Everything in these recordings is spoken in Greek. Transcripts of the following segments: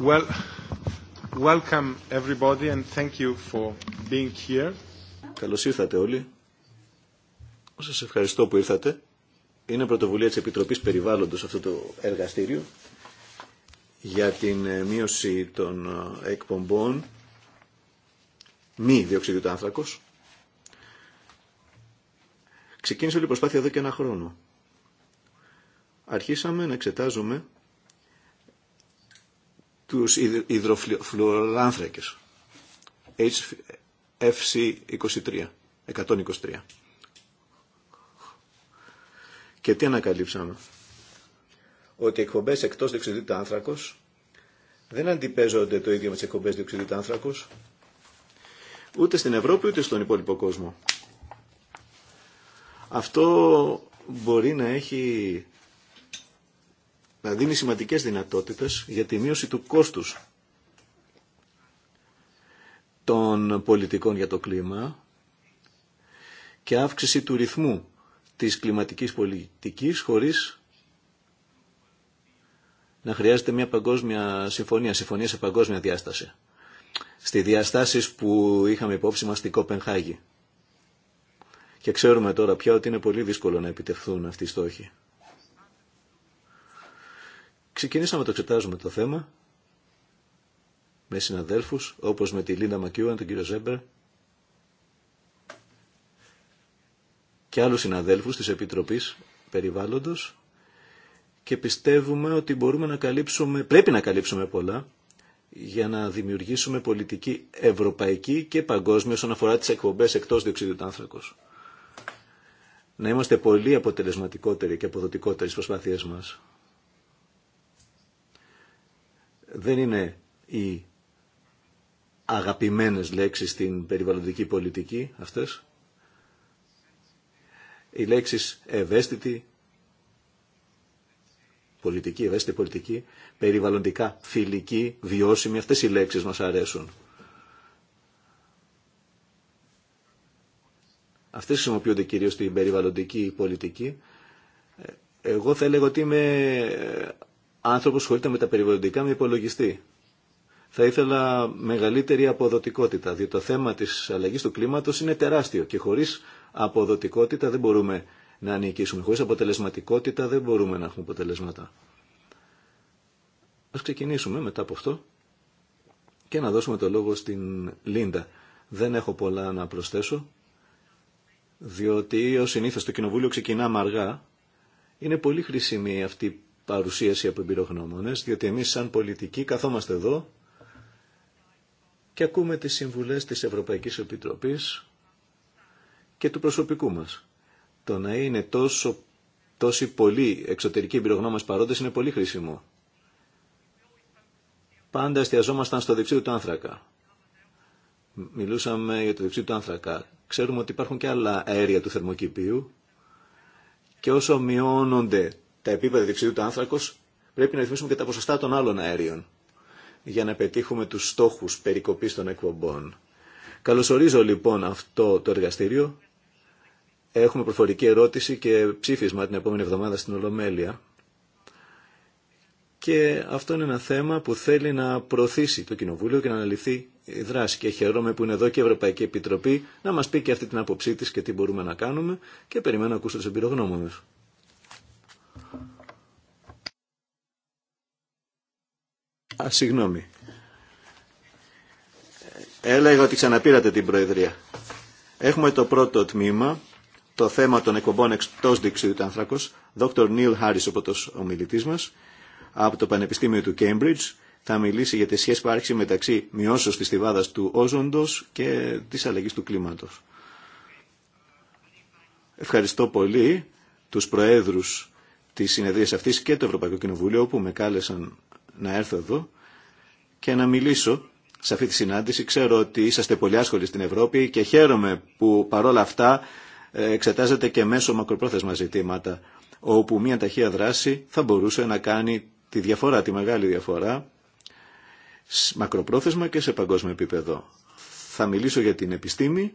Well, welcome everybody and thank you for being here. Καλώς ήρθατε όλοι. Σας ευχαριστώ που ήρθατε. Είναι πρωτοβουλία της Επιτροπής Περιβάλλοντος αυτό το εργαστήριο για την ε, μείωση των ε, εκπομπών μη διοξιδιού του άνθρακος. Ξεκίνησε όλη η προσπάθεια εδώ και ένα χρόνο. Αρχίσαμε να εξετάζουμε τους υδροφλουράνθρακες. HFC23, 123. Και τι ανακαλύψαμε. Ότι οι εκπομπές εκτός διοξιδίου του άνθρακος δεν αντιπέζονται το ίδιο με τις εκπομπές του του άνθρακος ούτε στην Ευρώπη ούτε στον υπόλοιπο κόσμο. Αυτό μπορεί να έχει δίνει σημαντικές δυνατότητες για τη μείωση του κόστους των πολιτικών για το κλίμα και αύξηση του ρυθμού της κλιματικής πολιτικής χωρίς να χρειάζεται μια παγκόσμια συμφωνία, συμφωνία σε παγκόσμια διάσταση. Στη διαστάσεις που είχαμε υπόψη μας στην Κοπενχάγη. Και ξέρουμε τώρα πια ότι είναι πολύ δύσκολο να επιτευχθούν αυτοί οι στόχοι. Ξεκινήσαμε το εξετάζουμε το θέμα με συναδέλφους, όπως με τη Λίνα Μακιούαν, τον κύριο Ζέμπερ και άλλους συναδέλφους της Επιτροπής Περιβάλλοντος και πιστεύουμε ότι μπορούμε να καλύψουμε, πρέπει να καλύψουμε πολλά για να δημιουργήσουμε πολιτική ευρωπαϊκή και παγκόσμια όσον αφορά τις εκπομπές εκτός διοξιδίου του άνθρακος. Να είμαστε πολύ αποτελεσματικότεροι και αποδοτικότεροι στις προσπάθειές μας δεν είναι οι αγαπημένες λέξεις στην περιβαλλοντική πολιτική αυτές. Οι λέξεις ευαίσθητη πολιτική, ευαίσθητη πολιτική, περιβαλλοντικά φιλική, βιώσιμη, αυτές οι λέξεις μας αρέσουν. Αυτές χρησιμοποιούνται κυρίως στην περιβαλλοντική πολιτική. Ε, εγώ θα έλεγα ότι είμαι άνθρωπος σχολείται με τα περιβαλλοντικά με υπολογιστή. Θα ήθελα μεγαλύτερη αποδοτικότητα, διότι το θέμα της αλλαγής του κλίματος είναι τεράστιο και χωρίς αποδοτικότητα δεν μπορούμε να ανηκήσουμε. Χωρίς αποτελεσματικότητα δεν μπορούμε να έχουμε αποτελέσματα. Ας ξεκινήσουμε μετά από αυτό και να δώσουμε το λόγο στην Λίντα. Δεν έχω πολλά να προσθέσω, διότι ο συνήθως το κοινοβούλιο ξεκινάμε αργά. Είναι πολύ χρήσιμη αυτή παρουσίαση από εμπειρογνώμονες, διότι εμείς σαν πολιτικοί καθόμαστε εδώ και ακούμε τις συμβουλές της Ευρωπαϊκής Επιτροπής και του προσωπικού μας. Το να είναι τόσο, τόσοι πολλοί εξωτερικοί εμπειρογνώμες παρόντες είναι πολύ χρήσιμο. Πάντα εστιαζόμασταν στο δεξί του άνθρακα. Μιλούσαμε για το δεξί του άνθρακα. Ξέρουμε ότι υπάρχουν και άλλα αέρια του θερμοκηπίου και όσο μειώνονται τα επίπεδα διοξιδίου του Άνθρακο πρέπει να ρυθμίσουμε και τα ποσοστά των άλλων αερίων για να πετύχουμε τους στόχους περικοπής των εκπομπών. Καλωσορίζω λοιπόν αυτό το εργαστήριο. Έχουμε προφορική ερώτηση και ψήφισμα την επόμενη εβδομάδα στην Ολομέλεια. Και αυτό είναι ένα θέμα που θέλει να προωθήσει το Κοινοβούλιο και να αναλυθεί η δράση. Και χαιρόμαι που είναι εδώ και η Ευρωπαϊκή Επιτροπή να μας πει και αυτή την άποψή της και τι μπορούμε να κάνουμε και περιμένω να ακούσω τους εμπειρογνώμονες. Α, συγγνώμη. Έλεγα ότι ξαναπήρατε την Προεδρία. Έχουμε το πρώτο τμήμα, το θέμα των εκπομπών εκτός δεξιού του άνθρακος, Dr. Neil Harris, ο πρώτος ομιλητής μας, από το Πανεπιστήμιο του Cambridge, θα μιλήσει για τη σχέση που άρχισε μεταξύ μειώσεως της θηβάδας του όζοντος και της αλλαγής του κλίματος. Ευχαριστώ πολύ τους Προέδρους τη συνεδρία αυτή και το Ευρωπαϊκό Κοινοβούλιο, όπου με κάλεσαν να έρθω εδώ και να μιλήσω σε αυτή τη συνάντηση. Ξέρω ότι είσαστε πολύ άσχολοι στην Ευρώπη και χαίρομαι που παρόλα αυτά ε, εξετάζετε και μέσω μακροπρόθεσμα ζητήματα, όπου μια ταχεία δράση θα μπορούσε να κάνει τη διαφορά, τη μεγάλη διαφορά, μακροπρόθεσμα και σε παγκόσμιο επίπεδο. Θα μιλήσω για την επιστήμη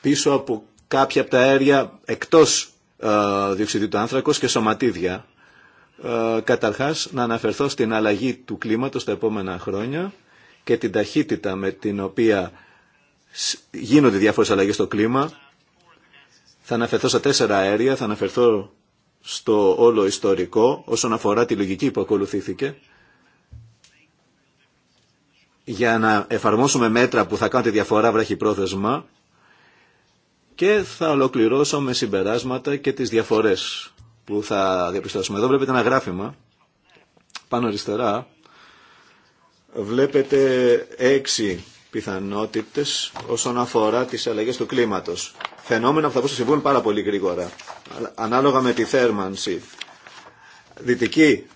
πίσω από κάποια από τα αέρια εκτός ε, διοξιδίου του άνθρακος και σωματίδια. Ε, καταρχάς, να αναφερθώ στην αλλαγή του κλίματος τα επόμενα χρόνια και την ταχύτητα με την οποία γίνονται διάφορες αλλαγές στο κλίμα. Θα αναφερθώ στα τέσσερα αέρια, θα αναφερθώ στο όλο ιστορικό όσον αφορά τη λογική που ακολουθήθηκε για να εφαρμόσουμε μέτρα που θα κάνουν τη διαφορά βραχυπρόθεσμα και θα ολοκληρώσω με συμπεράσματα και τις διαφορές που θα διαπιστώσουμε. Εδώ βλέπετε ένα γράφημα, πάνω αριστερά, βλέπετε έξι πιθανότητες όσον αφορά τις αλλαγές του κλίματος. Φαινόμενα που θα μπορούσαν συμβούν πάρα πολύ γρήγορα, ανάλογα με τη θέρμανση. Δυτική,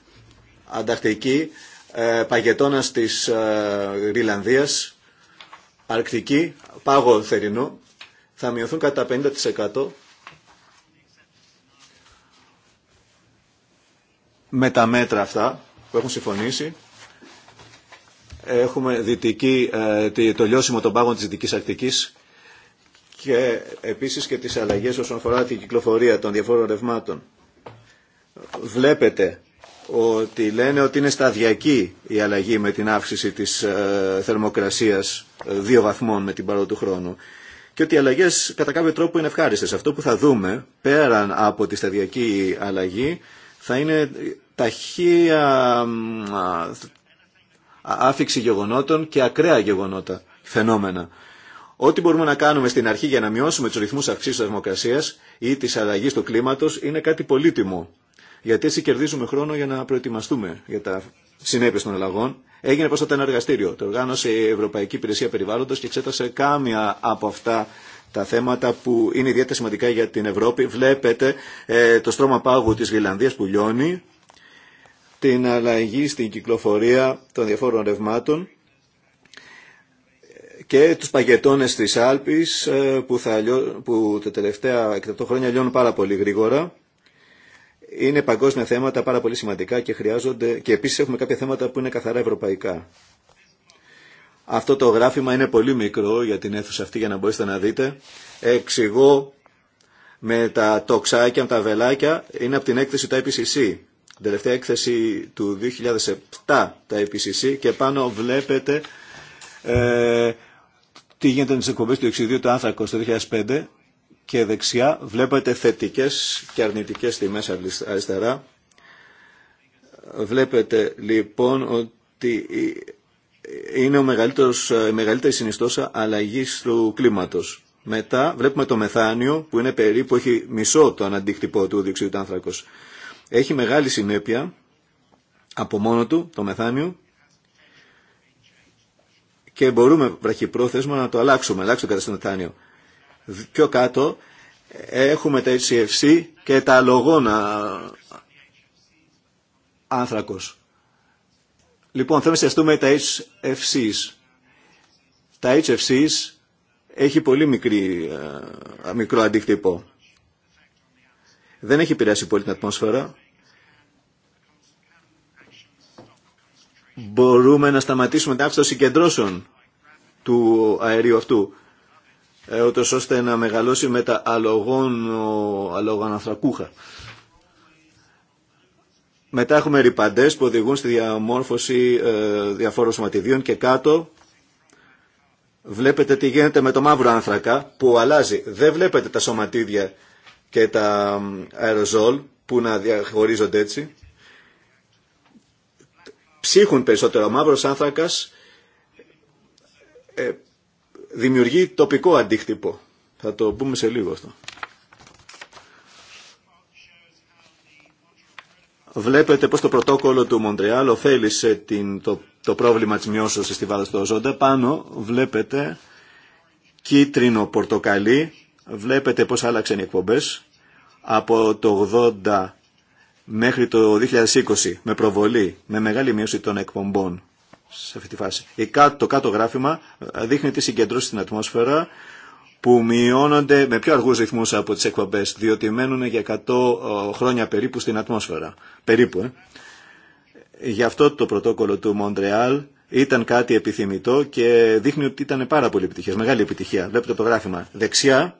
ανταρκτική, ε, παγετώνας της ε, Γρυλανδίας, αρκτική, πάγο θερινό, θα μειωθούν κατά 50% με τα μέτρα αυτά που έχουν συμφωνήσει. Έχουμε δυτική, ε, το λιώσιμο των πάγων της Δυτικής Αρκτικής... και επίσης και τις αλλαγές όσον αφορά την κυκλοφορία των διαφόρων ρευμάτων. Βλέπετε ότι λένε ότι είναι σταδιακή η αλλαγή με την αύξηση της ε, θερμοκρασίας ε, δύο βαθμών με την παρό του χρόνου και ότι οι αλλαγέ κατά κάποιο τρόπο είναι ευχάριστε. Αυτό που θα δούμε πέραν από τη σταδιακή αλλαγή θα είναι ταχεία άφηξη γεγονότων και ακραία γεγονότα, φαινόμενα. Ό,τι μπορούμε να κάνουμε στην αρχή για να μειώσουμε του ρυθμού αυξήσεω τη θερμοκρασία ή τη αλλαγή του κλίματο είναι κάτι πολύτιμο. Γιατί έτσι κερδίζουμε χρόνο για να προετοιμαστούμε για τα συνέπειε των αλλαγών Έγινε πρόσφατα ένα εργαστήριο. Το οργάνωσε η Ευρωπαϊκή Υπηρεσία Περιβάλλοντος και εξέτασε κάμια από αυτά τα θέματα που είναι ιδιαίτερα σημαντικά για την Ευρώπη. Βλέπετε ε, το στρώμα πάγου της Γρυλανδίας που λιώνει, την αλλαγή στην κυκλοφορία των διαφόρων ρευμάτων και τους παγετώνες της Άλπης ε, που, θα, που τα τελευταία 100 χρόνια λιώνουν πάρα πολύ γρήγορα είναι παγκόσμια θέματα πάρα πολύ σημαντικά και χρειάζονται και επίσης έχουμε κάποια θέματα που είναι καθαρά ευρωπαϊκά. Αυτό το γράφημα είναι πολύ μικρό για την αίθουσα αυτή για να μπορέσετε να δείτε. Εξηγώ με τα τοξάκια, με τα βελάκια, είναι από την έκθεση τα IPCC. Την τελευταία έκθεση του 2007 τα IPCC και πάνω βλέπετε ε, τι γίνεται με τις εκπομπές του εξιδίου του άνθρακος το 2005 και δεξιά βλέπετε θετικές και αρνητικές τιμές αριστερά. Βλέπετε λοιπόν ότι είναι ο μεγαλύτερος, η μεγαλύτερη συνιστόσα αλλαγή του κλίματος. Μετά βλέπουμε το μεθάνιο που είναι περίπου έχει μισό το αντίκτυπο του διοξιδίου του άνθρακος. Έχει μεγάλη συνέπεια από μόνο του το μεθάνιο και μπορούμε βραχυπρόθεσμα να το αλλάξουμε, αλλάξουμε το στο μεθάνιο. Πιο κάτω έχουμε τα HFC και τα λογόνα άνθρακος. Λοιπόν, θέλουμε να σχεστούμε τα HFC. Τα HFC έχει πολύ μικρή, ε, μικρό αντίκτυπο. Δεν έχει επηρεάσει πολύ την ατμόσφαιρα. Μπορούμε να σταματήσουμε την αύξηση των συγκεντρώσεων του αερίου αυτού. Ε, ούτω ώστε να μεγαλώσει με τα ανθρακούχα. Μετά έχουμε ρηπαντές που οδηγούν στη διαμόρφωση ε, διαφόρων σωματιδίων και κάτω βλέπετε τι γίνεται με το μαύρο άνθρακα που αλλάζει. Δεν βλέπετε τα σωματίδια και τα αεροζόλ που να διαχωρίζονται έτσι. Ψύχουν περισσότερο. Ο μαύρος άνθρακας δημιουργεί τοπικό αντίκτυπο. Θα το πούμε σε λίγο αυτό. Βλέπετε πως το πρωτόκολλο του Μοντρεάλ ωφέλησε την, το, πρόβλημα της μειώσεως στη βάδα στο ζώντα. Πάνω βλέπετε κίτρινο πορτοκαλί. Βλέπετε πως άλλαξαν οι εκπομπές από το 80 μέχρι το 2020 με προβολή, με μεγάλη μείωση των εκπομπών σε αυτή τη φάση. Το κάτω γράφημα ε, δείχνει τη συγκεντρώση στην ατμόσφαιρα που μειώνονται με πιο αργούς ρυθμούς από τις εκπομπές, διότι μένουν για 100 ε, χρόνια περίπου στην ατμόσφαιρα. Περίπου, ε. Γι' αυτό το πρωτόκολλο του Μοντρεάλ ήταν κάτι επιθυμητό και δείχνει ότι ήταν πάρα πολύ επιτυχία, μεγάλη επιτυχία. Βλέπετε το γράφημα. Δεξιά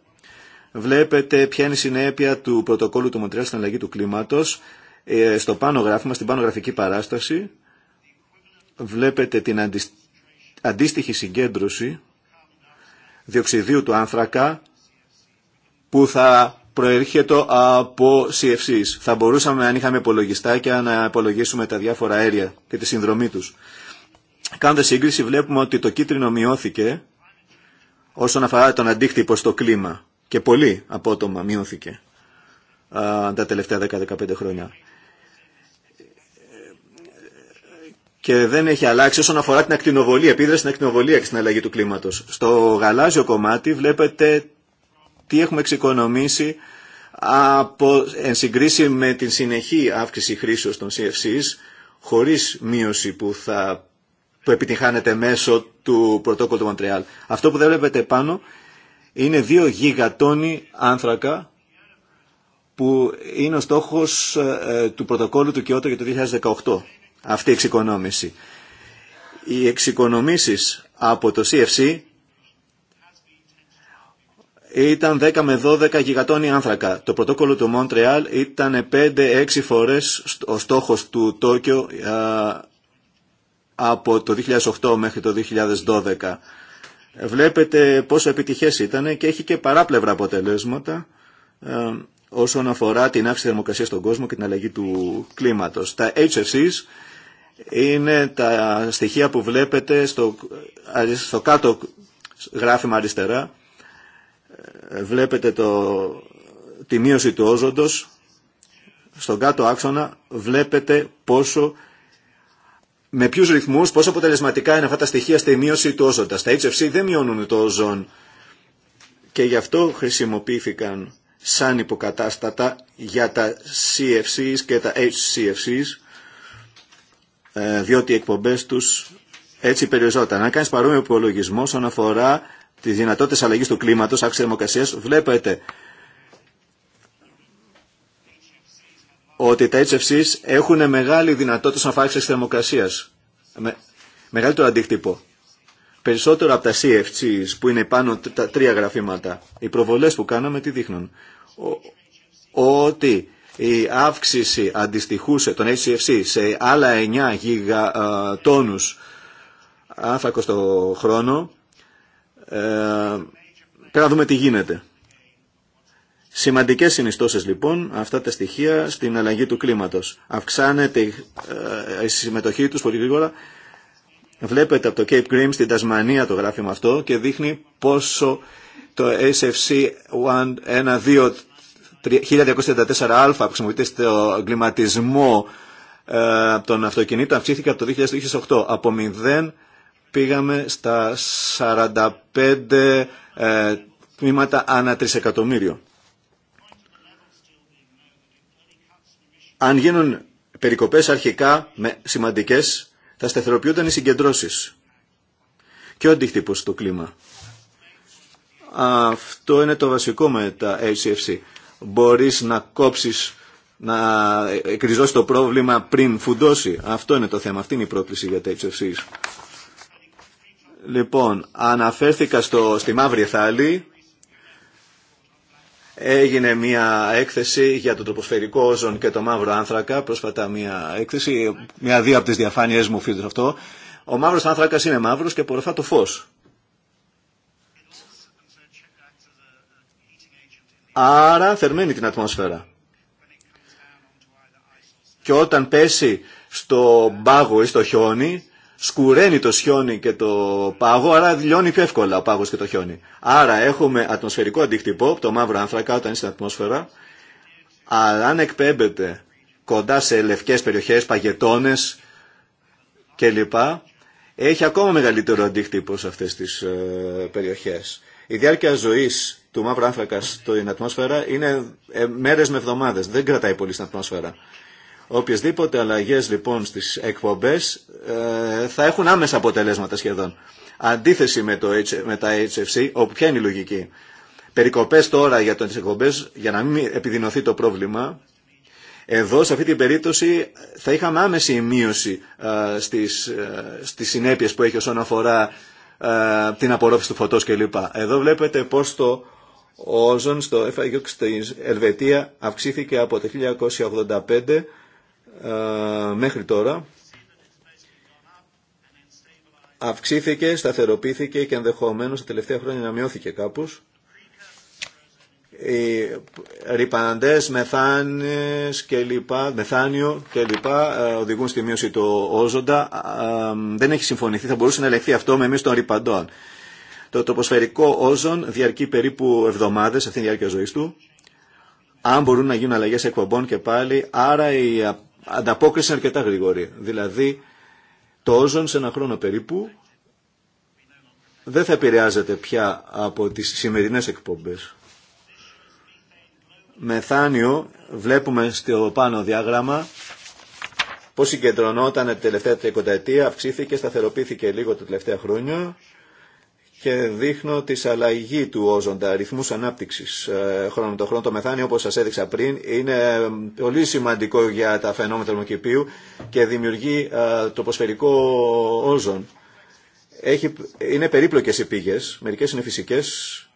βλέπετε ποια είναι η συνέπεια του πρωτοκόλλου του Μοντρεάλ στην αλλαγή του κλίματος ε, στο πάνω γράφημα, στην πάνω γραφική παράσταση βλέπετε την αντίστοιχη συγκέντρωση διοξιδίου του άνθρακα που θα προέρχεται από CFCs. Θα μπορούσαμε αν είχαμε υπολογιστάκια να υπολογίσουμε τα διάφορα αέρια και τη συνδρομή τους. Κάνοντα σύγκριση βλέπουμε ότι το κίτρινο μειώθηκε όσον αφορά τον αντίκτυπο στο κλίμα και πολύ απότομα μειώθηκε τα τελευταία 10-15 χρόνια. και δεν έχει αλλάξει όσον αφορά την ακτινοβολία, επίδραση στην ακτινοβολία και στην αλλαγή του κλίματος. Στο γαλάζιο κομμάτι βλέπετε τι έχουμε εξοικονομήσει από, εν συγκρίση με την συνεχή αύξηση χρήσεως των CFCs, χωρίς μείωση που θα που επιτυχάνεται μέσω του πρωτόκολλου του Μοντρεάλ. Αυτό που δεν βλέπετε πάνω είναι δύο γιγατόνι άνθρακα που είναι ο στόχος ε, του πρωτοκόλλου του Κιώτο για το 2018 αυτή η εξοικονόμηση. Οι εξοικονομήσεις από το CFC ήταν 10 με 12 γιγατόνι άνθρακα. Το πρωτόκολλο του Μόντρεάλ ήταν 5-6 φορές ο στόχος του Τόκιο από το 2008 μέχρι το 2012. Βλέπετε πόσο επιτυχές ήταν και έχει και παράπλευρα αποτελέσματα όσον αφορά την αύξηση θερμοκρασίας στον κόσμο και την αλλαγή του κλίματος. Τα HFCs είναι τα στοιχεία που βλέπετε στο, κάτω γράφημα αριστερά. Ε, βλέπετε το, τη μείωση του όζοντος. Στον κάτω άξονα βλέπετε πόσο με ποιου ρυθμού, πόσο αποτελεσματικά είναι αυτά τα στοιχεία στη μείωση του όζοντα. Τα HFC δεν μειώνουν το όζον και γι' αυτό χρησιμοποιήθηκαν σαν υποκατάστατα για τα CFCs και τα HCFCs ε, διότι οι εκπομπές τους έτσι περιοριζόταν. Αν κάνεις παρόμοιο υπολογισμό όσον αφορά τι δυνατότητε αλλαγή του κλίματος, αύξηση θερμοκρασία, βλέπετε ότι τα HFCs έχουν μεγάλη δυνατότητα να αύξηση θερμοκρασία. Με, μεγαλύτερο αντίκτυπο. Περισσότερο από τα CFCs που είναι πάνω τα τρία γραφήματα. Οι προβολές που κάναμε τι δείχνουν. Ο, ότι η αύξηση αντιστοιχούσε τον HCFC σε άλλα 9 γιγατόνους άφακο το χρόνο ε, πρέπει να δούμε τι γίνεται. Σημαντικές συνιστώσεις λοιπόν αυτά τα στοιχεία στην αλλαγή του κλίματος. Αυξάνεται ε, η, συμμετοχή τους πολύ γρήγορα. Βλέπετε από το Cape Grim στην Τασμανία το γράφημα αυτό και δείχνει πόσο το SFC 1 2 1234α που χρησιμοποιείται στο εγκληματισμό ε, των αυτοκινήτων αυξήθηκε από το 2008. Από 0 πήγαμε στα 45 ε, τμήματα ανά τρισεκατομμύριο. Αν γίνουν περικοπές αρχικά με σημαντικές, θα σταθεροποιούνταν οι συγκεντρώσεις και ο αντιχτύπος στο κλίμα. Αυτό είναι το βασικό με τα HCFC μπορείς να κόψεις, να εκριζώσεις το πρόβλημα πριν φουντώσει. Αυτό είναι το θέμα, αυτή είναι η πρόκληση για τα HFCs. Λοιπόν, αναφέρθηκα στο, στη Μαύρη Θάλη, έγινε μια έκθεση για το τροποσφαιρικό όζον και το μαύρο άνθρακα, πρόσφατα μια έκθεση, μια δύο από τις διαφάνειές μου φίλους αυτό. Ο μαύρος άνθρακας είναι μαύρος και απορροφά το φως. Άρα θερμαίνει την ατμόσφαιρα. Και όταν πέσει στο πάγο ή στο χιόνι, σκουραίνει το σιόνι και το πάγο, άρα λιώνει πιο εύκολα ο πάγος και το χιόνι. Άρα έχουμε ατμοσφαιρικό αντίκτυπο, το μαύρο άνθρακα όταν είναι στην ατμόσφαιρα, αλλά αν εκπέμπεται κοντά σε λευκές περιοχές, παγετώνες κλπ, έχει ακόμα μεγαλύτερο αντίκτυπο σε αυτές τις ε, περιοχές. Η διάρκεια ζωής του μαύρου άνθρακα στην ατμόσφαιρα είναι ε, μέρε με εβδομάδε. Δεν κρατάει πολύ στην ατμόσφαιρα. Οποιασδήποτε αλλαγέ λοιπόν στις εκπομπές ε, θα έχουν άμεσα αποτελέσματα σχεδόν. Αντίθεση με, το, με τα HFC, όπου ποια είναι η λογική. Περικοπές τώρα για τι εκπομπέ για να μην επιδεινωθεί το πρόβλημα, εδώ σε αυτή την περίπτωση θα είχαμε άμεση μείωση α, ε, στις, στις συνέπειες που έχει όσον αφορά την απορρόφηση του φωτός κλπ. Εδώ βλέπετε πώς το ο όζον στο FIU στη Ελβετία αυξήθηκε από το 1985 ε, μέχρι τώρα. Αυξήθηκε, σταθεροποιήθηκε και ενδεχομένως τα τελευταία χρόνια να μειώθηκε κάπως. Οι ρηπαντές, μεθάνες και μεθάνιο και ε, οδηγούν στη μείωση του όζοντα. Δεν έχει συμφωνηθεί, θα μπορούσε να ελεγχθεί αυτό με εμείς των ρηπαντών. Το τροποσφαιρικό όζον διαρκεί περίπου εβδομάδε αυτήν τη διάρκεια ζωή του. Αν μπορούν να γίνουν αλλαγέ εκπομπών και πάλι, άρα η ανταπόκριση είναι αρκετά γρήγορη. Δηλαδή, το όζον σε ένα χρόνο περίπου δεν θα επηρεάζεται πια από τις σημερινές εκπομπές. Μεθάνιο βλέπουμε στο πάνω διάγραμμα πώς συγκεντρωνόταν την τελευταία 30 αυξήθηκε, σταθεροποιήθηκε λίγο τα τελευταία χρόνια και δείχνω τη αλλαγή του όζοντα, αριθμούς ανάπτυξης ε, χρόνο με το χρόνο. Το μεθάνιο, όπως σας έδειξα πριν, είναι ε, πολύ σημαντικό για τα φαινόμενα θερμοκηπίου και δημιουργεί ε, τροποσφαιρικό όζον. Έχει, είναι περίπλοκες οι πήγες, μερικές είναι φυσικές,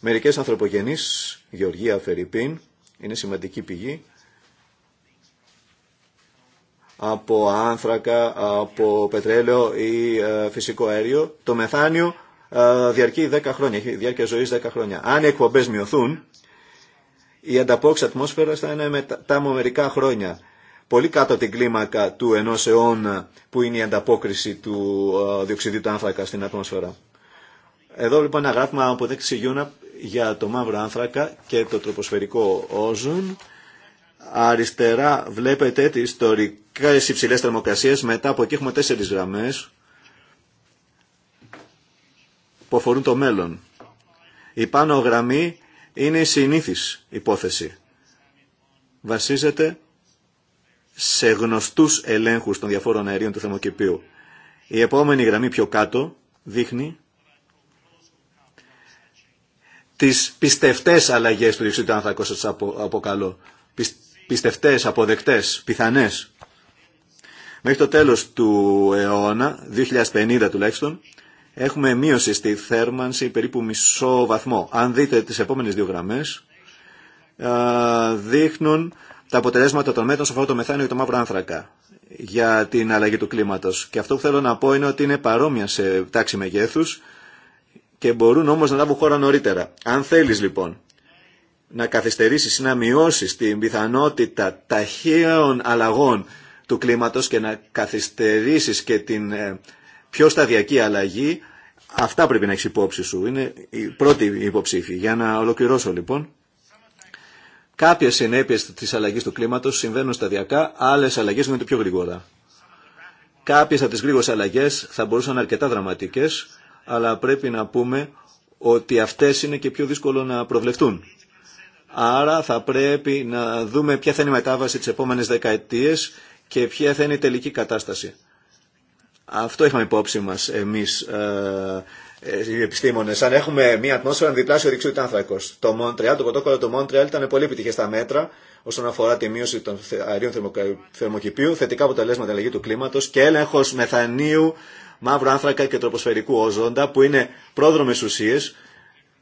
μερικές ανθρωπογενείς, Γεωργία Φερρυπίν, είναι σημαντική πηγή, από άνθρακα, από πετρέλαιο ή φυσικό αέριο. Το μεθάνιο διαρκεί 10 χρόνια, έχει διάρκεια ζωής 10 χρόνια. Αν οι εκπομπές μειωθούν, η ανταπόκριση ατμόσφαιρας θα είναι μετά τα μερικά χρόνια. Πολύ κάτω από την κλίμακα του ενός αιώνα που είναι η ανταπόκριση του διοξιδίου του άνθρακα στην ατμόσφαιρα. Εδώ λοιπόν ένα γράφημα από δέξη Γιούνα για το μαύρο άνθρακα και το τροποσφαιρικό όζον. Αριστερά βλέπετε τις ιστορικές υψηλές θερμοκρασίες, μετά από εκεί έχουμε τέσσερις γραμμές που αφορούν το μέλλον. Η πάνω γραμμή είναι η συνήθις υπόθεση. Βασίζεται σε γνωστούς ελέγχους των διαφόρων αερίων του θερμοκηπίου. Η επόμενη γραμμή πιο κάτω δείχνει τις πιστευτές αλλαγές του διοξείδου θα άνθρακο σας αποκαλώ. Πιστευτές, αποδεκτές, πιθανές. Μέχρι το τέλος του αιώνα, 2050 τουλάχιστον, έχουμε μείωση στη θέρμανση περίπου μισό βαθμό. Αν δείτε τις επόμενες δύο γραμμές, δείχνουν τα αποτελέσματα των μέτρων σε αυτό το μεθάνιο και το μαύρο άνθρακα για την αλλαγή του κλίματος. Και αυτό που θέλω να πω είναι ότι είναι παρόμοια σε τάξη μεγέθους και μπορούν όμως να λάβουν χώρα νωρίτερα. Αν θέλεις λοιπόν να καθυστερήσεις ή να μειώσεις την πιθανότητα ταχαίων αλλαγών του κλίματος και να καθυστερήσεις και την ε, πιο σταδιακή αλλαγή. Αυτά πρέπει να έχει υπόψη σου. Είναι η πρώτη υποψήφη. Για να ολοκληρώσω λοιπόν. Κάποιε συνέπειε τη αλλαγή του κλίματο συμβαίνουν σταδιακά, άλλε αλλαγέ γίνονται πιο γρήγορα. Κάποιε από τι γρήγορε αλλαγέ θα μπορούσαν να είναι αρκετά δραματικέ, αλλά πρέπει να πούμε ότι αυτέ είναι και πιο δύσκολο να προβλεφτούν. Άρα θα πρέπει να δούμε ποια θα είναι η μετάβαση τις επόμενες δεκαετίες και ποια θα είναι η τελική κατάσταση. Αυτό είχαμε υπόψη μα. Εμεί ε, ε, οι επιστήμονε. Αν έχουμε μια ατμόσφαιρα διπλάσιο του άνθρακο. Το Μόντρεαλ, το πρωτόκολλο του Μόντρεαλ ήταν πολύ επιτυχέ στα μέτρα όσον αφορά τη μείωση των αερίων ε, θερμοκηπίου, θετικά αποτελέσματα αλλαγή του κλίματο και έλεγχο μεθανίου, μαύρου άνθρακα και τροποσφαιρικού όζοντα, που είναι πρόδρομε ουσίε,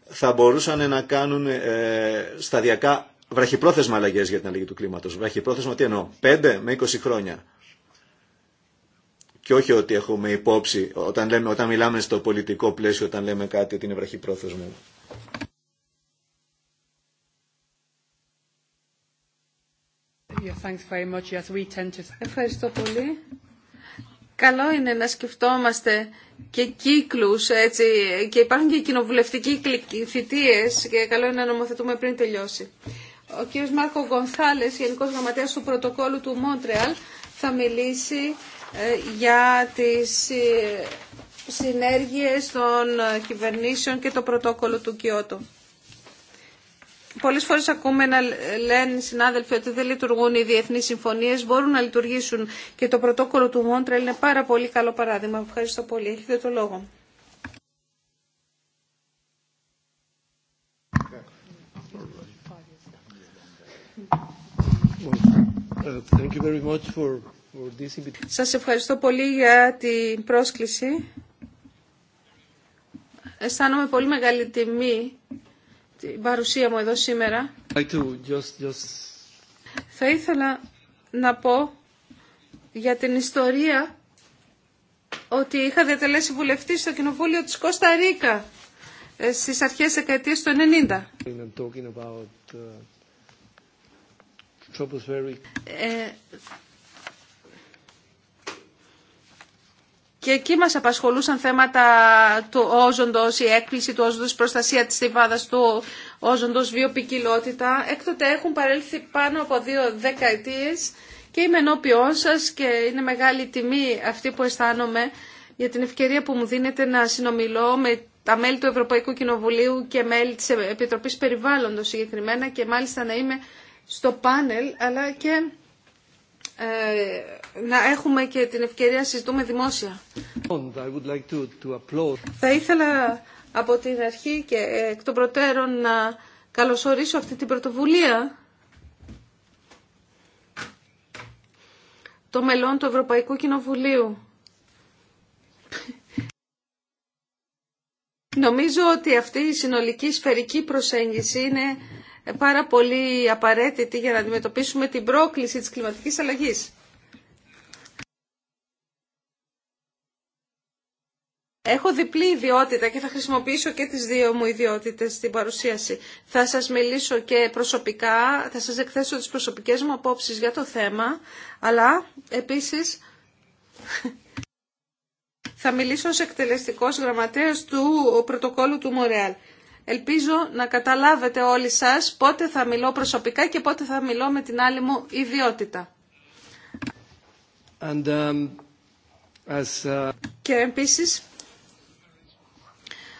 θα μπορούσαν να κάνουν ε, σταδιακά βραχυπρόθεσμα αλλαγέ για την αλλαγή του κλίματο. Βραχυπρόθεσμα τι εννοώ, 5 με 20 χρόνια και όχι ότι έχουμε υπόψη όταν, λέμε, όταν μιλάμε στο πολιτικό πλαίσιο, όταν λέμε κάτι ότι είναι βραχυπρόθεσμο. Ευχαριστώ πολύ. Καλό είναι να σκεφτόμαστε και κύκλους, έτσι, και υπάρχουν και κοινοβουλευτικοί θητείες και καλό είναι να νομοθετούμε πριν τελειώσει. Ο κύριος Μάρκο Γκονθάλες, Γενικός Γραμματέας του Πρωτοκόλου του Μόντρεαλ, θα μιλήσει ε, για τις ε, συνέργειες των ε, κυβερνήσεων και το πρωτόκολλο του Κιώτο. Πολλές φορές ακούμε να λένε οι συνάδελφοι ότι δεν λειτουργούν οι διεθνείς συμφωνίες, μπορούν να λειτουργήσουν και το πρωτόκολλο του Μόντρελ είναι πάρα πολύ καλό παράδειγμα. Ευχαριστώ πολύ. Έχετε το λόγο. Uh, thank you σας ευχαριστώ πολύ για την πρόσκληση. Αισθάνομαι πολύ μεγάλη τιμή την παρουσία μου εδώ σήμερα. Θα ήθελα να πω για την ιστορία ότι είχα διατελέσει βουλευτή στο Κοινοβούλιο της Κώστα Ρίκα ε, στις αρχές δεκαετίας του 90. και εκεί μας απασχολούσαν θέματα του όζοντος, η έκπληση του όζοντος, προστασία της τυφάδας του όζοντος, βιοπικιλότητα. Έκτοτε έχουν παρέλθει πάνω από δύο δεκαετίες και είμαι ενώπιόν σας και είναι μεγάλη τιμή αυτή που αισθάνομαι για την ευκαιρία που μου δίνετε να συνομιλώ με τα μέλη του Ευρωπαϊκού Κοινοβουλίου και μέλη της Επιτροπής Περιβάλλοντος συγκεκριμένα και μάλιστα να είμαι στο πάνελ αλλά και ε, να έχουμε και την ευκαιρία να συζητούμε δημόσια. Like to, to Θα ήθελα από την αρχή και εκ των προτέρων να καλωσορίσω αυτή την πρωτοβουλία το μελών του Ευρωπαϊκού Κοινοβουλίου. Νομίζω ότι αυτή η συνολική σφαιρική προσέγγιση είναι πάρα πολύ απαραίτητη για να αντιμετωπίσουμε την πρόκληση της κλιματικής αλλαγής. Έχω διπλή ιδιότητα και θα χρησιμοποιήσω και τις δύο μου ιδιότητες στην παρουσίαση. Θα σας μιλήσω και προσωπικά, θα σας εκθέσω τις προσωπικές μου απόψεις για το θέμα, αλλά επίσης θα μιλήσω ως εκτελεστικός γραμματέας του πρωτοκόλου του Μορεάλ. Ελπίζω να καταλάβετε όλοι σας πότε θα μιλώ προσωπικά και πότε θα μιλώ με την άλλη μου ιδιότητα. Um, uh, και επίσης,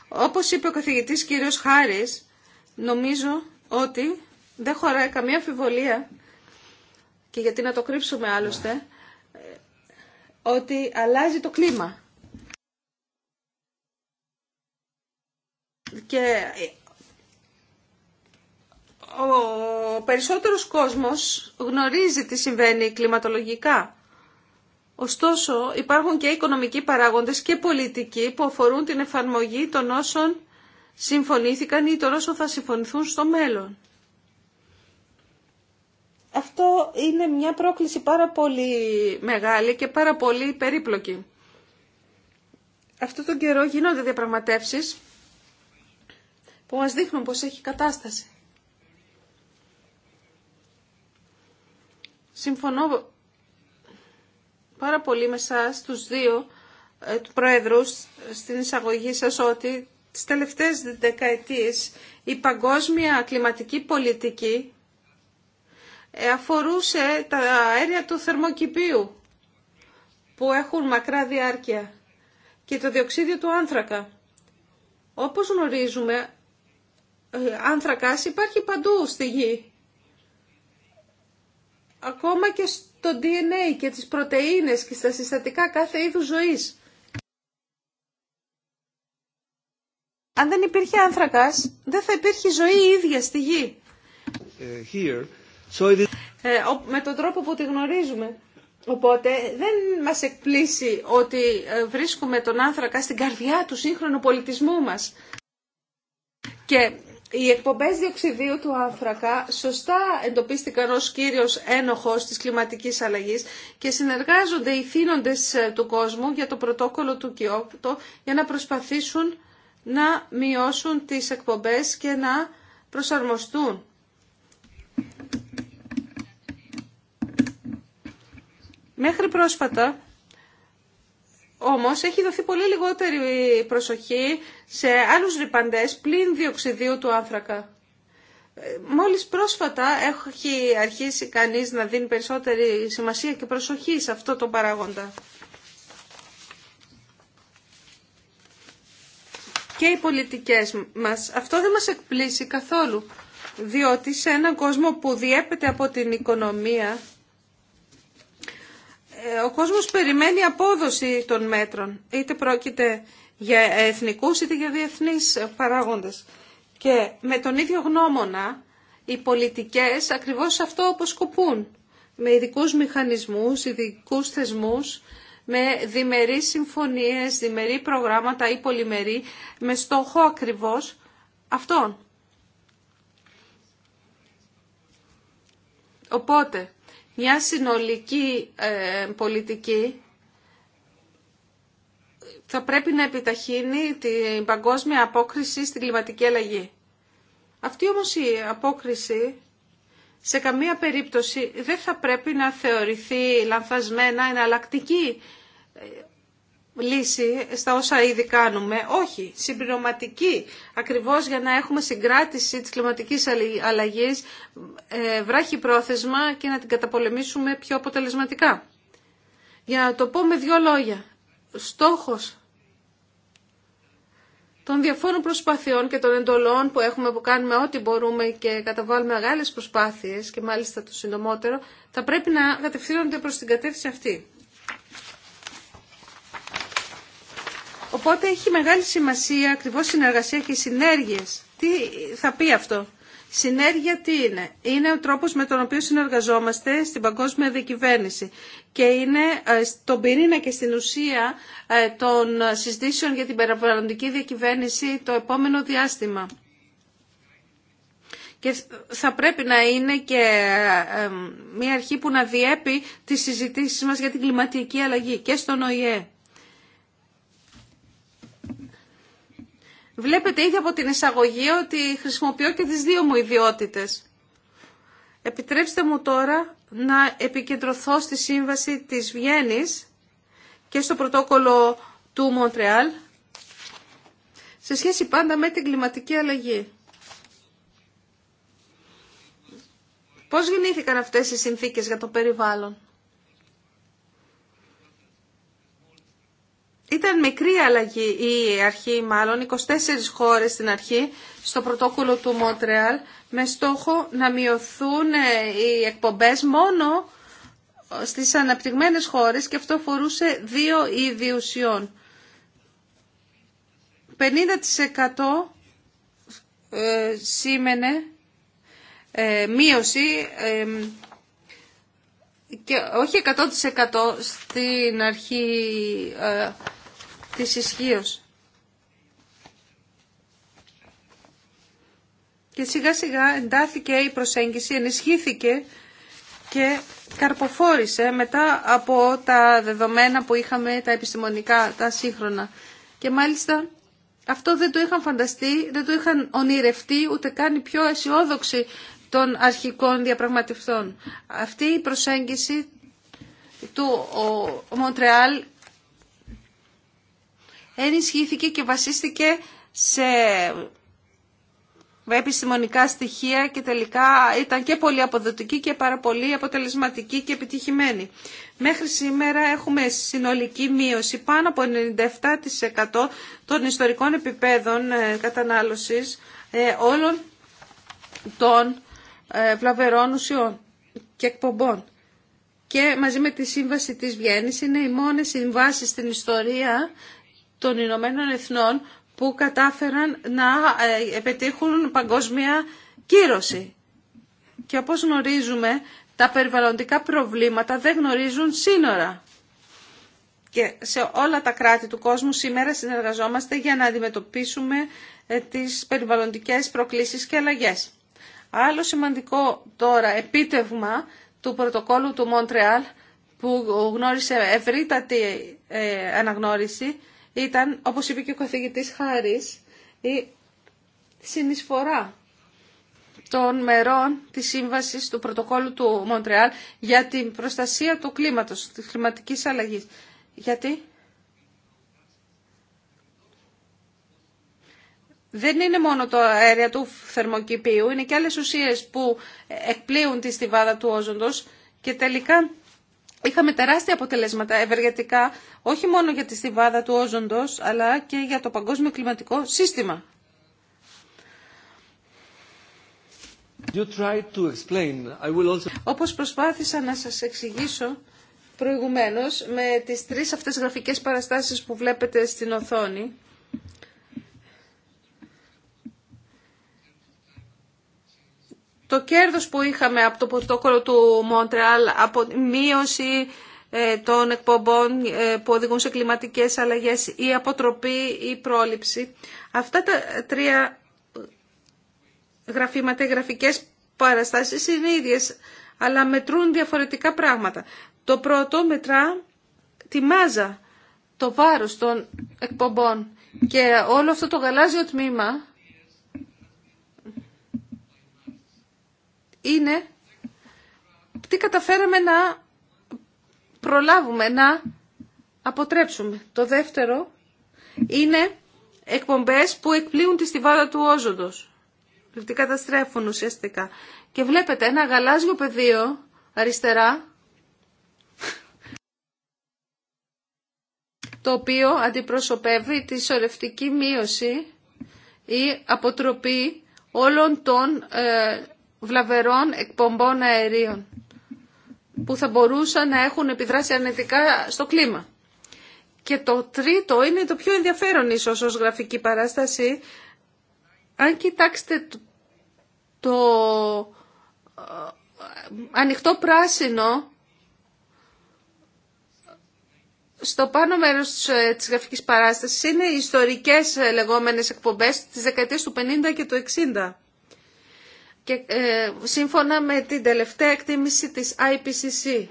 όπως είπε ο καθηγητής κύριος Χάρης, νομίζω ότι δεν χωράει καμία αμφιβολία και γιατί να το κρύψουμε άλλωστε, ε, ότι αλλάζει το κλίμα. Και ε, ο περισσότερος κόσμος γνωρίζει τι συμβαίνει κλιματολογικά. Ωστόσο, υπάρχουν και οικονομικοί παράγοντες και πολιτικοί που αφορούν την εφαρμογή των όσων συμφωνήθηκαν ή των όσων θα συμφωνηθούν στο μέλλον. Αυτό είναι μια πρόκληση πάρα πολύ μεγάλη και πάρα πολύ περίπλοκη. Αυτό τον καιρό γίνονται διαπραγματεύσεις που μας δείχνουν πως έχει κατάσταση. Συμφωνώ πάρα πολύ με σας τους δύο ε, του Πρόεδρους, στην εισαγωγή σας ότι τις τελευταίες δεκαετίες η παγκόσμια κλιματική πολιτική ε, αφορούσε τα αέρια του θερμοκηπίου που έχουν μακρά διάρκεια και το διοξίδιο του άνθρακα. Όπως γνωρίζουμε, ε, άνθρακας υπάρχει παντού στη γη. Ακόμα και στο DNA και τις πρωτεΐνες και στα συστατικά κάθε είδους ζωής. Αν δεν υπήρχε άνθρακας, δεν θα υπήρχε ζωή η ίδια στη γη. Ε, here. Ε, με τον τρόπο που τη γνωρίζουμε. Οπότε δεν μας εκπλήσει ότι βρίσκουμε τον άνθρακα στην καρδιά του σύγχρονου πολιτισμού μας. Και οι εκπομπές διοξιδίου του άνθρακα σωστά εντοπίστηκαν ως κύριος ένοχος της κλιματικής αλλαγής και συνεργάζονται οι θύνοντε ε, του κόσμου για το πρωτόκολλο του Κιόπτο για να προσπαθήσουν να μειώσουν τις εκπομπές και να προσαρμοστούν. Μέχρι πρόσφατα όμως έχει δοθεί πολύ λιγότερη προσοχή σε άλλους ρηπαντέ πλην διοξιδίου του άνθρακα. Ε, μόλις πρόσφατα έχει αρχίσει κανείς να δίνει περισσότερη σημασία και προσοχή σε αυτό το παράγοντα. Και οι πολιτικές μας. Αυτό δεν μας εκπλήσει καθόλου, διότι σε έναν κόσμο που διέπεται από την οικονομία ο κόσμος περιμένει απόδοση των μέτρων, είτε πρόκειται για εθνικούς είτε για διεθνείς παράγοντες. Και με τον ίδιο γνώμονα οι πολιτικές ακριβώς αυτό αποσκοπούν, με ειδικούς μηχανισμούς, ειδικούς θεσμούς, με διμερείς συμφωνίες, διμερεί προγράμματα ή πολυμερεί, με στόχο ακριβώς αυτόν. Οπότε, μια συνολική ε, πολιτική θα πρέπει να επιταχύνει την παγκόσμια απόκριση στην κλιματική αλλαγή. Αυτή όμως η απόκριση σε καμία περίπτωση δεν θα πρέπει να θεωρηθεί λανθασμένα εναλλακτική ε, λύση στα όσα ήδη κάνουμε. Όχι, συμπληρωματική, ακριβώς για να έχουμε συγκράτηση της κλιματικής αλλαγής, ε, βράχη πρόθεσμα και να την καταπολεμήσουμε πιο αποτελεσματικά. Για να το πω με δύο λόγια, στόχος των διαφόρων προσπαθειών και των εντολών που έχουμε, που κάνουμε ό,τι μπορούμε και καταβάλουμε μεγάλες προσπάθειες και μάλιστα το συντομότερο, θα πρέπει να κατευθύνονται προς την κατεύθυνση αυτή. Οπότε έχει μεγάλη σημασία ακριβώς συνεργασία και συνέργειες. Τι θα πει αυτό. Συνέργεια τι είναι. Είναι ο τρόπος με τον οποίο συνεργαζόμαστε στην παγκόσμια διακυβέρνηση και είναι ε, στον πυρήνα και στην ουσία ε, των συζητήσεων για την περιβαλλοντική διακυβέρνηση το επόμενο διάστημα. Και θα πρέπει να είναι και ε, μια αρχή που να διέπει τις συζητήσεις μας για την κλιματική αλλαγή και στον ΟΗΕ. Βλέπετε ήδη από την εισαγωγή ότι χρησιμοποιώ και τις δύο μου ιδιότητες. Επιτρέψτε μου τώρα να επικεντρωθώ στη σύμβαση της Βιέννης και στο πρωτόκολλο του Μοντρεάλ σε σχέση πάντα με την κλιματική αλλαγή. Πώς γεννήθηκαν αυτές οι συνθήκες για το περιβάλλον. Ήταν μικρή αλλαγή η αρχή, μάλλον 24 χώρες στην αρχή, στο πρωτόκολλο του Μόντρεαλ, με στόχο να μειωθούν ε, οι εκπομπές μόνο ε, στις αναπτυγμένες χώρες και αυτό φορούσε δύο είδη ουσιών. 50% ε, σήμαινε μείωση και όχι 100% στην αρχή της ισχύω. Και σιγά σιγά εντάθηκε η προσέγγιση, ενισχύθηκε και καρποφόρησε μετά από τα δεδομένα που είχαμε, τα επιστημονικά, τα σύγχρονα. Και μάλιστα αυτό δεν το είχαν φανταστεί, δεν το είχαν ονειρευτεί, ούτε κάνει πιο αισιόδοξοι των αρχικών διαπραγματευτών. Αυτή η προσέγγιση του Μοντρεάλ ενισχύθηκε και βασίστηκε σε επιστημονικά στοιχεία και τελικά ήταν και πολύ αποδοτική και πάρα πολύ αποτελεσματική και επιτυχημένη. Μέχρι σήμερα έχουμε συνολική μείωση πάνω από 97% των ιστορικών επιπέδων ε, κατανάλωσης ε, όλων των ε, βλαβερών ουσιών και εκπομπών. Και μαζί με τη Σύμβαση της Βιέννης είναι οι μόνες συμβάσεις στην ιστορία των Ηνωμένων Εθνών που κατάφεραν να ε, επιτύχουν παγκόσμια κύρωση. Και όπως γνωρίζουμε, τα περιβαλλοντικά προβλήματα δεν γνωρίζουν σύνορα. Και σε όλα τα κράτη του κόσμου σήμερα συνεργαζόμαστε για να αντιμετωπίσουμε ε, τις περιβαλλοντικές προκλήσεις και αλλαγές. Άλλο σημαντικό τώρα επίτευγμα του πρωτοκόλου του Μόντρεαλ που γνώρισε ευρύτατη ε, αναγνώριση ήταν, όπως είπε και ο καθηγητής Χάρης, η συνεισφορά των μερών της σύμβασης του πρωτοκόλλου του Μοντρεάλ για την προστασία του κλίματος, της κλιματικής αλλαγής. Γιατί δεν είναι μόνο το αέρια του θερμοκηπίου, είναι και άλλες ουσίες που εκπλήουν τη στιβάδα του όζοντος και τελικά Είχαμε τεράστια αποτελέσματα ευεργετικά, όχι μόνο για τη στιβάδα του όζοντος, αλλά και για το παγκόσμιο κλιματικό σύστημα. You to explain. I will also... Όπως προσπάθησα να σας εξηγήσω προηγουμένως, με τις τρεις αυτές γραφικές παραστάσεις που βλέπετε στην οθόνη, το κέρδος που είχαμε από το πρωτόκολλο του Μόντρεαλ, από μείωση ε, των εκπομπών ε, που οδηγούν σε κλιματικές αλλαγές, η αποτροπή, η πρόληψη. Αυτά τα τρία γραφήματα, οι γραφικές παραστάσεις είναι ίδιες, αλλά μετρούν διαφορετικά πράγματα. Το πρώτο μετρά τη μάζα, το βάρος των εκπομπών και όλο αυτό το γαλάζιο τμήμα είναι τι καταφέραμε να προλάβουμε, να αποτρέψουμε. Το δεύτερο είναι εκπομπές που εκπλήγουν τη στιβάδα του όζοντος. Δηλαδή καταστρέφουν ουσιαστικά. Και βλέπετε ένα γαλάζιο πεδίο αριστερά το οποίο αντιπροσωπεύει τη σωρευτική μείωση ή αποτροπή όλων των ε, βλαβερών εκπομπών αερίων που θα μπορούσαν να έχουν επιδράσει αρνητικά στο κλίμα. Και το τρίτο είναι το πιο ενδιαφέρον ίσως ως γραφική παράσταση. Αν κοιτάξετε το ε, ανοιχτό πράσινο στο πάνω μέρος της ε, γραφικής παράστασης είναι οι ιστορικές ε, λεγόμενες εκπομπές της δεκαετίας του 50 και του 60 και ε, σύμφωνα με την τελευταία εκτίμηση της IPCC.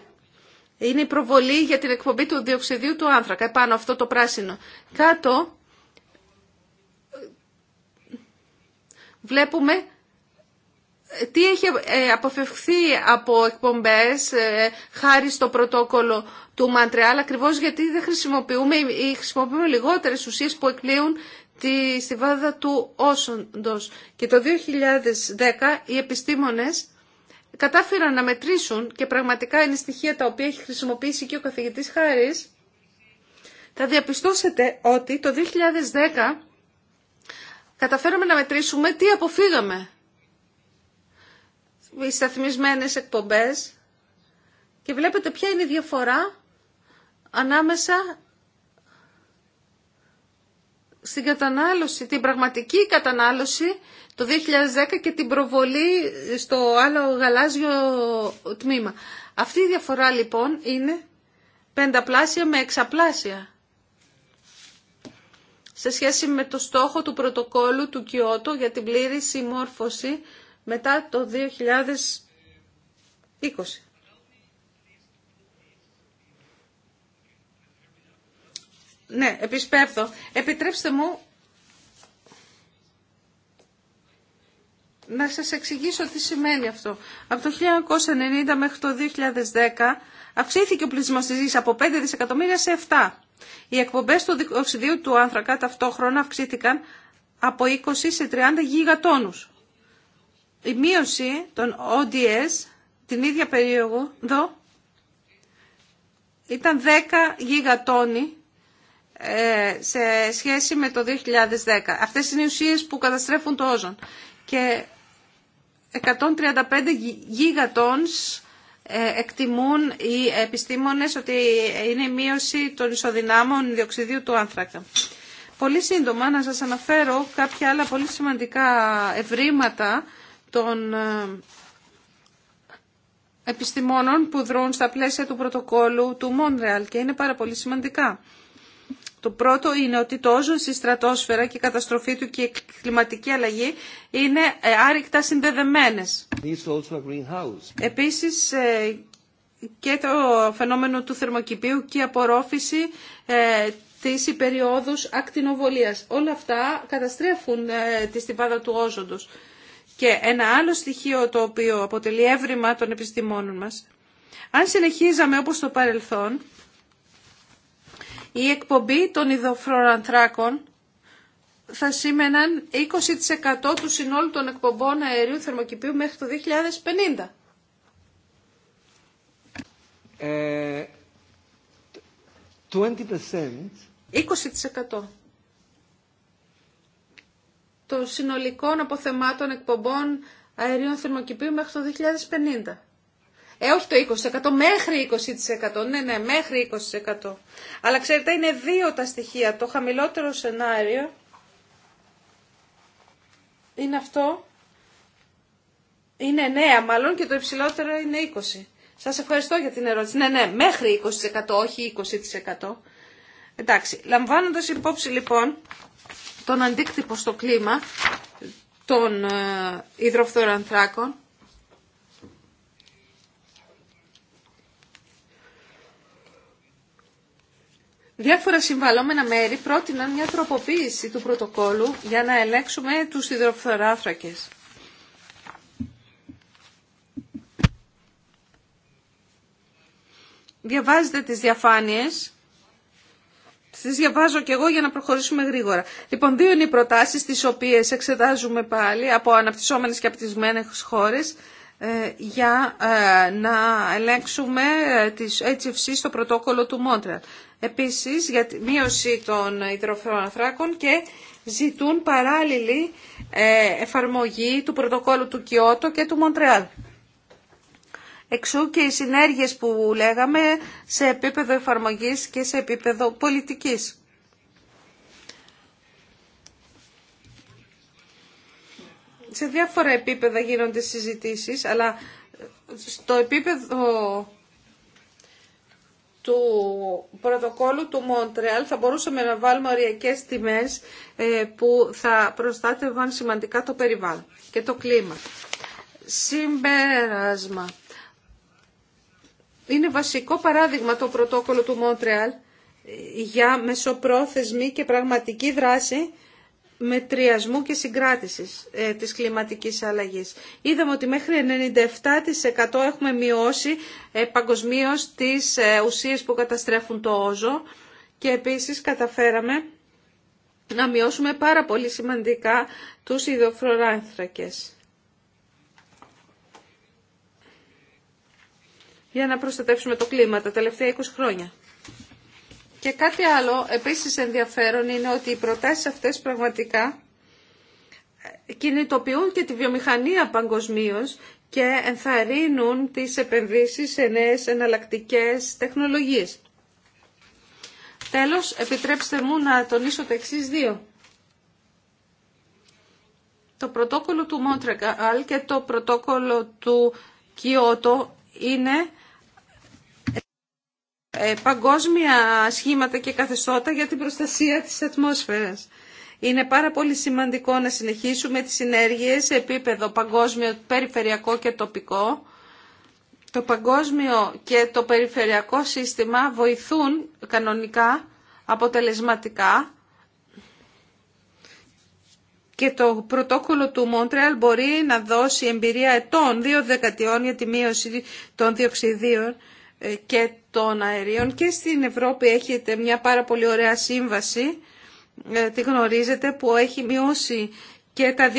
Είναι η προβολή για την εκπομπή του διοξιδίου του άνθρακα, επάνω αυτό το πράσινο. Κάτω βλέπουμε ε, τι έχει ε, αποφευχθεί από εκπομπές ε, χάρη στο πρωτόκολλο του Μαντρεάλ, ακριβώς γιατί δεν χρησιμοποιούμε ή χρησιμοποιούμε λιγότερες ουσίες που εκπλέουν στη στιβάδα του Όσοντος. Και το 2010 οι επιστήμονες κατάφεραν να μετρήσουν και πραγματικά είναι στοιχεία τα οποία έχει χρησιμοποιήσει και ο καθηγητής Χάρης. Θα διαπιστώσετε ότι το 2010 καταφέραμε να μετρήσουμε τι αποφύγαμε. Οι σταθμισμένες εκπομπές και βλέπετε ποια είναι η διαφορά ανάμεσα στην κατανάλωση, την πραγματική κατανάλωση το 2010 και την προβολή στο άλλο γαλάζιο τμήμα. Αυτή η διαφορά λοιπόν είναι πενταπλάσια με εξαπλάσια σε σχέση με το στόχο του πρωτοκόλλου του Κιώτο για την πλήρη συμμόρφωση μετά το 2020. Ναι, επισπεύδω. Επιτρέψτε μου να σας εξηγήσω τι σημαίνει αυτό. Από το 1990 μέχρι το 2010 αυξήθηκε ο πληθυσμός της από 5 δισεκατομμύρια σε 7. Οι εκπομπές του οξυδίου του άνθρακα ταυτόχρονα αυξήθηκαν από 20 σε 30 γιγατόνους. Η μείωση των ODS την ίδια περίοδο ήταν 10 γιγατόνι. Ε, σε σχέση με το 2010. Αυτές είναι οι ουσίες που καταστρέφουν το όζον. Και 135 γίγατονς ε, εκτιμούν οι επιστήμονες ότι είναι η μείωση των ισοδυνάμων διοξιδίου του άνθρακα. Πολύ σύντομα να σας αναφέρω κάποια άλλα πολύ σημαντικά ευρήματα των ε, επιστημόνων που δρούν στα πλαίσια του πρωτοκόλλου του Μόνρεαλ και είναι πάρα πολύ σημαντικά. Το πρώτο είναι ότι το όζον στη στρατόσφαιρα και η καταστροφή του και η κλιματική αλλαγή είναι ε, άρρηκτα συνδεδεμένες. Επίσης ε, και το φαινόμενο του θερμοκηπίου και η απορρόφηση ε, της υπεριόδους ακτινοβολίας. Όλα αυτά καταστρέφουν τη στιβάδα του όζοντος. Και ένα άλλο στοιχείο το οποίο αποτελεί έβριμα των επιστημόνων μας. Αν συνεχίζαμε όπως το παρελθόν, η εκπομπή των υδοφρονανθράκων θα σήμαιναν 20% του συνόλου των εκπομπών αερίου θερμοκηπίου μέχρι το 2050. Ε, 20%. 20% των συνολικών αποθεμάτων εκπομπών αερίων θερμοκηπίου μέχρι το 2050. Ε, όχι το 20%, μέχρι 20%. Ναι, ναι, μέχρι 20%. Αλλά ξέρετε, είναι δύο τα στοιχεία. Το χαμηλότερο σενάριο είναι αυτό. Είναι 9 μάλλον και το υψηλότερο είναι 20. Σας ευχαριστώ για την ερώτηση. Ναι, ναι, μέχρι 20%, όχι 20%. Εντάξει, λαμβάνοντας υπόψη λοιπόν τον αντίκτυπο στο κλίμα των ε, υδροφθορανθράκων, Διάφορα συμβαλόμενα μέρη πρότειναν μια τροποποίηση του πρωτοκόλου για να ελέγξουμε τους υδροφθοράθρακες. Διαβάζετε τις διαφάνειες. Τις διαβάζω και εγώ για να προχωρήσουμε γρήγορα. Λοιπόν, δύο είναι οι προτάσεις τις οποίες εξετάζουμε πάλι από αναπτυσσόμενες και απτυσμένες χώρες. Ε, για ε, να ελέγξουμε ε, τις HFC στο πρωτόκολλο του Μόντρεαλ. Επίσης για τη μείωση των και ζητούν παράλληλη εφαρμογή του πρωτοκόλλου του Κιώτο και του Μοντρεάλ. Εξού και οι συνέργειες που λέγαμε σε επίπεδο εφαρμογής και σε επίπεδο πολιτικής. σε διάφορα επίπεδα γίνονται συζητήσεις, αλλά στο επίπεδο του πρωτοκόλου του Μόντρεαλ θα μπορούσαμε να βάλουμε οριακέ τιμές ε, που θα προστάτευαν σημαντικά το περιβάλλον και το κλίμα. Συμπέρασμα. Είναι βασικό παράδειγμα το πρωτόκολλο του Μόντρεαλ για μεσοπρόθεσμη και πραγματική δράση μετριασμού και συγκράτησης ε, της κλιματικής αλλαγής. Είδαμε ότι μέχρι 97% έχουμε μειώσει ε, παγκοσμίως τις ε, ουσίες που καταστρέφουν το όζο και επίσης καταφέραμε να μειώσουμε πάρα πολύ σημαντικά τους υδοφροράνθρακες. Για να προστατεύσουμε το κλίμα τα τελευταία 20 χρόνια. Και κάτι άλλο επίσης ενδιαφέρον είναι ότι οι προτάσεις αυτές πραγματικά κινητοποιούν και τη βιομηχανία παγκοσμίω και ενθαρρύνουν τις επενδύσεις σε νέες εναλλακτικές τεχνολογίες. Τέλος, επιτρέψτε μου να τονίσω τα εξής δύο. Το πρωτόκολλο του Μόντρεγκαλ και το πρωτόκολλο του Κιώτο είναι ε, παγκόσμια σχήματα και καθεστώτα για την προστασία της ατμόσφαιρας. Είναι πάρα πολύ σημαντικό να συνεχίσουμε τις συνέργειες σε επίπεδο παγκόσμιο, περιφερειακό και τοπικό. Το παγκόσμιο και το περιφερειακό σύστημα βοηθούν κανονικά, αποτελεσματικά και το πρωτόκολλο του Μόντρεαλ μπορεί να δώσει εμπειρία ετών, δύο δεκατιών για τη μείωση των διοξιδίων ε, και των αερίων και στην Ευρώπη έχετε μια πάρα πολύ ωραία σύμβαση, ε, τη γνωρίζετε, που έχει μειώσει και τα,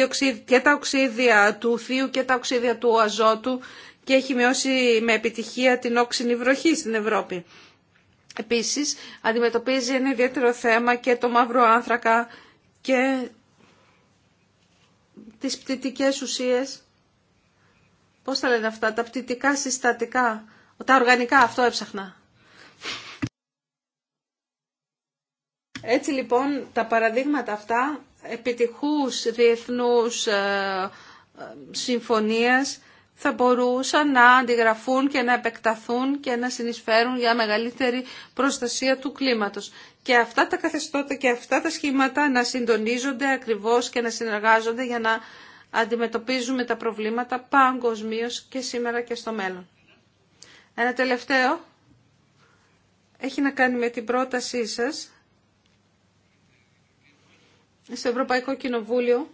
τα οξύδια του θείου και τα οξύδια του αζότου και έχει μειώσει με επιτυχία την όξινη βροχή στην Ευρώπη. Επίσης, αντιμετωπίζει ένα ιδιαίτερο θέμα και το μαύρο άνθρακα και τις πτυτικές ουσίες. Πώς τα λένε αυτά, τα πτυτικά συστατικά τα οργανικά, αυτό έψαχνα. Έτσι λοιπόν τα παραδείγματα αυτά επιτυχούς διεθνούς ε, ε συμφωνίας θα μπορούσαν να αντιγραφούν και να επεκταθούν και να συνεισφέρουν για μεγαλύτερη προστασία του κλίματος. Και αυτά τα καθεστώτα και αυτά τα σχήματα να συντονίζονται ακριβώς και να συνεργάζονται για να αντιμετωπίζουμε τα προβλήματα παγκοσμίω και σήμερα και στο μέλλον. Ένα τελευταίο έχει να κάνει με την πρότασή σας στο Ευρωπαϊκό Κοινοβούλιο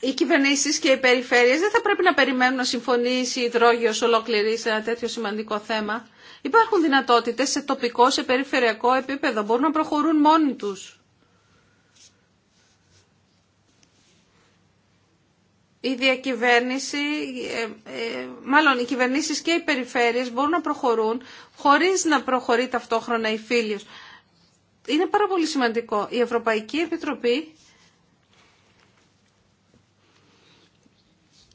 οι κυβερνήσει και οι περιφέρειες δεν θα πρέπει να περιμένουν να συμφωνήσει η υδρόγειο ολόκληρη σε ένα τέτοιο σημαντικό θέμα. Υπάρχουν δυνατότητες σε τοπικό, σε περιφερειακό επίπεδο. Μπορούν να προχωρούν μόνοι τους. η διακυβέρνηση, ε, ε, μάλλον οι κυβερνήσεις και οι περιφέρειες μπορούν να προχωρούν χωρίς να προχωρεί ταυτόχρονα η φίλιος. Είναι πάρα πολύ σημαντικό. Η Ευρωπαϊκή Επιτροπή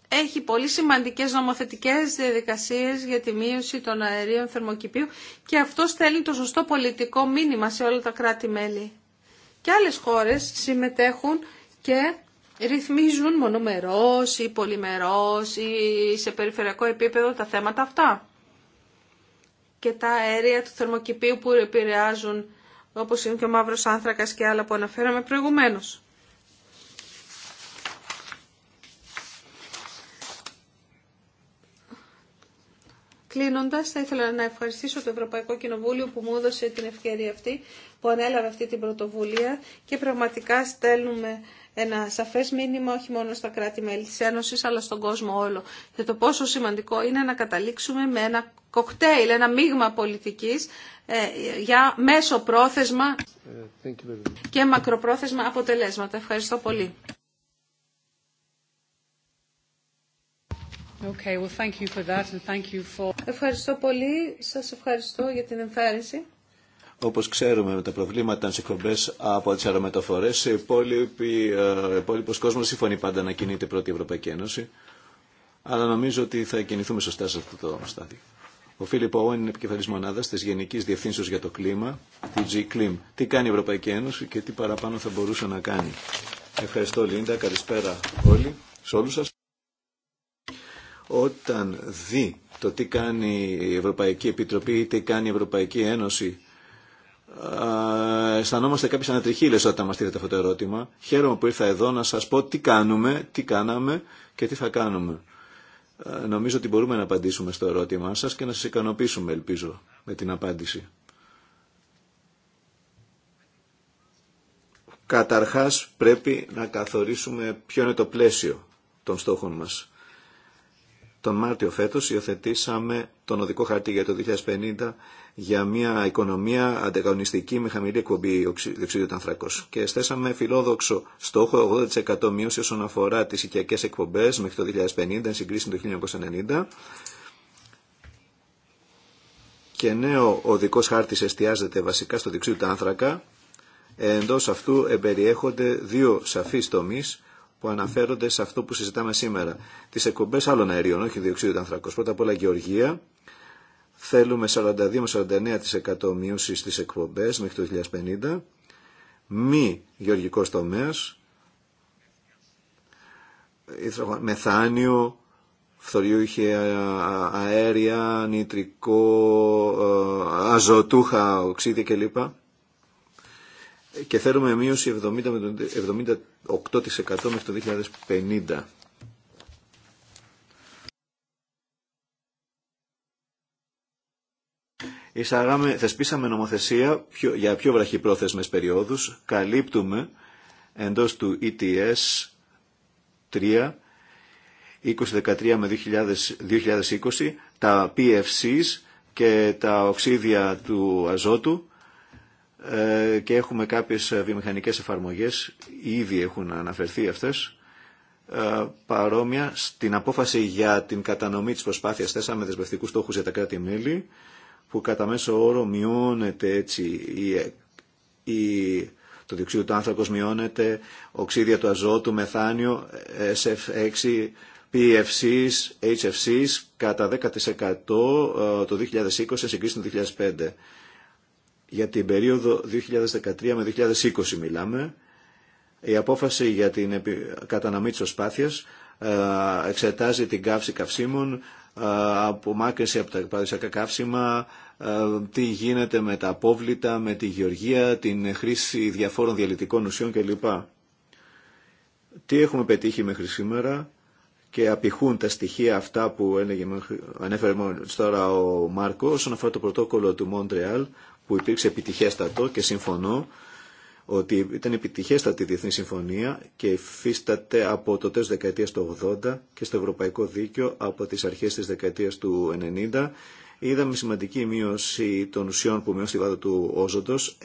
έχει πολύ σημαντικές νομοθετικές διαδικασίες για τη μείωση των αερίων θερμοκηπίου και αυτό στέλνει το σωστό πολιτικό μήνυμα σε όλα τα κράτη-μέλη. Και άλλες χώρες συμμετέχουν και ρυθμίζουν μονομερός ή πολυμερός ή σε περιφερειακό επίπεδο τα θέματα αυτά. Και τα αέρια του θερμοκηπίου που επηρεάζουν, όπως είναι και ο μαύρος άνθρακας και άλλα που αναφέραμε προηγουμένως. Κλείνοντα, θα ήθελα να ευχαριστήσω το Ευρωπαϊκό Κοινοβούλιο που μου έδωσε την ευκαιρία αυτή, που ανέλαβε αυτή την πρωτοβουλία και πραγματικά στέλνουμε ένα σαφές μήνυμα όχι μόνο στα κράτη-μέλη της Ένωσης αλλά στον κόσμο όλο για το πόσο σημαντικό είναι να καταλήξουμε με ένα κοκτέιλ, ένα μείγμα πολιτικής ε, για μέσο πρόθεσμα ε, και μακροπρόθεσμα αποτελέσματα. Ευχαριστώ πολύ. Okay, well, thank you for that and thank you for... Ευχαριστώ πολύ. Σας ευχαριστώ για την ενθάρρυνση. Όπως ξέρουμε με τα προβλήματα της εκπομπές από τις αερομεταφορές, ο ε, υπόλοιπος κόσμος συμφωνεί πάντα να κινείται πρώτη Ευρωπαϊκή Ένωση, αλλά νομίζω ότι θα κινηθούμε σωστά σε αυτό το στάδιο. Ο Φίλιπ Οουέν είναι επικεφαλής μονάδας της Γενικής Διευθύνσεως για το Κλίμα, τη G-Clim. Τι κάνει η Ευρωπαϊκή Ένωση και τι παραπάνω θα μπορούσε να κάνει. Ευχαριστώ Λίντα, καλησπέρα όλοι, σε όλους σας. Όταν δει το τι κάνει η Ευρωπαϊκή Επιτροπή ή τι κάνει η Ευρωπαϊκή Ένωση ε, αισθανόμαστε κάποιε ανατριχίλε όταν μας τίθεται αυτό το ερώτημα. Χαίρομαι που ήρθα εδώ να σας πω τι κάνουμε, τι κάναμε και τι θα κάνουμε. Ε, νομίζω ότι μπορούμε να απαντήσουμε στο ερώτημά σας και να σα ικανοποιήσουμε, ελπίζω, με την απάντηση. Καταρχάς πρέπει να καθορίσουμε ποιο είναι το πλαίσιο των στόχων μας. Τον Μάρτιο φέτος υιοθετήσαμε τον οδικό Χαρτί για το 2050 για μια οικονομία ανταγωνιστική με χαμηλή εκπομπή διοξίδιου του ανθρακό. Και στέσαμε φιλόδοξο στόχο 80% μείωση όσον αφορά τι οικιακέ εκπομπέ μέχρι το 2050, εν συγκρίση με το 1990. Και νέο οδικό χάρτη εστιάζεται βασικά στο διοξείδιο του άνθρακα. Εντό αυτού εμπεριέχονται δύο σαφεί τομεί που αναφέρονται σε αυτό που συζητάμε σήμερα. Τι εκπομπέ άλλων αερίων, όχι διοξείδιο του ανθρακό. Πρώτα απ' όλα γεωργία Θέλουμε 42-49% μείωση στις εκπομπές μέχρι το 2050. Μη γεωργικός τομέας, μεθάνιο, φθοριού είχε αέρια, νητρικό, ε, αζωτούχα, οξύδια κλπ. Και θέλουμε μείωση 70-78% μέχρι το 2050. Εισαγάμε, θεσπίσαμε νομοθεσία πιο, για πιο βραχυπρόθεσμες περιόδους, καλύπτουμε εντός του ETS 3, 2013 με 2020, τα PFCs και τα οξύδια του αζότου ε, και έχουμε κάποιες βιομηχανικές εφαρμογές, ήδη έχουν αναφερθεί αυτές, ε, παρόμοια στην απόφαση για την κατανομή της προσπάθειας θέσαμε δεσμευτικούς στόχους για τα κράτη-μέλη που κατά μέσο όρο μειώνεται έτσι η, ε, η, το διοξείδιο του άνθρακος μειώνεται, οξύδια του αζότου, μεθάνιο, SF6, PFCs, HFCs κατά 10% ε, το 2020 σε συγκρίση με το 2005. Για την περίοδο 2013 με 2020 μιλάμε. Η απόφαση για την καταναμή της προσπάθειας ε, εξετάζει την καύση καυσίμων, ε, απομάκρυνση από τα παραδοσιακά καύσιμα, ε, τι γίνεται με τα απόβλητα, με τη γεωργία, την χρήση διαφόρων διαλυτικών ουσιών κλπ. Τι έχουμε πετύχει μέχρι σήμερα και απηχούν τα στοιχεία αυτά που ανέφερε μόλις τώρα ο Μάρκο όσον αφορά το πρωτόκολλο του Μόντρεαλ που υπήρξε επιτυχέστατο και συμφωνώ ότι ήταν επιτυχέστατη η Διεθνή Συμφωνία και υφίσταται από το τέλος δεκαετίας του 80 και στο Ευρωπαϊκό Δίκαιο από τις αρχές της δεκαετίας του 90. Είδαμε σημαντική μείωση των ουσιών που μειώσει τη βάδα του όζοντος,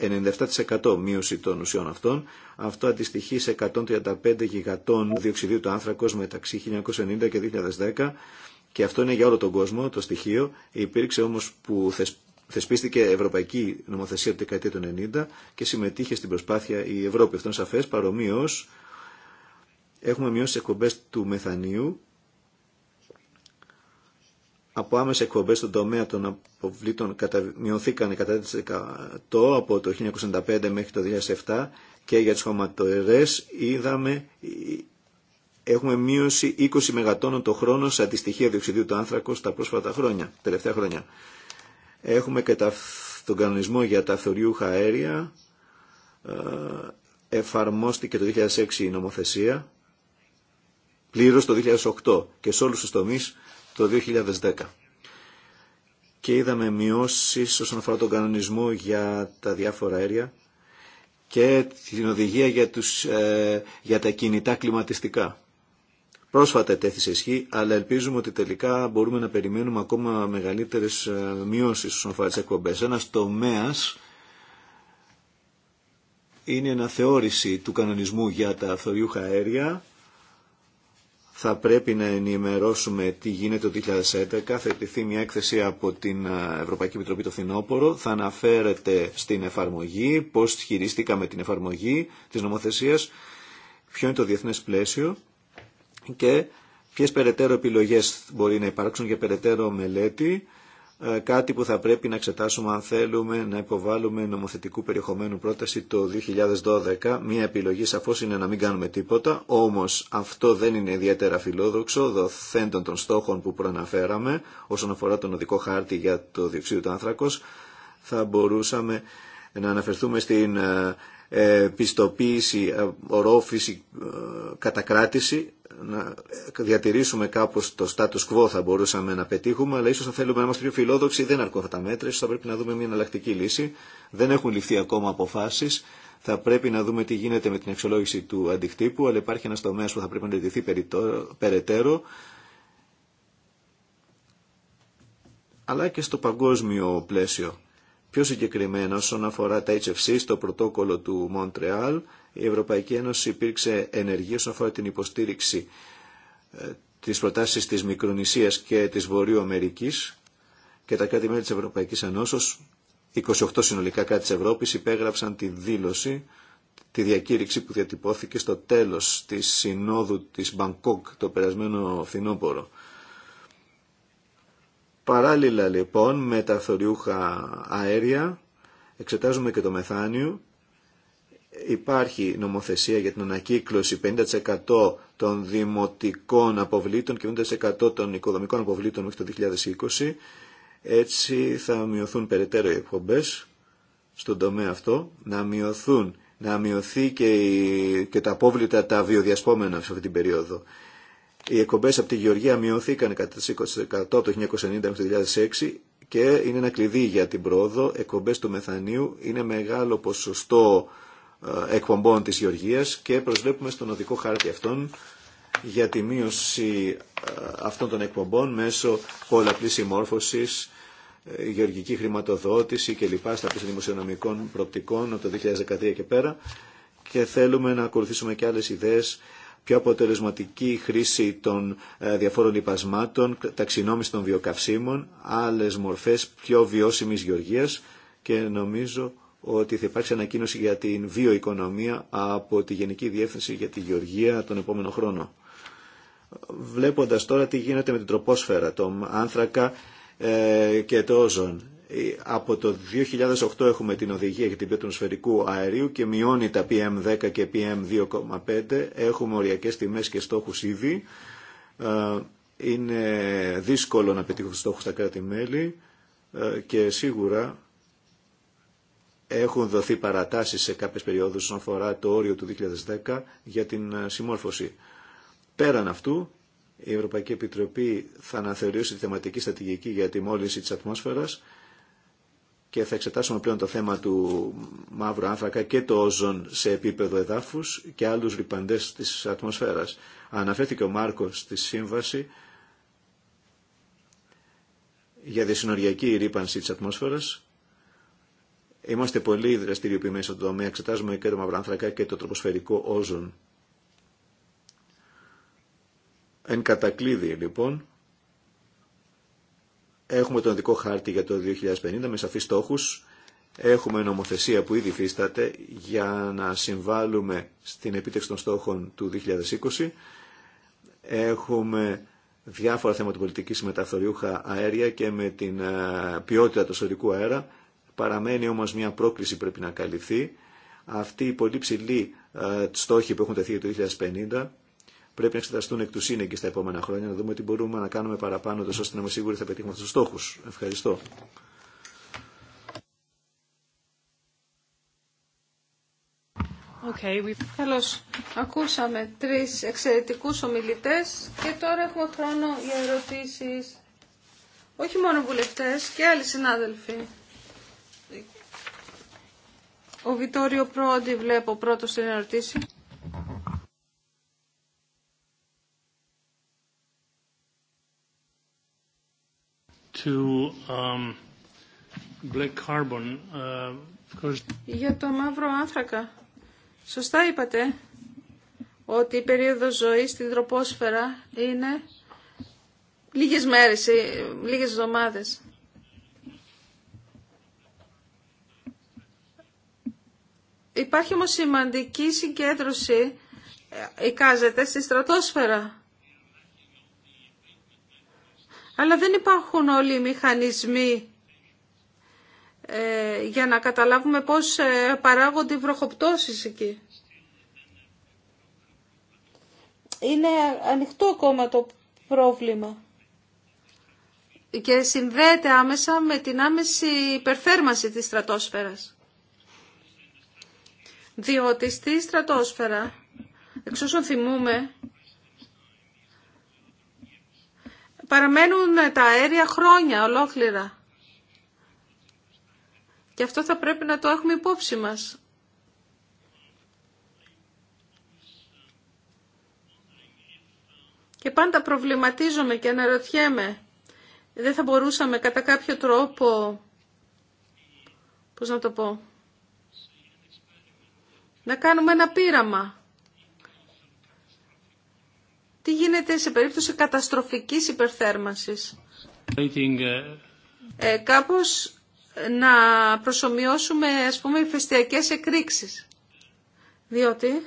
97% μείωση των ουσιών αυτών. Αυτό αντιστοιχεί σε 135 γιγατών διοξιδίου του άνθρακος μεταξύ 1990 και 2010 και αυτό είναι για όλο τον κόσμο το στοιχείο. Υπήρξε όμως που θεσπίστηκε ευρωπαϊκή νομοθεσία από την δεκαετία του 90 και συμμετείχε στην προσπάθεια η Ευρώπη. Αυτό είναι σαφέ. Παρομοίω, έχουμε μειώσει τι εκπομπέ του μεθανίου από άμεσε εκπομπέ στον τομέα των αποβλήτων κατα... μειωθήκαν κατά 10% από το 1995 μέχρι το 2007 και για τις χωματοερές είδαμε έχουμε μείωση 20 μεγατόνων το χρόνο σε αντιστοιχεία διοξιδίου του άνθρακος τα πρόσφατα χρόνια, τελευταία χρόνια. Έχουμε και τον κανονισμό για τα θεωριούχα αέρια. Ε, εφαρμόστηκε το 2006 η νομοθεσία. Πλήρως το 2008 και σε όλους τους τομείς το 2010. Και είδαμε μειώσεις όσον αφορά τον κανονισμό για τα διάφορα αέρια και την οδηγία για, τους, ε, για τα κινητά κλιματιστικά. Πρόσφατα τέθησε ισχύ, αλλά ελπίζουμε ότι τελικά μπορούμε να περιμένουμε ακόμα μεγαλύτερες ε, μειώσεις στου αφορά τις εκπομπές. Ένας τομέας είναι η αναθεώρηση του κανονισμού για τα αυθοριούχα αέρια. Θα πρέπει να ενημερώσουμε τι γίνεται το 2011. Θα εκτεθεί μια έκθεση από την ε, Ευρωπαϊκή Επιτροπή το Φθινόπωρο. Θα αναφέρεται στην εφαρμογή, πώς χειρίστηκαμε την εφαρμογή της νομοθεσίας, ποιο είναι το διεθνές πλαίσιο και ποιες περαιτέρω επιλογές μπορεί να υπάρξουν και περαιτέρω μελέτη, ε, κάτι που θα πρέπει να εξετάσουμε αν θέλουμε να υποβάλουμε νομοθετικού περιεχομένου πρόταση το 2012. Μία επιλογή σαφώς είναι να μην κάνουμε τίποτα, όμως αυτό δεν είναι ιδιαίτερα φιλόδοξο δοθέντων των στόχων που προαναφέραμε όσον αφορά τον οδικό χάρτη για το διοξείδιο του άνθρακος. Θα μπορούσαμε να αναφερθούμε στην ε, ε, πιστοποίηση, ορόφηση, κατακράτηση να διατηρήσουμε κάπως το status quo θα μπορούσαμε να πετύχουμε, αλλά ίσω θα θέλουμε να είμαστε πιο φιλόδοξοι δεν αρκούν αυτά τα μέτρα, ίσως θα πρέπει να δούμε μια εναλλακτική λύση. Δεν έχουν ληφθεί ακόμα αποφάσει. θα πρέπει να δούμε τι γίνεται με την αξιολόγηση του αντικτύπου, αλλά υπάρχει ένα τομέα που θα πρέπει να αντιληφθεί περαιτέρω, αλλά και στο παγκόσμιο πλαίσιο. Πιο συγκεκριμένα όσον αφορά τα HFC στο πρωτόκολλο του Μοντρεάλ, η Ευρωπαϊκή Ένωση υπήρξε ενεργή όσον αφορά την υποστήριξη ε, της προτάσεις της Μικρονησίας και της Βορείου Αμερικής και τα κράτη-μέλη της Ευρωπαϊκής Ενώσεως, 28 συνολικά κράτη της Ευρώπης, υπέγραψαν τη δήλωση, τη διακήρυξη που διατυπώθηκε στο τέλος της συνόδου της Μπανκόκ το περασμένο φθινόπωρο. Παράλληλα λοιπόν με τα θωριούχα αέρια εξετάζουμε και το μεθάνιο υπάρχει νομοθεσία για την ανακύκλωση 50% των δημοτικών αποβλήτων και 50% των οικοδομικών αποβλήτων μέχρι το 2020. Έτσι θα μειωθούν περαιτέρω οι εκπομπές στον τομέα αυτό, να μειωθούν, να μειωθεί και, η, και τα απόβλητα τα βιοδιασπόμενα σε αυτή την περίοδο. Οι εκπομπές από τη Γεωργία μειωθήκαν κατά 20% από το 1990 μέχρι το 2006 και είναι ένα κλειδί για την πρόοδο. Εκπομπές του μεθανίου είναι μεγάλο ποσοστό ε, εκπομπών της Γεωργίας και προσβλέπουμε στον οδικό χάρτη αυτών για τη μείωση ε, αυτών των εκπομπών μέσω πολλαπλής συμμόρφωσης, ε, γεωργική χρηματοδότηση κλπ. στα πλαίσια δημοσιονομικών προπτικών από το 2013 και πέρα και θέλουμε να ακολουθήσουμε και άλλες ιδέες πιο αποτελεσματική χρήση των διαφόρων υπασμάτων, ταξινόμηση των βιοκαυσίμων, άλλες μορφές πιο βιώσιμης γεωργίας και νομίζω ότι θα υπάρξει ανακοίνωση για την βιοοικονομία από τη Γενική Διεύθυνση για τη Γεωργία τον επόμενο χρόνο. Βλέποντας τώρα τι γίνεται με την τροπόσφαιρα, το άνθρακα ε, και το όζον. Ε, από το 2008 έχουμε την οδηγία για την ποιότητα σφαιρικού αερίου και μειώνει τα PM10 και PM2,5. Έχουμε οριακές τιμές και στόχους ήδη. Ε, είναι δύσκολο να πετύχουν στόχους στα κράτη-μέλη και σίγουρα έχουν δοθεί παρατάσεις σε κάποιες περιόδους όσον αφορά το όριο του 2010 για την ε, συμμόρφωση. Πέραν αυτού, η Ευρωπαϊκή Επιτροπή θα αναθεωρήσει τη θεματική στρατηγική για τη μόλυνση της ατμόσφαιρας και θα εξετάσουμε πλέον το θέμα του μαύρου άνθρακα και το όζον σε επίπεδο εδάφους και άλλους ρηπαντές της ατμοσφαίρας. Αναφέρθηκε ο Μάρκος στη σύμβαση για τη συνοριακή ρήπανση της ατμόσφαιρας Είμαστε πολύ δραστηριοποιημένοι στον τομέα. Εξετάζουμε και το μαυράνθρακα και το τροποσφαιρικό όζον. Εν κατακλείδη, λοιπόν, έχουμε τον δικό χάρτη για το 2050 με σαφείς στόχους. Έχουμε νομοθεσία που ήδη φίσταται για να συμβάλλουμε στην επίτευξη των στόχων του 2020. Έχουμε διάφορα θέματα πολιτικής με τα φθοριούχα αέρια και με την ε, ποιότητα του σωρικού αέρα Παραμένει όμως μια πρόκληση πρέπει να καλυφθεί. Αυτή η πολύ ψηλοί ε, στόχοι που έχουν τεθεί για το 2050 πρέπει να εξεταστούν εκ του σύνεγγυ στα επόμενα χρόνια, να δούμε τι μπορούμε να κάνουμε παραπάνω, τόσο ώστε να είμαστε σίγουροι θα πετύχουμε αυτού του στόχου. Ευχαριστώ. Okay, we... Καλώς. Ακούσαμε τρεις εξαιρετικούς ομιλητές και τώρα έχουμε χρόνο για ερωτήσεις. Όχι μόνο βουλευτές και άλλοι συνάδελφοι. Ο Βιτόριο Πρόντι βλέπω πρώτος στην ερωτήση. Um, black carbon, uh, Για το μαύρο άνθρακα. Σωστά είπατε ότι η περίοδος ζωής στην τροπόσφαιρα είναι λίγες μέρες, ε, λίγες εβδομάδες. Υπάρχει όμως σημαντική συγκέντρωση, ε, εικάζεται, στη στρατόσφαιρα. Αλλά δεν υπάρχουν όλοι οι μηχανισμοί ε, για να καταλάβουμε πώς ε, παράγονται οι βροχοπτώσεις εκεί. Είναι ανοιχτό ακόμα το πρόβλημα και συνδέεται άμεσα με την άμεση υπερθέρμανση της στρατόσφαιρας. Διότι στη στρατόσφαιρα, εξ όσων θυμούμε, παραμένουν τα αέρια χρόνια ολόκληρα. Και αυτό θα πρέπει να το έχουμε υπόψη μας. Και πάντα προβληματίζομαι και αναρωτιέμαι. Δεν θα μπορούσαμε κατά κάποιο τρόπο, πώς να το πω, να κάνουμε ένα πείραμα. Τι γίνεται σε περίπτωση καταστροφικής υπερθέρμανσης. Ε, ε, κάπως να προσωμιώσουμε ας πούμε ηφαιστειακές εκρήξεις. Διότι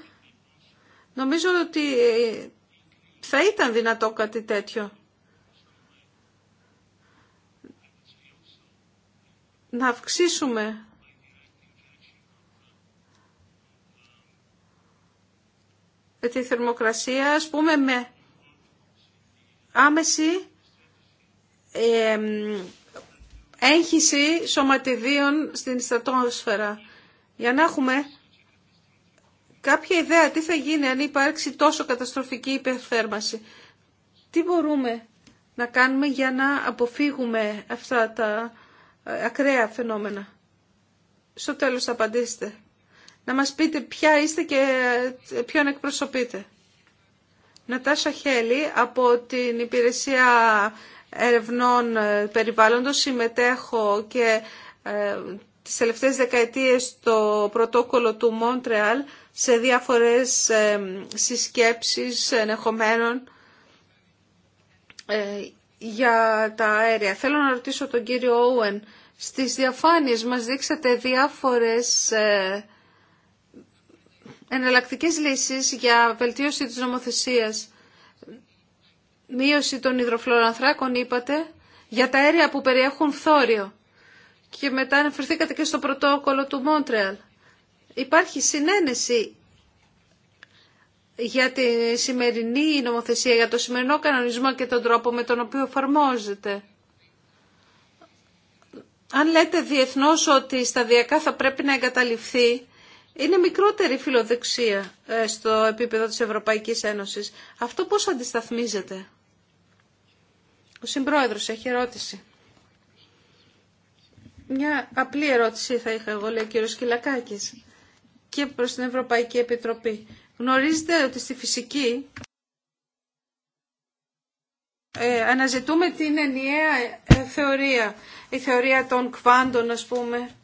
νομίζω ότι ε, θα ήταν δυνατό κάτι τέτοιο. Να αυξήσουμε τη θερμοκρασία, ας πούμε, με άμεση ε, έγχυση σωματιδίων στην στρατόσφαιρα. Για να έχουμε κάποια ιδέα τι θα γίνει αν υπάρξει τόσο καταστροφική υπερθέρμαση; Τι μπορούμε να κάνουμε για να αποφύγουμε αυτά τα ε, ακραία φαινόμενα. Στο τέλος θα να μας πείτε ποια είστε και ε, ποιον εκπροσωπείτε. Νατάσα Χέλη από την Υπηρεσία Ερευνών ε, Περιβάλλοντος συμμετέχω και ε, τις τελευταίες δεκαετίες στο πρωτόκολλο του Μόντρεαλ σε διάφορες ε, συσκέψεις ενεχομένων ε, για τα αέρια. Θέλω να ρωτήσω τον κύριο Όουεν, στις διαφάνειες μας δείξατε διάφορες ε, Εναλλακτικέ λύσεις για βελτίωση της νομοθεσία, Μείωση των υδροφλωρανθράκων είπατε για τα αέρια που περιέχουν θόριο. Και μετά αναφερθήκατε και στο πρωτόκολλο του Μόντρεαλ. Υπάρχει συνένεση για τη σημερινή νομοθεσία, για το σημερινό κανονισμό και τον τρόπο με τον οποίο εφαρμόζεται. Αν λέτε διεθνώς ότι σταδιακά θα πρέπει να εγκαταληφθεί είναι μικρότερη φιλοδεξία ε, στο επίπεδο της Ευρωπαϊκής Ένωσης. Αυτό πώς αντισταθμίζεται. Ο Συμπρόεδρος έχει ερώτηση. Μια απλή ερώτηση θα είχα εγώ, λέει ο κύριος Κυλακάκης, και προς την Ευρωπαϊκή Επιτροπή. Γνωρίζετε ότι στη φυσική ε, αναζητούμε την ενιαία ε, θεωρία, η θεωρία των κβάντων ας πούμε,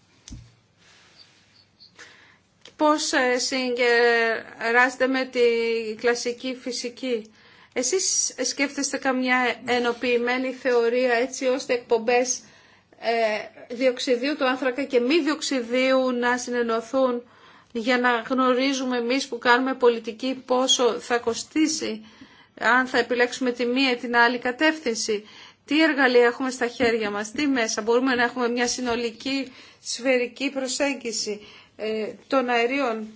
πώς ε, συγκεράζεται με τη κλασική φυσική. Εσείς σκέφτεστε καμιά ενοποιημένη θεωρία έτσι ώστε εκπομπές ε, διοξιδίου του άνθρακα και μη διοξιδίου να συνενωθούν για να γνωρίζουμε εμείς που κάνουμε πολιτική πόσο θα κοστίσει αν θα επιλέξουμε τη μία ή την άλλη κατεύθυνση. Τι εργαλεία έχουμε στα χέρια μας, τι μέσα. Μπορούμε να έχουμε μια συνολική σφαιρική προσέγγιση ε, των αερίων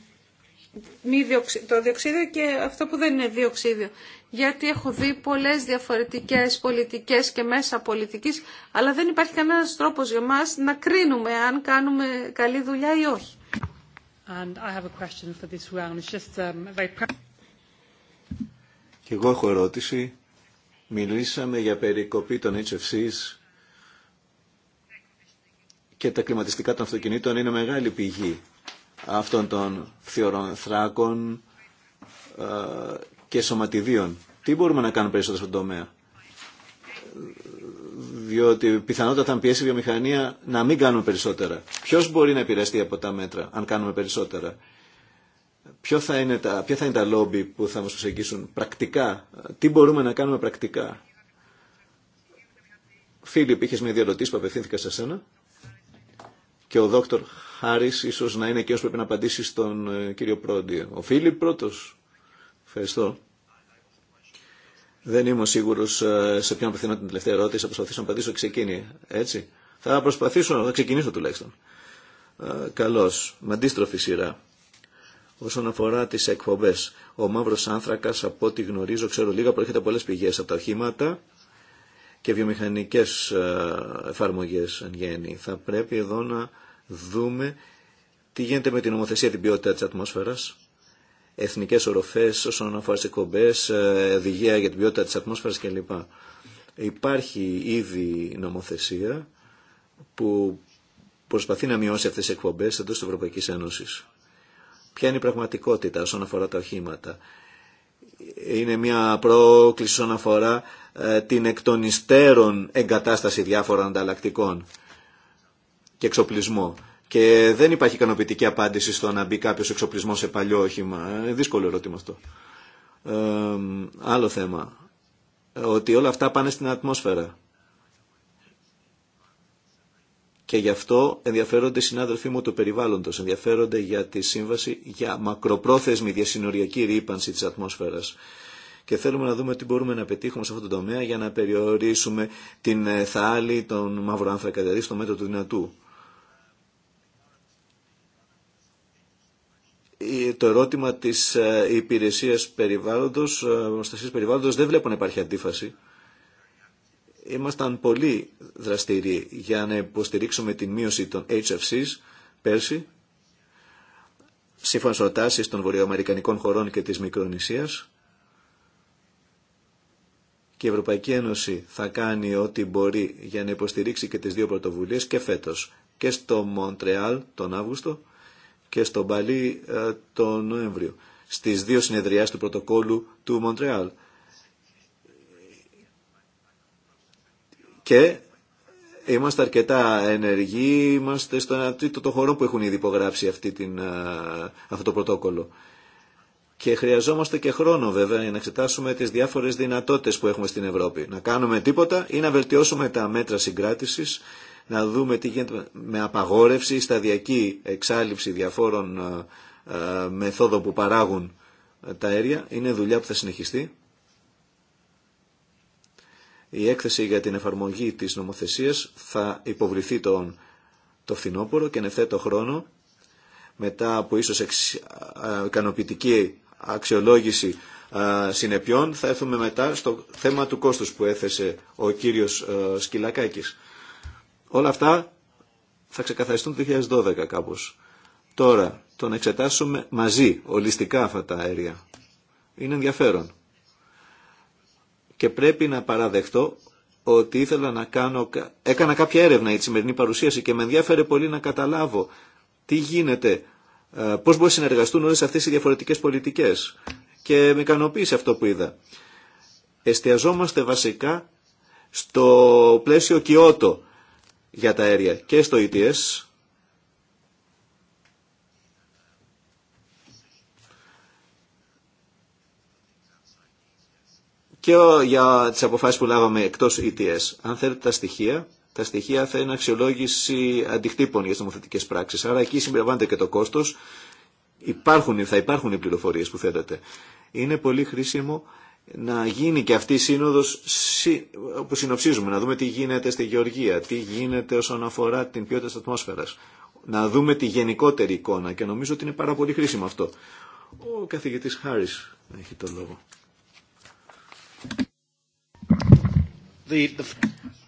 το διοξίδιο και αυτό που δεν είναι διοξίδιο. Γιατί έχω δει πολλές διαφορετικές πολιτικές και μέσα πολιτικής, αλλά δεν υπάρχει κανένας τρόπος για μας να κρίνουμε αν κάνουμε καλή δουλειά ή όχι. And I have a question for this round. just, um, Και εγώ έχω ερώτηση. Μιλήσαμε για περικοπή των HFCs και τα κλιματιστικά των αυτοκινήτων είναι μεγάλη πηγή αυτών των θεωρών θράκων ε, και σωματιδίων. Τι μπορούμε να κάνουμε περισσότερο στον τομέα. Διότι πιθανότατα θα πιέσει η βιομηχανία να μην κάνουμε περισσότερα. Ποιο μπορεί να επηρεαστεί από τα μέτρα, αν κάνουμε περισσότερα. Ποιο θα είναι τα, ποια θα είναι τα λόμπι που θα μας προσεγγίσουν πρακτικά. Τι μπορούμε να κάνουμε πρακτικά. Φίλιπ, είχε μια διαρωτήση που απευθύνθηκα σε σένα. Και ο δόκτωρ χάρη ίσω να είναι και όσο πρέπει να απαντήσει στον ε, κύριο Πρόντι. Ο Φίλιπ πρώτο. Ευχαριστώ. Δεν είμαι σίγουρο ε, σε ποιον απευθύνω την τελευταία ερώτηση. Θα προσπαθήσω να απαντήσω ξεκίνη. Έτσι. Θα προσπαθήσω να ξεκινήσω τουλάχιστον. Ε, Καλώ. Με αντίστροφη σειρά. Όσον αφορά τι εκπομπέ. Ο μαύρο άνθρακα, από ό,τι γνωρίζω, ξέρω λίγα, προέρχεται από πολλέ πηγέ. Από τα οχήματα και βιομηχανικέ ε, εφαρμογέ εν γέννη. Θα πρέπει εδώ να δούμε τι γίνεται με την νομοθεσία την ποιότητα της ατμόσφαιρας, εθνικές οροφές όσον αφορά στις εκπομπές, ε, οδηγία για την ποιότητα της ατμόσφαιρας κλπ. Υπάρχει ήδη νομοθεσία που προσπαθεί να μειώσει αυτές τις εκπομπές εντός της Ευρωπαϊκής Ένωσης. Ποια είναι η πραγματικότητα όσον αφορά τα οχήματα. Είναι μια πρόκληση όσον αφορά ε, την εκ των υστέρων εγκατάσταση διάφορων ανταλλακτικών και εξοπλισμό. Και δεν υπάρχει ικανοποιητική απάντηση στο να μπει κάποιο εξοπλισμό σε παλιό όχημα. Είναι δύσκολο ερώτημα αυτό. Ε, άλλο θέμα. Ότι όλα αυτά πάνε στην ατμόσφαιρα. Και γι' αυτό ενδιαφέρονται οι συνάδελφοί μου του περιβάλλοντος, ενδιαφέρονται για τη σύμβαση για μακροπρόθεσμη διασυνοριακή ρήπανση της ατμόσφαιρας. Και θέλουμε να δούμε τι μπορούμε να πετύχουμε σε αυτό το τομέα για να περιορίσουμε την ε, θάλη των μαυρών άνθρακα, δηλαδή στο μέτρο του δυνατού. το ερώτημα της ε, υπηρεσίας περιβάλλοντος, ε, προστασίας περιβάλλοντος δεν βλέπω να υπάρχει αντίφαση. Ήμασταν πολύ δραστηριοί για να υποστηρίξουμε την μείωση των HFCs πέρσι, σύμφωνα τάσεις των βορειοαμερικανικών χωρών και της Μικρονησίας. Και η Ευρωπαϊκή Ένωση θα κάνει ό,τι μπορεί για να υποστηρίξει και τις δύο πρωτοβουλίες και φέτος και στο Μοντρεάλ τον Αύγουστο και στον Παλί ε, τον Νοέμβριο στις δύο συνεδριάσεις του πρωτοκόλου του Μοντρεάλ. Και είμαστε αρκετά ενεργοί, είμαστε στο ένα τρίτο των χωρών που έχουν ήδη υπογράψει αυτή την, ε, αυτό το πρωτόκολλο. Και χρειαζόμαστε και χρόνο βέβαια για να εξετάσουμε τις διάφορες δυνατότητες που έχουμε στην Ευρώπη. Να κάνουμε τίποτα ή να βελτιώσουμε τα μέτρα συγκράτησης να δούμε τι γίνεται με απαγόρευση, σταδιακή εξάλληψη διαφόρων ε, ε, μεθόδων που παράγουν ε, τα αέρια. Είναι δουλειά που θα συνεχιστεί. Η έκθεση για την εφαρμογή της νομοθεσίας θα υποβληθεί τον, το φθινόπωρο και εν ευθέτω χρόνο μετά από ίσως εξ, ικανοποιητική αξιολόγηση συνεπιών θα έρθουμε μετά στο θέμα του κόστους που έθεσε ο κύριος Σκυλακάκης. Όλα αυτά θα ξεκαθαριστούν το 2012 κάπως. Τώρα, το να εξετάσουμε μαζί, ολιστικά αυτά τα αέρια, είναι ενδιαφέρον. Και πρέπει να παραδεχτώ ότι ήθελα να κάνω, έκανα κάποια έρευνα η σημερινή παρουσίαση και με ενδιαφέρε πολύ να καταλάβω τι γίνεται, ε, πώς μπορεί να συνεργαστούν όλες αυτές οι διαφορετικές πολιτικές. Και με ικανοποίησε αυτό που είδα. Εστιαζόμαστε βασικά στο πλαίσιο Κιώτο για τα αέρια και στο ETS και για τις αποφάσεις που λάβαμε εκτός ETS. Αν θέλετε τα στοιχεία, τα στοιχεία θα είναι αξιολόγηση αντιχτύπων για τις νομοθετικές πράξεις. Άρα εκεί συμπεριλαμβάνεται και το κόστος. Υπάρχουν, θα υπάρχουν οι πληροφορίες που θέλετε. Είναι πολύ χρήσιμο να γίνει και αυτή η σύνοδος που συνοψίζουμε, να δούμε τι γίνεται στη Γεωργία, τι γίνεται όσον αφορά την ποιότητα της ατμόσφαιρας, να δούμε τη γενικότερη εικόνα και νομίζω ότι είναι πάρα πολύ χρήσιμο αυτό. Ο καθηγητής Χάρης έχει τον λόγο.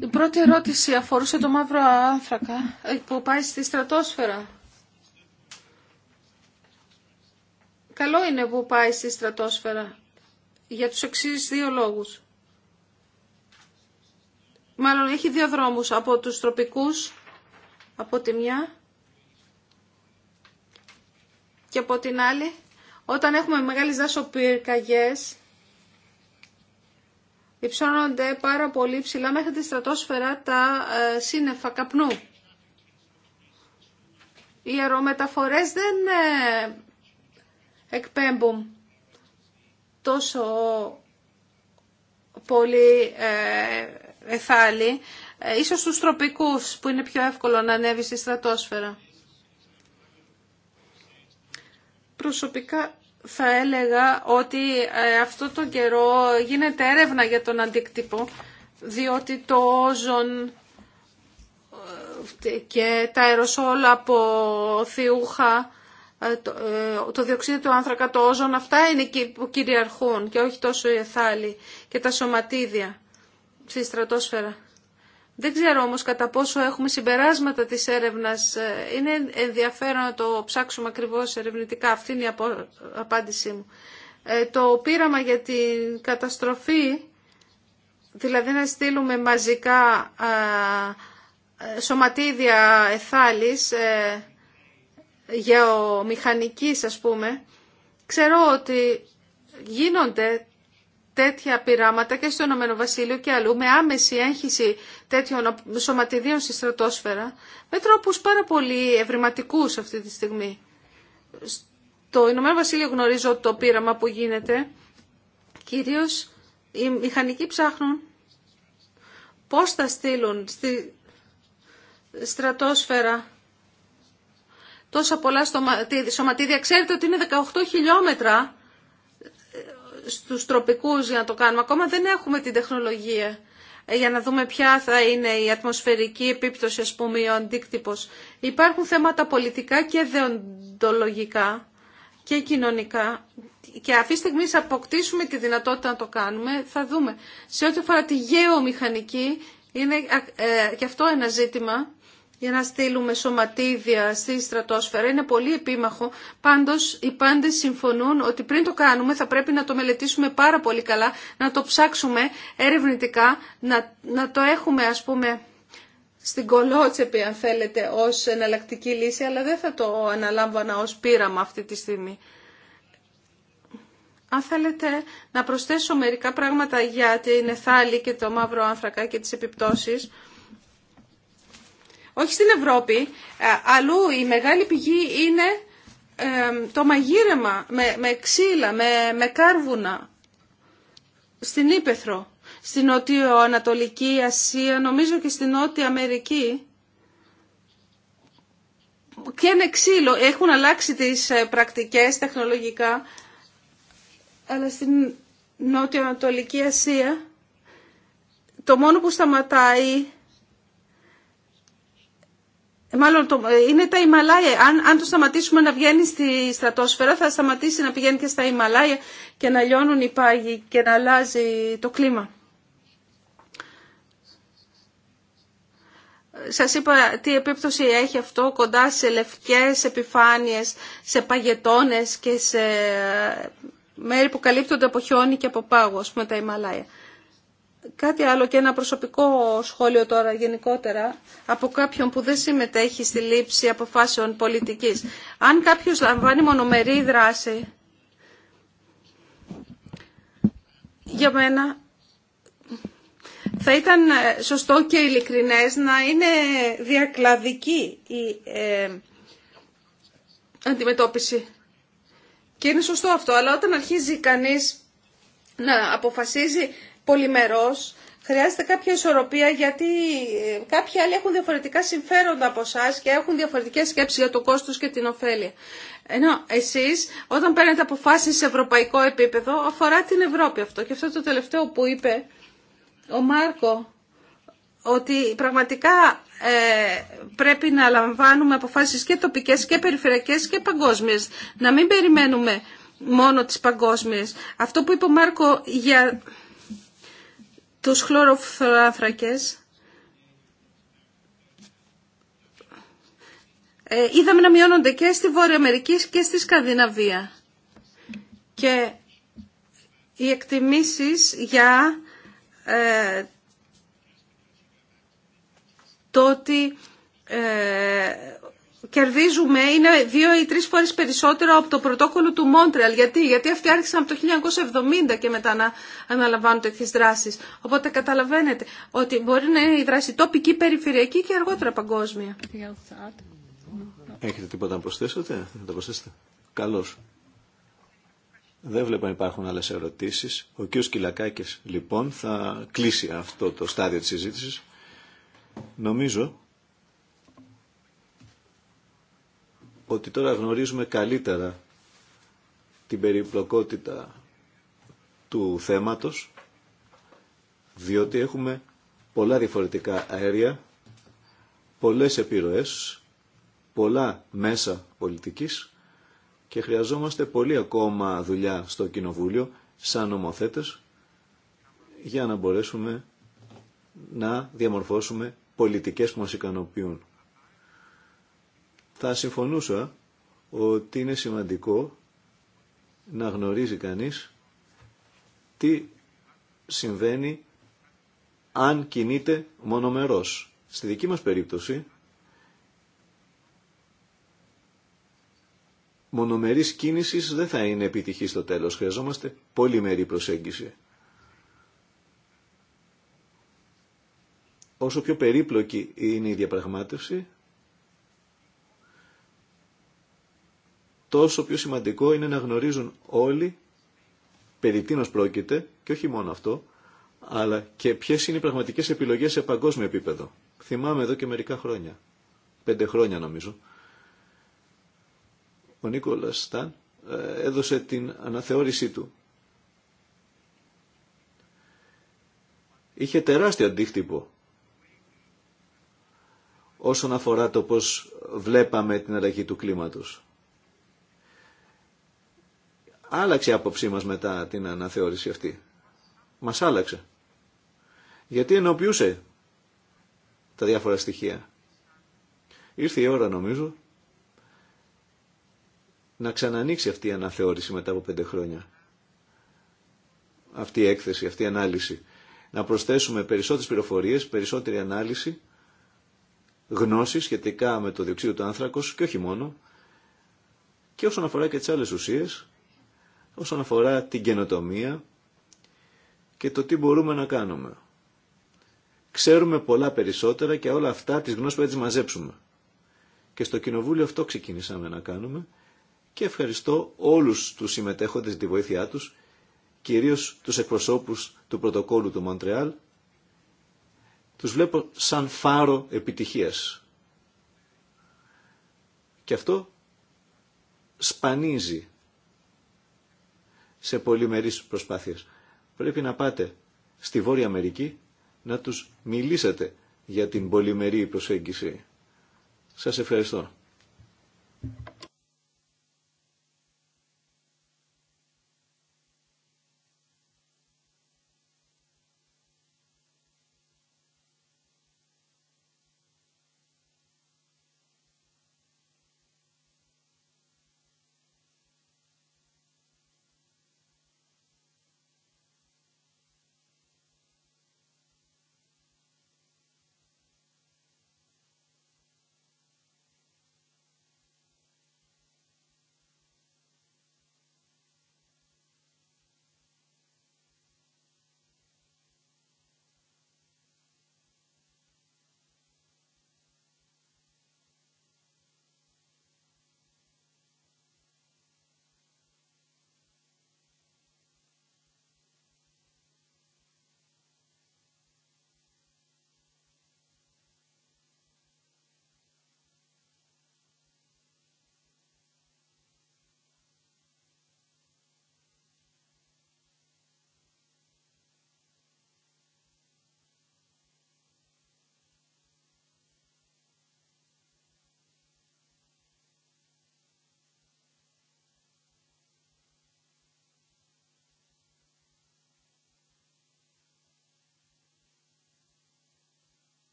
Η πρώτη ερώτηση αφορούσε το μαύρο άνθρακα ε, που πάει στη στρατόσφαιρα. Καλό είναι που πάει στη στρατόσφαιρα για τους εξής δύο λόγους. Μάλλον έχει δύο δρόμους, από τους τροπικούς, από τη μια και από την άλλη. Όταν έχουμε μεγάλες δάσοπυρκαγιές, υψώνονται πάρα πολύ ψηλά μέχρι τη στρατόσφαιρα τα ε, σύννεφα καπνού. Οι αερομεταφορές δεν ε, εκπέμπουν τόσο πολύ ε, εθάλη, ε, ίσως στους τροπικούς που είναι πιο εύκολο να ανέβει στη στρατόσφαιρα. Προσωπικά θα έλεγα ότι ε, αυτό το καιρό γίνεται έρευνα για τον αντίκτυπο, διότι το όζον και τα αεροσόλα από θιούχα ε, ε, το διοξείδιο του άνθρακα, το όζον, αυτά είναι που κυριαρχούν και όχι τόσο οι εθάλοι και τα σωματίδια στη στρατόσφαιρα. Δεν ξέρω όμως κατά πόσο έχουμε συμπεράσματα της έρευνας. Ε, είναι ενδιαφέρον να το ψάξουμε ακριβώς ερευνητικά. Αυτή είναι η απάντησή μου. Το πείραμα για την καταστροφή, δηλαδή να στείλουμε μαζικά σωματίδια εθάλης, γεωμηχανικής ας πούμε, ξέρω ότι γίνονται τέτοια πειράματα και στο Ηνωμένο Βασίλειο και αλλού με άμεση έγχυση τέτοιων σωματιδίων στη στρατόσφαιρα με τρόπους πάρα πολύ ευρηματικού αυτή τη στιγμή. Στο Ηνωμένο Βασίλειο γνωρίζω το πείραμα που γίνεται. Κυρίως οι μηχανικοί ψάχνουν πώς θα στείλουν στη στρατόσφαιρα τόσα πολλά σωματίδια. Ξέρετε ότι είναι 18 χιλιόμετρα ε, στους τροπικούς για να το κάνουμε. Ακόμα δεν έχουμε την τεχνολογία ε, για να δούμε ποια θα είναι η ατμοσφαιρική επίπτωση, ας πούμε, ο αντίκτυπος. Υπάρχουν θέματα πολιτικά και δεοντολογικά και κοινωνικά. Και αυτή τη στιγμή αποκτήσουμε τη δυνατότητα να το κάνουμε, θα δούμε. Σε ό,τι αφορά τη γεωμηχανική, είναι ε, και αυτό ένα ζήτημα για να στείλουμε σωματίδια στη στρατόσφαιρα. Είναι πολύ επίμαχο. Πάντως οι πάντες συμφωνούν ότι πριν το κάνουμε θα πρέπει να το μελετήσουμε πάρα πολύ καλά, να το ψάξουμε ερευνητικά, να, το έχουμε ας πούμε στην κολότσεπη αν θέλετε ως εναλλακτική λύση, αλλά δεν θα το αναλάμβανα ως πείραμα αυτή τη στιγμή. Αν θέλετε να προσθέσω μερικά πράγματα για την Εθάλη και το μαύρο άνθρακα και τις επιπτώσεις, όχι στην Ευρώπη, ε, αλλού η μεγάλη πηγή είναι ε, το μαγείρεμα με, με ξύλα, με, κάρβουνα στην Ήπεθρο, στην Ανατολική Ασία, νομίζω και στην Νότια Αμερική. Και είναι ξύλο, έχουν αλλάξει τις ε, πρακτικές τεχνολογικά, αλλά στην νότιο Ανατολική Ασία το μόνο που σταματάει ε, μάλλον το, ε, είναι τα Ιμαλάια. Αν, αν το σταματήσουμε να βγαίνει στη στρατόσφαιρα θα σταματήσει να πηγαίνει και στα Ιμαλάια και να λιώνουν οι πάγοι και να αλλάζει το κλίμα. Σας είπα τι επίπτωση έχει αυτό κοντά σε λευκές επιφάνειες, σε παγετώνες και σε μέρη που καλύπτονται από χιόνι και από πάγο, ας πούμε τα Ιμαλάια. Κάτι άλλο και ένα προσωπικό σχόλιο τώρα γενικότερα από κάποιον που δεν συμμετέχει στη λήψη αποφάσεων πολιτικής. Αν κάποιος λαμβάνει μονομερή δράση, για μένα θα ήταν ε, σωστό και ειλικρινές να είναι διακλαδική η ε, αντιμετώπιση. Και είναι σωστό αυτό, αλλά όταν αρχίζει κανείς να αποφασίζει πολυμερός, χρειάζεται κάποια ισορροπία γιατί ε, κάποιοι άλλοι έχουν διαφορετικά συμφέροντα από εσά και έχουν διαφορετικές σκέψεις για το κόστος και την ωφέλεια. Ενώ εσείς όταν παίρνετε αποφάσεις σε ευρωπαϊκό επίπεδο αφορά την Ευρώπη αυτό. Και αυτό το τελευταίο που είπε ο Μάρκο ότι πραγματικά ε, πρέπει να λαμβάνουμε αποφάσεις και τοπικές και περιφερειακές και παγκόσμιες. Να μην περιμένουμε μόνο τις παγκόσμιες. Αυτό που είπε ο Μάρκο για τους Ε, είδαμε να μειώνονται και στη Βόρεια Αμερική και στη Σκανδιναβία. Και οι εκτιμήσεις για ε, το ότι ε, κερδίζουμε είναι δύο ή τρεις φορές περισσότερο από το πρωτόκολλο του Μόντρεαλ. Γιατί, Γιατί αυτοί άρχισαν από το 1970 και μετά να αναλαμβάνουν τέτοιε δράσεις. Οπότε καταλαβαίνετε ότι μπορεί να είναι η δράση τοπική, περιφερειακή και αργότερα παγκόσμια. Έχετε τίποτα να προσθέσετε, να τα προσθέσετε. Καλώς. Δεν βλέπω να υπάρχουν άλλε ερωτήσεις. Ο κ. Κυλακάκης λοιπόν θα κλείσει αυτό το στάδιο της συζήτησης. Νομίζω ότι τώρα γνωρίζουμε καλύτερα την περιπλοκότητα του θέματος, διότι έχουμε πολλά διαφορετικά αέρια, πολλές επιρροές, πολλά μέσα πολιτικής και χρειαζόμαστε πολύ ακόμα δουλειά στο Κοινοβούλιο σαν νομοθέτες για να μπορέσουμε να διαμορφώσουμε πολιτικές που μας ικανοποιούν θα συμφωνούσα ότι είναι σημαντικό να γνωρίζει κανείς τι συμβαίνει αν κινείται μονομερός. Στη δική μας περίπτωση, μονομερής κίνησης δεν θα είναι επιτυχή στο τέλος. Χρειαζόμαστε πολυμερή προσέγγιση. Όσο πιο περίπλοκη είναι η διαπραγμάτευση, τόσο πιο σημαντικό είναι να γνωρίζουν όλοι περί τίνος πρόκειται και όχι μόνο αυτό, αλλά και ποιε είναι οι πραγματικές επιλογές σε παγκόσμιο επίπεδο. Θυμάμαι εδώ και μερικά χρόνια, πέντε χρόνια νομίζω, ο Νίκολας Σταν ε, έδωσε την αναθεώρησή του. Είχε τεράστιο αντίκτυπο όσον αφορά το πώς βλέπαμε την αλλαγή του κλίματος άλλαξε η άποψή μας μετά την αναθεώρηση αυτή. Μας άλλαξε. Γιατί ενοποιούσε τα διάφορα στοιχεία. Ήρθε η ώρα νομίζω να ξανανοίξει αυτή η αναθεώρηση μετά από πέντε χρόνια. Αυτή η έκθεση, αυτή η ανάλυση. Να προσθέσουμε περισσότερες πληροφορίες, περισσότερη ανάλυση, γνώση σχετικά με το διοξείδιο του άνθρακος και όχι μόνο, και όσον αφορά και τις άλλες ουσίες, όσον αφορά την καινοτομία και το τι μπορούμε να κάνουμε. Ξέρουμε πολλά περισσότερα και όλα αυτά τις γνώσεις που έτσι μαζέψουμε. Και στο Κοινοβούλιο αυτό ξεκινήσαμε να κάνουμε και ευχαριστώ όλους τους συμμετέχοντες τη βοήθειά τους, κυρίως τους εκπροσώπους του πρωτοκόλου του Μοντρεάλ. Τους βλέπω σαν φάρο επιτυχίας. Και αυτό σπανίζει σε πολυμερείς προσπάθειες. Πρέπει να πάτε στη Βόρεια Αμερική να τους μιλήσετε για την πολυμερή προσέγγιση. Σας ευχαριστώ.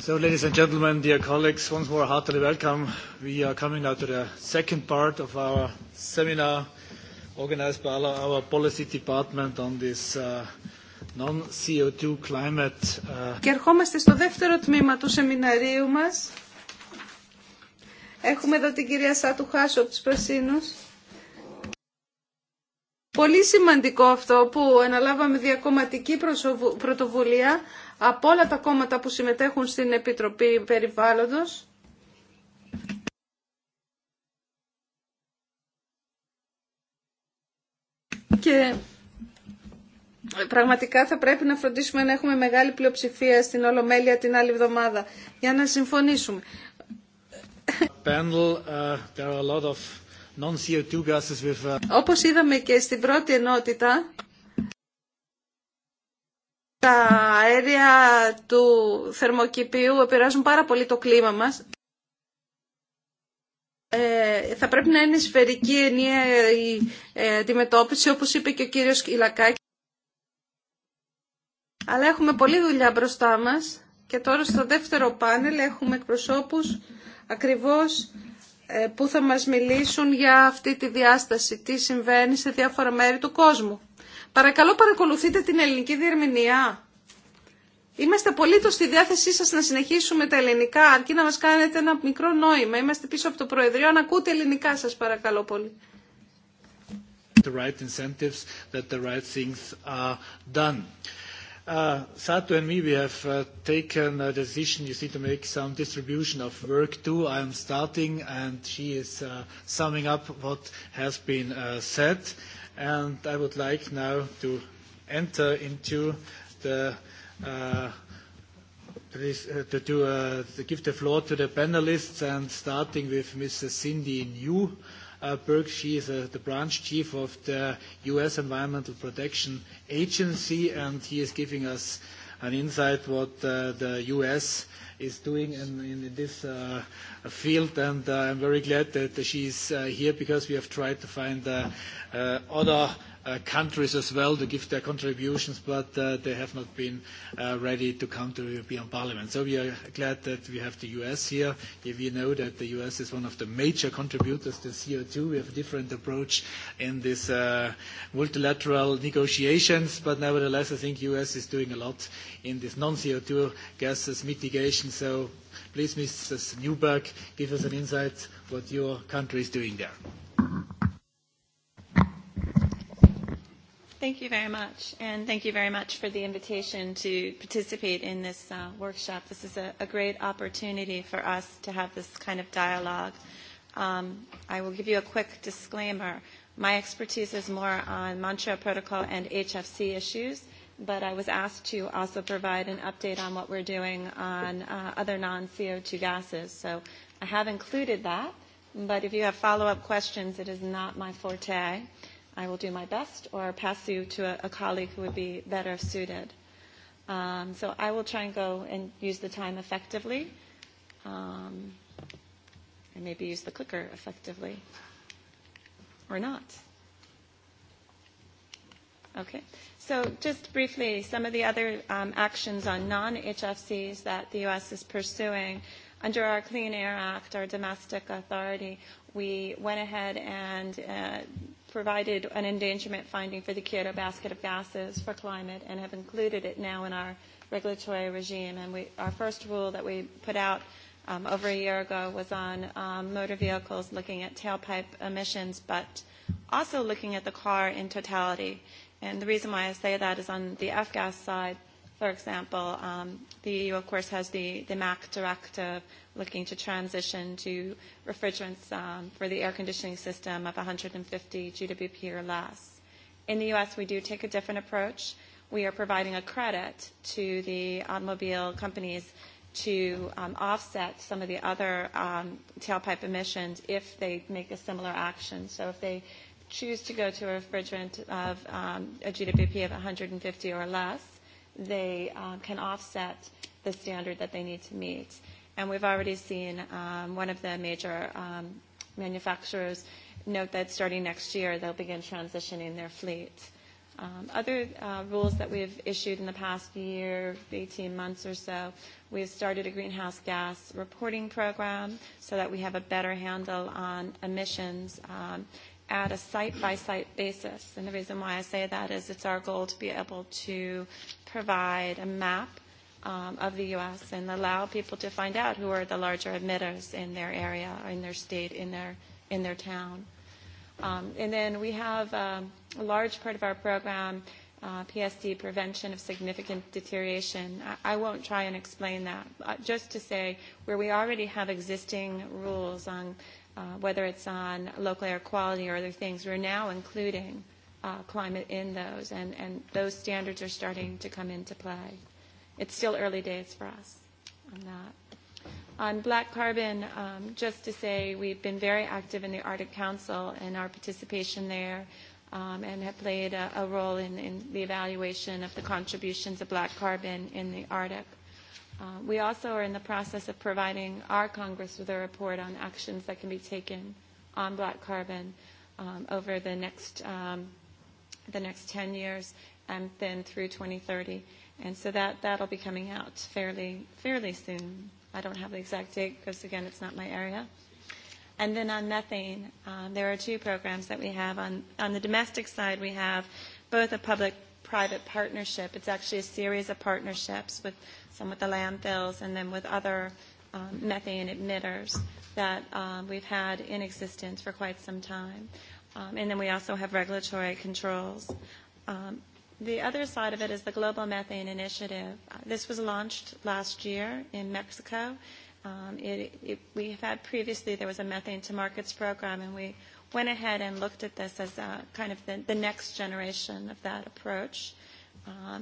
So, ladies and gentlemen, dear colleagues, once more heartily welcome. We are coming now to the second part of our seminar organized by our policy department on this non-CO2 climate. Και ερχόμαστε στο δεύτερο τμήμα του σεμιναρίου μας. Έχουμε εδώ την κυρία Σάτου Χάσο από τους Πρασίνους. Πολύ σημαντικό αυτό που αναλάβαμε διακομματική πρωτοβουλία από όλα τα κόμματα που συμμετέχουν στην Επιτροπή Περιβάλλοντος. Και πραγματικά θα πρέπει να φροντίσουμε να έχουμε μεγάλη πλειοψηφία στην Ολομέλεια την άλλη εβδομάδα για να συμφωνήσουμε. Panel, uh, there are Uh, όπως είδαμε και στην πρώτη ενότητα, τα αέρια του θερμοκηπίου επηρεάζουν πάρα πολύ το κλίμα μας. Ε, θα πρέπει να είναι σφαιρική ενιαία η ε, αντιμετώπιση, όπως είπε και ο κύριος Κυλακάκη. Αλλά έχουμε πολλή δουλειά μπροστά μας και τώρα στο δεύτερο πάνελ έχουμε εκπροσώπους ακριβώς ε, που θα μας μιλήσουν για αυτή τη διάσταση, τι συμβαίνει σε διάφορα μέρη του κόσμου. Παρακαλώ παρακολουθείτε την ελληνική διερμηνία. Είμαστε απολύτως στη διάθεσή σας να συνεχίσουμε τα ελληνικά, αρκεί να μας κάνετε ένα μικρό νόημα. Είμαστε πίσω από το Προεδρείο, να ακούτε ελληνικά σας παρακαλώ πολύ. Sato and me, we have taken a decision, you see, to make some distribution of work too. I am starting and she is summing up what has been said. And I would like now to enter into the to give the floor to the panelists and starting with Mrs. Cindy New Berg. She is the branch chief of the U.S. Environmental Protection Agency, and he is giving us an insight what the U.S. is doing in this field. And I'm very glad that she is here because we have tried to find other countries as well to give their contributions, but they have not been ready to come to the European Parliament. So we are glad that we have the US here. We know that the US is one of the major contributors to CO2. We have a different approach in this multilateral negotiations, but nevertheless, I think US is doing a lot in this non-CO2 gases mitigation. So please, Mrs. Newberg, give us an insight what your country is doing there. Thank you very much, and thank you very much for the invitation to participate in this workshop. This is a great opportunity for us to have this kind of dialogue. Um I will give you a quick disclaimer. My expertise is more on Montreal Protocol and HFC issues, but I was asked to also provide an update on what we're doing on other non-CO2 gases. So I have included that, but if you have follow-up questions, it is not my forte. I will do my best or pass you to a colleague who would be better suited. So I will try and go and use the time effectively and maybe use the clicker effectively or not. Okay. So just briefly, some of the other actions on non-HFCs that the U.S. is pursuing. Under our Clean Air Act, our domestic authority, we went ahead and provided an endangerment finding for the Kyoto basket of gases for climate and have included it now in our regulatory regime. And we, our first rule that we put out um, over a year ago was on um, motor vehicles looking at tailpipe emissions, but also looking at the car in totality. And the reason why I say that is on the F-gas side, For example, the EU, of course, has the the MAC directive looking to transition to refrigerants for the air conditioning system of 150 GWP or less. In the U.S., we do take a different approach. We are providing a credit to the automobile companies to offset some of the other tailpipe emissions if they make a similar action. So if they choose to go to a refrigerant of a GWP of 150 or less, they can offset the standard that they need to meet. And we've already seen one of the major manufacturers note that starting next year they'll begin transitioning their fleet. Other rules that we've issued in the past year, 18 months or so, we've started a greenhouse gas reporting program so that we have a better handle on emissions at a site-by-site basis. And the reason why I say that is it's our goal to be able to provide a map of the U.S. and allow people to find out who are the larger emitters in their area, in their state, in their in their town. And then we have a large part of our program, PSD, Prevention of Significant Deterioration. I won't try and explain that. Just to say where we already have existing rules on whether it's on local air quality or other things, we're now including climate in those, and, and those standards are starting to come into play. It's still early days for us on that. On black carbon, um, just to say we've been very active in the Arctic Council and our participation there um, and have played a, a role in, in the evaluation of the contributions of black carbon in the Arctic. We also are in the process of providing our Congress with a report on actions that can be taken on black carbon over the next the next 10 years and then through 2030. And so that that'll be coming out fairly fairly soon. I don't have the exact date because again it's not my area. And then on methane, there are two programs that we have on on the domestic side we have both a public private partnership. It's actually a series of partnerships with some with the landfills, and then with other methane emitters that we've had in existence for quite some time. And then we also have regulatory controls. The other side of it is the Global Methane Initiative. This was launched last year in Mexico. it We have had previously, there was a Methane to Markets program, and we went ahead and looked at this as kind of the next generation of that approach.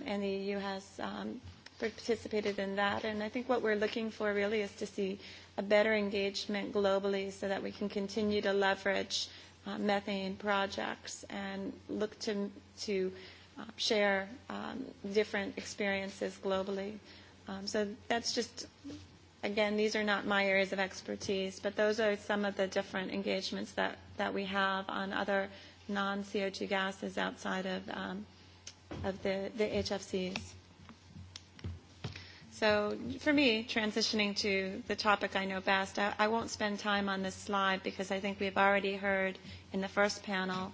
And the EU has participated in that. And I think what we're looking for really is to see a better engagement globally so that we can continue to leverage methane projects and look to, share different experiences globally. Um, so that's just, again, these are not my areas of expertise, but those are some of the different engagements that, that we have on other non-CO2 gases outside of, um, of the, the HFCs. So for me, transitioning to the topic I know best, I won't spend time on this slide because I think we've already heard in the first panel.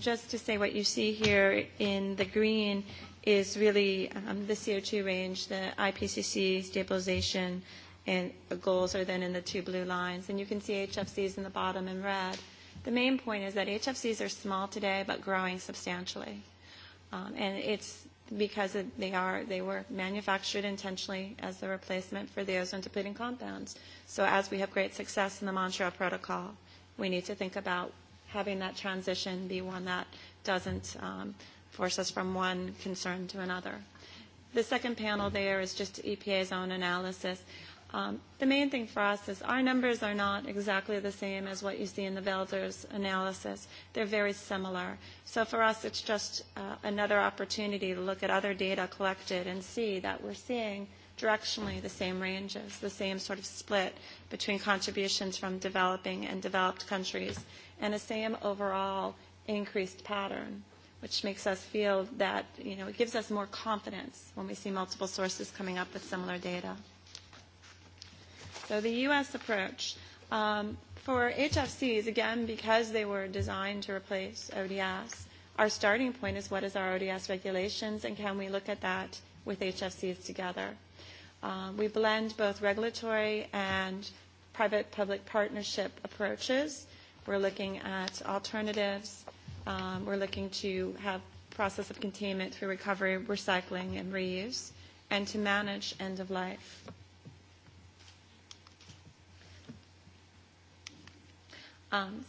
Just to say what you see here in the green is really the CO2 range, the IPCC stabilization and the goals are then in the two blue lines. And you can see HFCs in the bottom in red. The main point is that HFCs are small today but growing substantially. And it's because they are they were manufactured intentionally as a replacement for the ozone depleting compounds. So as we have great success in the Montreal Protocol, we need to think about having that transition be one that doesn't um force us from one concern to another. The second panel there is just EPA's own analysis. The main thing for us is our numbers are not exactly the same as what you see in the Velders analysis. They're very similar. So for us, it's just another opportunity to look at other data collected and see that we're seeing directionally the same ranges, the same sort of split between contributions from developing and developed countries, and the same overall increased pattern, which makes us feel that, you know, it gives us more confidence when we see multiple sources coming up with similar data. So the U.S. approach for HFCs, again, because they were designed to replace ODS, our starting point is what is our ODS regulations and can we look at that with HFCs together. We blend both regulatory and private-public partnership approaches. We're looking at alternatives. We're looking to have process of containment through recovery, recycling, and reuse, and to manage end-of-life.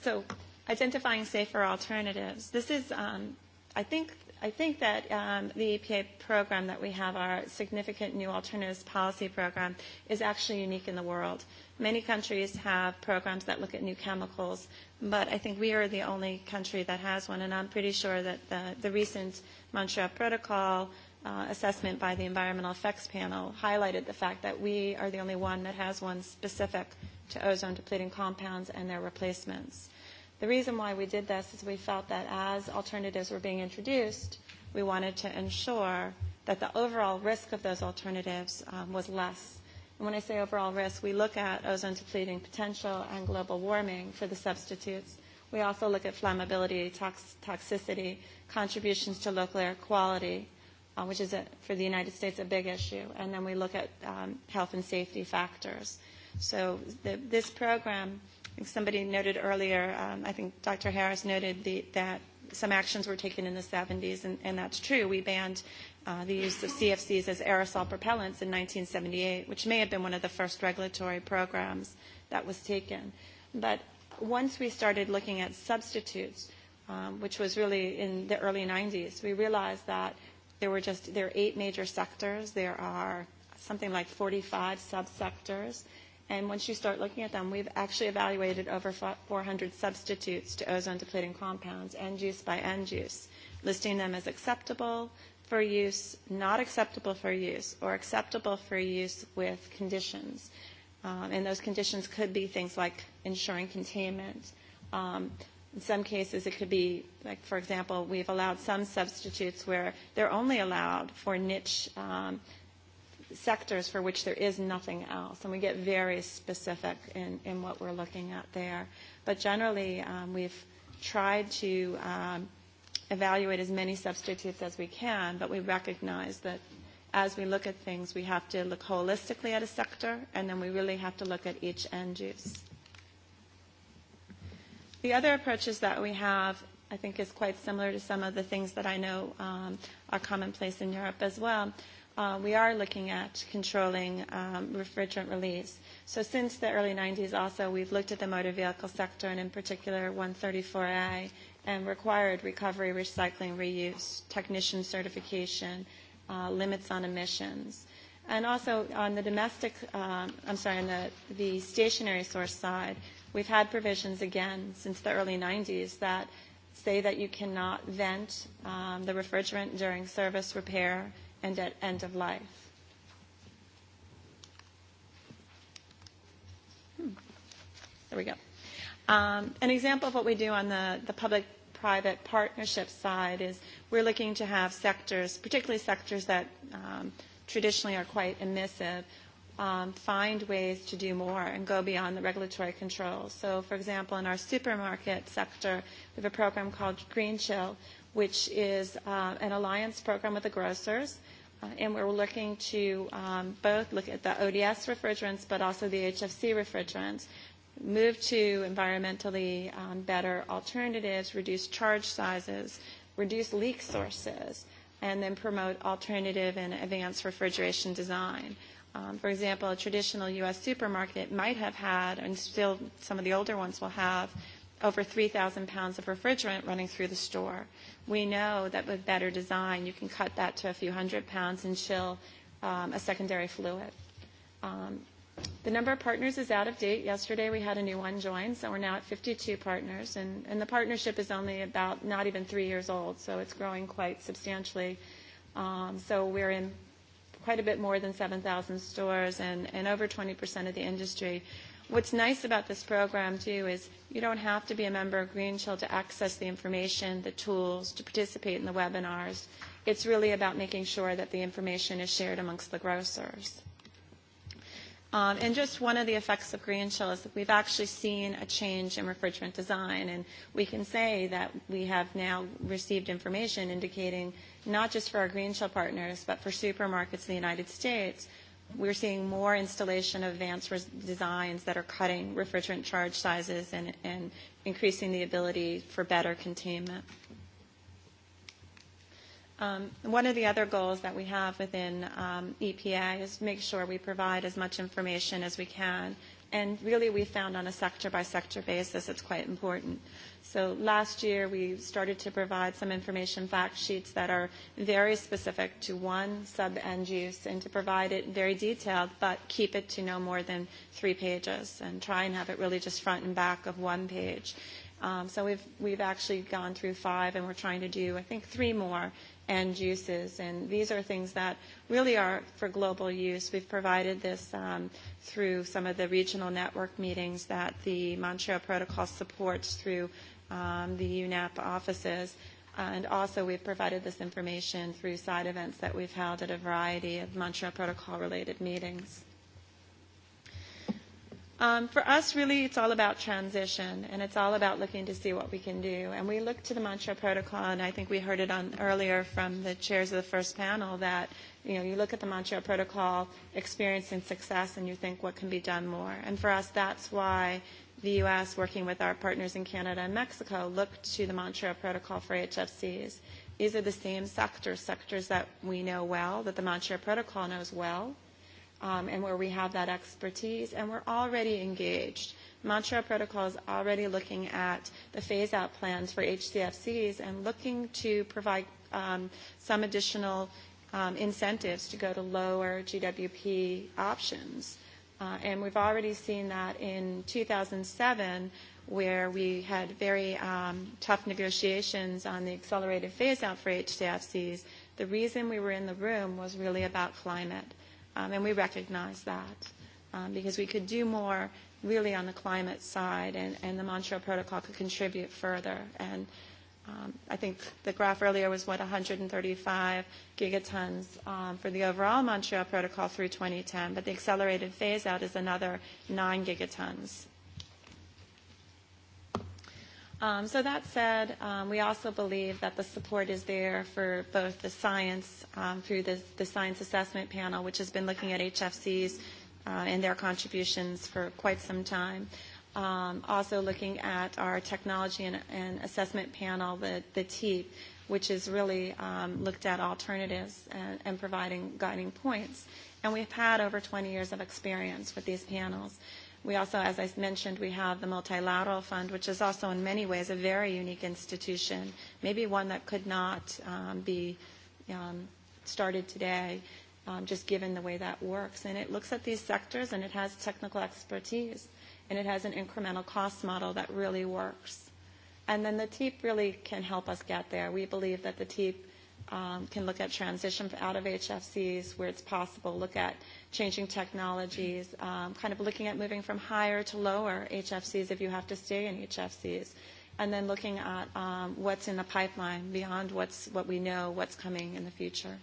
So identifying safer alternatives. This is, I think, I think that the EPA program that we have, our Significant New Alternatives Policy Program, is actually unique in the world. Many countries have programs that look at new chemicals, but I think we are the only country that has one, and I'm pretty sure that the recent Montreal Protocol assessment by the Environmental Effects Panel highlighted the fact that we are the only one that has one specific to ozone-depleting compounds and their replacements. The reason why we did this is we felt that as alternatives were being introduced, we wanted to ensure that the overall risk of those alternatives was less. And when I say overall risk, we look at ozone-depleting potential and global warming for the substitutes. We also look at flammability, toxicity, contributions to local air quality, which is, for the United States, a big issue. And then we look at health and safety factors. So this program, somebody noted earlier, I think Dr. Harris noted that some actions were taken in the 70s, and that's true. We banned the use of CFCs as aerosol propellants in 1978, which may have been one of the first regulatory programs that was taken. But once we started looking at substitutes, which was really in the early 90s, we realized that there were just there are eight major sectors. There are something like 45 subsectors. And once you start looking at them, we've actually evaluated over 400 substitutes to ozone-depleting compounds, end use by end use, listing them as acceptable for use, not acceptable for use, or acceptable for use with conditions. And those conditions could be things like ensuring containment. In some cases, it could be, like, for example, we've allowed some substitutes where they're only allowed for niche sectors for which there is nothing else. And we get very specific in, in what we're looking at there. But generally, um, we've tried to um, evaluate as many substitutes as we can, but we recognize that as we look at things, we have to look holistically at a sector, and then we really have to look at each end use. The other approaches that we have, I think, is quite similar to some of the things that I know um, are commonplace in Europe as well we are looking at controlling refrigerant release. So since the early 90s also, we've looked at the motor vehicle sector and in particular 134 a and required recovery, recycling, reuse, technician certification, limits on emissions. And also on the domestic, I'm sorry, on the, the stationary source side, we've had provisions again since the early 90s that say that you cannot vent the refrigerant during service repair and at end of life. There we go. Um, an example of what we do on the, the public-private partnership side is we're looking to have sectors, particularly sectors that um, traditionally are quite emissive, um, find ways to do more and go beyond the regulatory controls. So, for example, in our supermarket sector, we have a program called Green Chill, which is an alliance program with the grocers and we're looking to both look at the ODS refrigerants but also the HFC refrigerants, move to environmentally better alternatives, reduce charge sizes, reduce leak sources, and then promote alternative and advanced refrigeration design. For example, a traditional U.S. supermarket might have had, and still some of the older ones will have, over 3,000 pounds of refrigerant running through the store. We know that with better design, you can cut that to a few hundred pounds and chill a secondary fluid. The number of partners is out of date. Yesterday we had a new one join, so we're now at 52 partners, and the partnership is only about not even three years old, so it's growing quite substantially. So we're in quite a bit more than 7,000 stores and over 20% of the industry. What's nice about this program, too, is you don't have to be a member of shell to access the information, the tools, to participate in the webinars. It's really about making sure that the information is shared amongst the grocers. And just one of the effects of green chill is that we've actually seen a change in refrigerant design, and we can say that we have now received information indicating not just for our green chill partners, but for supermarkets in the United States, we're seeing more installation of advanced designs that are cutting refrigerant charge sizes and, and increasing the ability for better containment. Um, one of the other goals that we have within um, EPA is make sure we provide as much information as we can And really, we found on a sector-by-sector basis it's quite important. So last year, we started to provide some information fact sheets that are very specific to one sub-end use and to provide it very detailed, but keep it to no more than three pages and try and have it really just front and back of one page. So we've we've actually gone through five, and we're trying to do, I think, three more and juices. And these are things that really are for global use. We've provided this through some of the regional network meetings that the Montreal Protocol supports through the UNAP offices. And also we've provided this information through side events that we've held at a variety of Montreal Protocol-related meetings. Um, for us, really, it's all about transition, and it's all about looking to see what we can do. And we look to the Montreal Protocol, and I think we heard it on earlier from the chairs of the first panel that, you know, you look at the Montreal Protocol experiencing success, and you think, what can be done more? And for us, that's why the U.S., working with our partners in Canada and Mexico, looked to the Montreal Protocol for HFCs. These are the same sectors, sectors that we know well, that the Montreal Protocol knows well and where we have that expertise, and we're already engaged. Montreal Protocol is already looking at the phase-out plans for HCFCs and looking to provide some additional incentives to go to lower GWP options. And we've already seen that in 2007, where we had very tough negotiations on the accelerated phase-out for HCFCs. The reason we were in the room was really about climate and we recognize that because we could do more really on the climate side, and the Montreal Protocol could contribute further. And I think the graph earlier was, what, 135 gigatons for the overall Montreal Protocol through 2010, but the accelerated phase-out is another 9 gigatons so that said, we also believe that the support is there for both the science through the, science assessment panel, which has been looking at HFCs and their contributions for quite some time. also looking at our technology and, assessment panel, the, the which has really looked at alternatives and, and providing guiding points. And we've had over 20 years of experience with these panels. We also, as I mentioned, we have the Multilateral Fund, which is also in many ways a very unique institution, maybe one that could not be started today, just given the way that works. And it looks at these sectors, and it has technical expertise, and it has an incremental cost model that really works. And then the TEEP really can help us get there. We believe that the TEEP can look at transition out of HFCs where it's possible, look at changing technologies, kind of looking at moving from higher to lower HFCs if you have to stay in HFCs, and then looking at what's in the pipeline beyond what's what we know, what's coming in the future.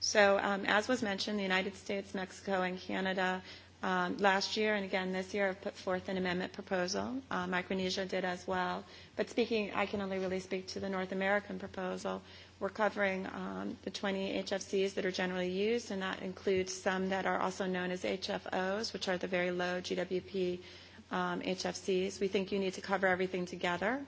So as was mentioned, the United States, Mexico, and Canada last year and again this year have put forth an amendment proposal. Micronesia did as well. But speaking, I can only really speak to the North American proposal, We're covering the 20 HFCs that are generally used, and that includes some that are also known as HFOs, which are the very low GWP HFCs. We think you need to cover everything together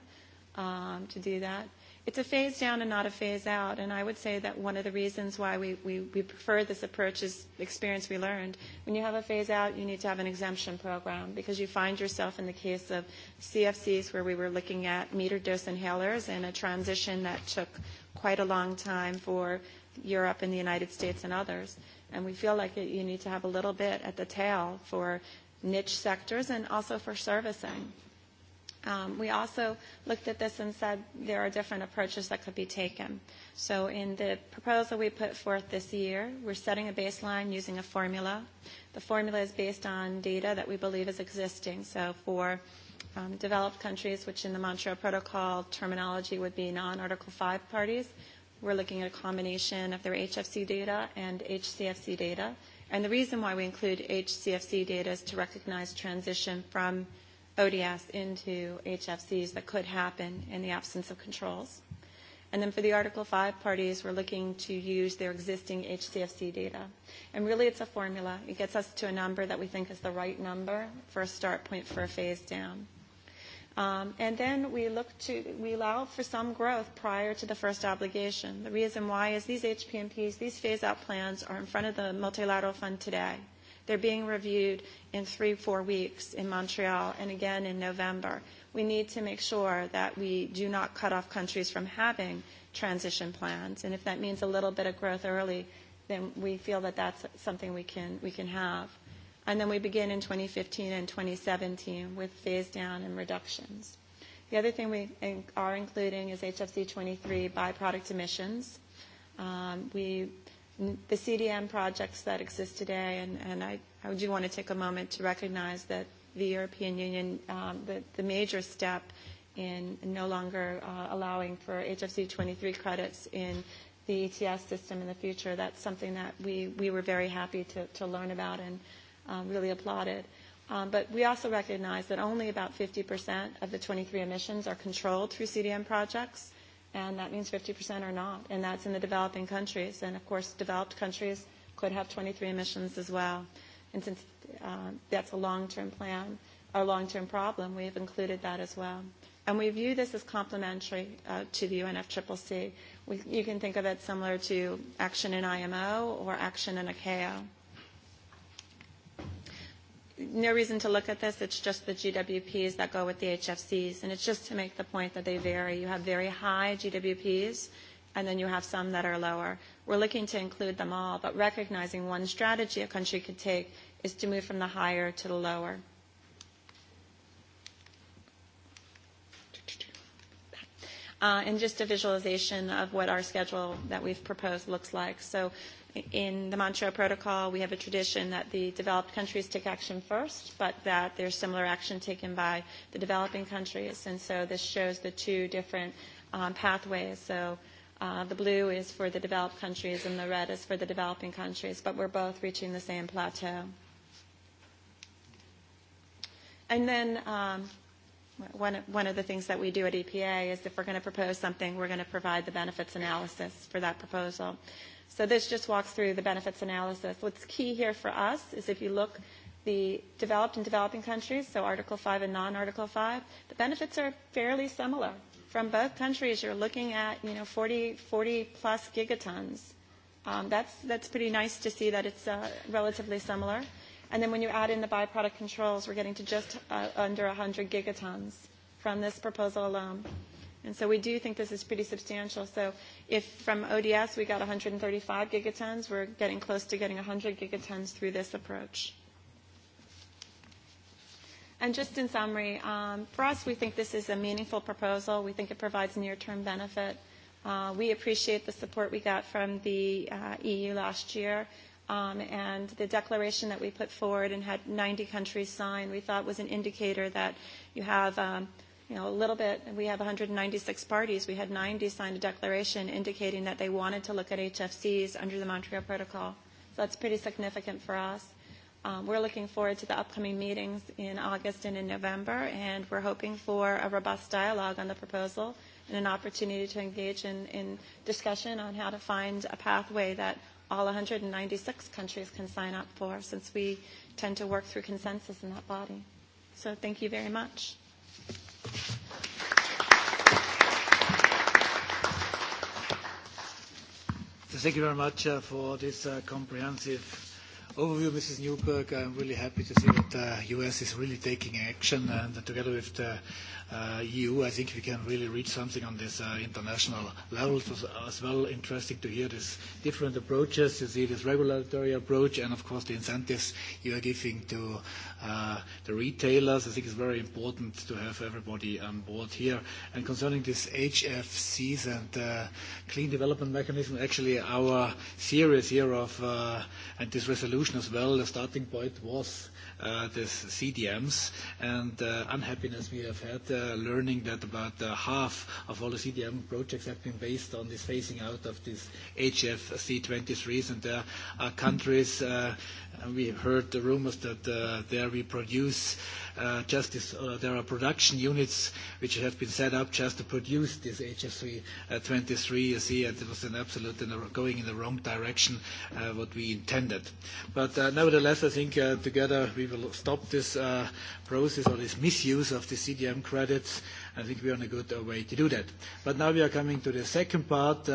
to do that. It's a phase down and not a phase out, and I would say that one of the reasons why we, we, we prefer this approach is experience we learned. When you have a phase out, you need to have an exemption program because you find yourself in the case of CFCs where we were looking at meter dose inhalers and a transition that took quite a long time for Europe and the United States and others. And we feel like you need to have a little bit at the tail for niche sectors and also for servicing. We also looked at this and said there are different approaches that could be taken. So in the proposal we put forth this year, we're setting a baseline using a formula. The formula is based on data that we believe is existing. So for developed countries, which in the Montreal Protocol terminology would be non-Article 5 parties. We're looking at a combination of their HFC data and HCFC data. And the reason why we include HCFC data is to recognize transition from ODS into HFCs that could happen in the absence of controls. And then for the Article 5 parties, we're looking to use their existing HCFC data. And really it's a formula. It gets us to a number that we think is the right number for a start point for a phase down. And then we look to we allow for some growth prior to the first obligation. The reason why is these HPMPs, these phase-out plans are in front of the multilateral fund today. They're being reviewed in three, four weeks in Montreal and again in November. We need to make sure that we do not cut off countries from having transition plans. And if that means a little bit of growth early, then we feel that that's something we can we can have and then we begin in 2015 and 2017 with phase down and reductions. The other thing we are including is HFC 23 byproduct emissions. we, the CDM projects that exist today, and, I, do want to take a moment to recognize that the European Union, the, major step in no longer allowing for HFC 23 credits in the ETS system in the future, that's something that we, we were very happy to, to learn about and really applauded. But we also recognize that only about 50% of the 23 emissions are controlled through CDM projects, and that means 50% are not, and that's in the developing countries. And, of course, developed countries could have 23 emissions as well. And since that's a long-term plan, our long-term problem, we have included that as well. And we view this as complementary to the UNFCCC. You can think of it similar to action in IMO or action in ICAO no reason to look at this. It's just the GWPs that go with the HFCs. And it's just to make the point that they vary. You have very high GWPs, and then you have some that are lower. We're looking to include them all, but recognizing one strategy a country could take is to move from the higher to the lower. And just a visualization of what our schedule that we've proposed looks like. So in the Montreal Protocol, we have a tradition that the developed countries take action first, but that there's similar action taken by the developing countries. And so this shows the two different pathways. So the blue is for the developed countries and the red is for the developing countries, but we're both reaching the same plateau. And then one of the things that we do at EPA is if we're going to propose something, we're going to provide the benefits analysis for that proposal. So this just walks through the benefits analysis. What's key here for us is if you look the developed and developing countries, so Article 5 and non-Article 5, the benefits are fairly similar. From both countries, you're looking at, you know, 40, 40 plus gigatons. Um, that's, that's pretty nice to see that it's relatively similar. And then when you add in the byproduct controls, we're getting to just under 100 gigatons from this proposal alone. And so we do think this is pretty substantial. So if from ODS we got 135 gigatons, we're getting close to getting 100 gigatons through this approach. And just in summary, um, for us, we think this is a meaningful proposal. We think it provides near-term benefit. Uh, we appreciate the support we got from the uh, EU last year. Um, and the declaration that we put forward and had 90 countries sign, we thought was an indicator that you have um, – you know, a little bit, we have 196 parties. We had 90 sign a declaration indicating that they wanted to look at HFCs under the Montreal Protocol. So that's pretty significant for us. Um, we're looking forward to the upcoming meetings in August and in November, and we're hoping for a robust dialogue on the proposal and an opportunity to engage in, in discussion on how to find a pathway that all 196 countries can sign up for, since we tend to work through consensus in that body. So thank you very much. Thank you very much for this comprehensive overview, Mrs. Newberg. I'm really happy to see that the U.S. is really taking action, and together with the EU, I think we can really reach something on this international level. It was as well interesting to hear these different approaches. You see this regulatory approach and, of course, the incentives you are giving to the retailers. I think it's very important to have everybody on board here. And concerning this HFCs and clean development mechanism, actually our series here of and this resolution as well, the starting point was these CDMs. And unhappiness we have had learning that about half of all the CDM projects have been based on this phasing out of these HFC23s. And there are countries And we heard the rumors that there we produce just this, there are production units which have been set up just to produce this HFC 23 You see, it was an absolute going in the wrong direction what we intended. But nevertheless, I think together we will stop this process or this misuse of the CDM credits. I think we are on a good way to do that. But now we are coming to the second part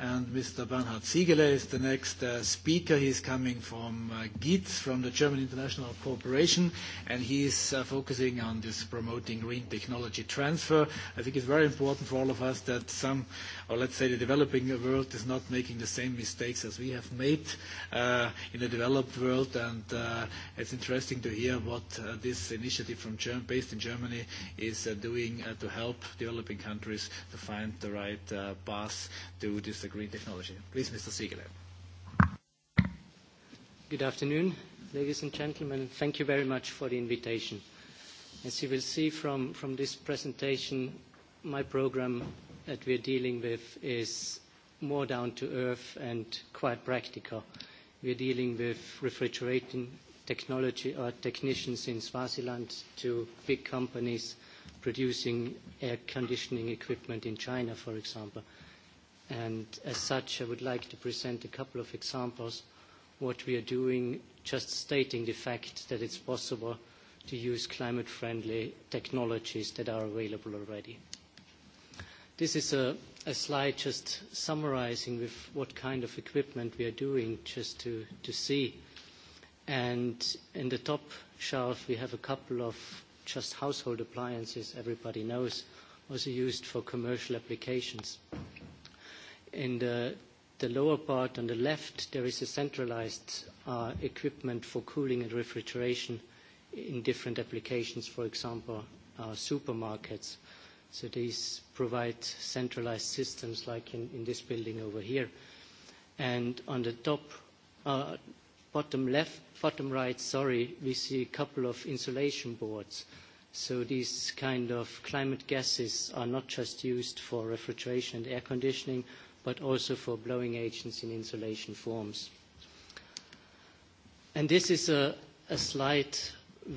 And Mr. Bernhard Siegeler is the next speaker. He is coming from GITS, from the German International Corporation, and he is focusing on this promoting green technology transfer. I think it's very important for all of us that some, or let's say the developing world is not making the same mistakes as we have made in the developed world, and it's interesting to hear what this initiative from based in Germany is doing to help developing countries to find the right path to this green technology. Please, Mr. Siegele. Good afternoon, ladies and gentlemen, thank you very much for the invitation. As you will see from this presentation, my program that we are dealing with is more down to earth and quite practical. We are dealing with refrigerating technology or technicians in Swaziland to big companies producing air conditioning equipment in China, for example and as such I would like to present a couple of examples what we are doing, just stating the fact that it's possible to use climate-friendly technologies that are available already. This is a slide just summarizing with what kind of equipment we are doing just to see. And in the top shelf we have a couple of just household appliances everybody knows, also used for commercial applications. In the lower part on the left, there is a centralized equipment for cooling and refrigeration in different applications, for example, supermarkets. So these provide centralized systems like in this building over here. And on the top, bottom left, bottom right, sorry, we see a couple of insulation boards. So these kind of climate gases are not just used for refrigeration and air conditioning, but also for blowing agents in insulation forms. And this is a slide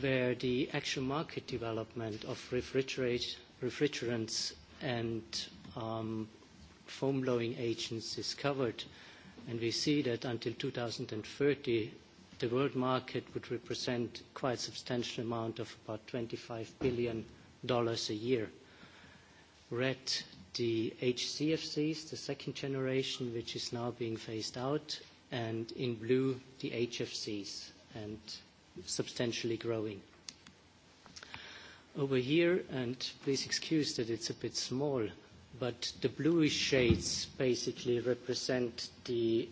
where the actual market development of refrigerants and foam blowing agents is covered. And we see that until 2030, the world market would represent quite a substantial amount of about $25 billion a year. Red the HCFCs, the second generation, which is now being phased out, and in blue, the HFCs, and substantially growing. Over here, and please excuse that it's a bit small, but the bluish shades basically represent the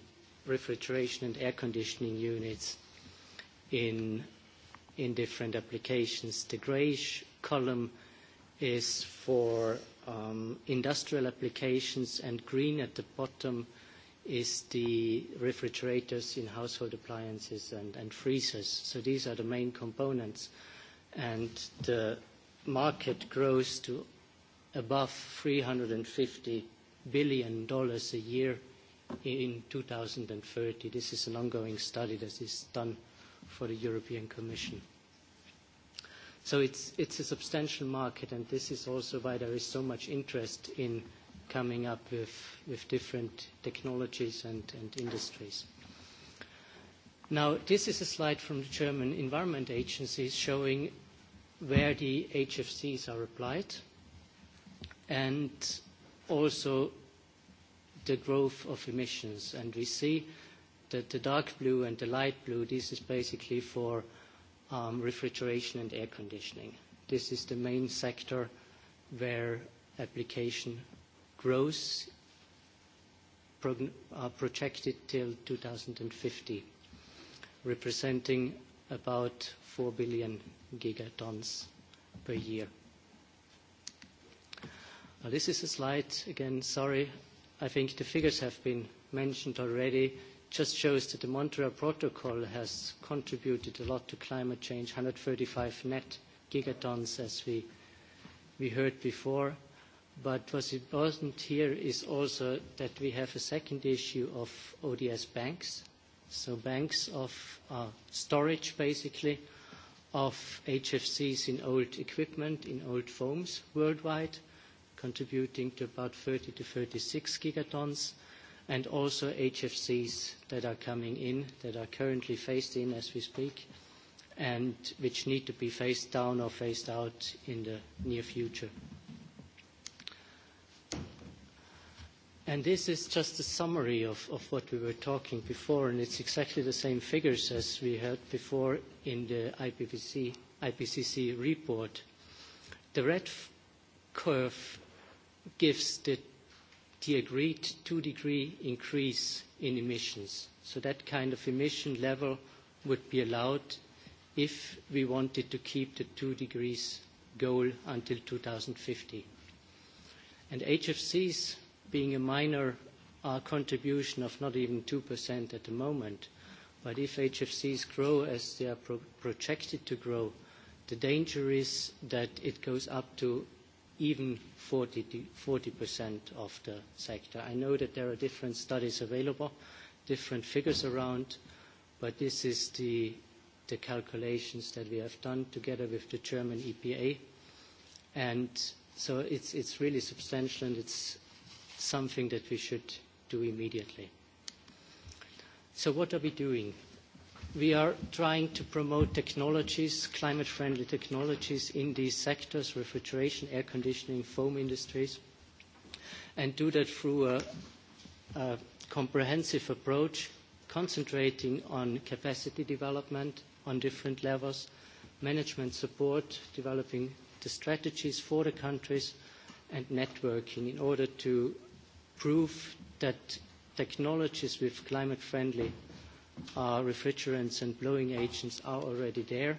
refrigeration and air conditioning units in different applications. The grayish column is for industrial applications, and green at the bottom is the refrigerators in household appliances and freezers. So these are the main components. And the market grows to above $350 billion a year in 2030. This is an ongoing study that is done for the European Commission. So it's a substantial market, and this is also why there is so much interest in coming up with different technologies and and industries. Now, this is a slide from the German Environment Agency showing where the HFCs are applied and also the growth of emissions. And we see that the dark blue and the light blue, this is basically for refrigeration and air conditioning. This is the main sector where application grows projected till 2050, representing about 4 billion gigatons per year. This is a slide, again, sorry, I think the figures have been mentioned already just shows that the Montreal Protocol has contributed a lot to climate change, 135 net gigatons, as we heard before. But what's important here is also that we have a second issue of ODS banks, so banks of storage, basically, of HFCs in old equipment, in old foams worldwide, contributing to about 30 to 36 gigatons and also HFCs that are coming in, that are currently phased in as we speak, and which need to be phased down or phased out in the near future. And this is just a summary of what we were talking before, and it's exactly the same figures as we heard before in the IPCC report. The red curve gives the the agreed two-degree increase in emissions. So that kind of emission level would be allowed if we wanted to keep the two degrees goal until 2050. And HFCs, being a minor contribution of not even 2% at the moment, but if HFCs grow as they are projected to grow, the danger is that it goes up to even 40% of the sector. I know that there are different studies available, different figures around, but this is the calculations that we have done together with the German EPA. And so it's really substantial and it's something that we should do immediately. So what are we doing? We are trying to promote technologies, climate-friendly technologies in these sectors, refrigeration, air conditioning, foam industries, and do that through a comprehensive approach, concentrating on capacity development on different levels, management support, developing the strategies for the countries, and networking in order to prove that technologies with climate-friendly refrigerants and blowing agents are already there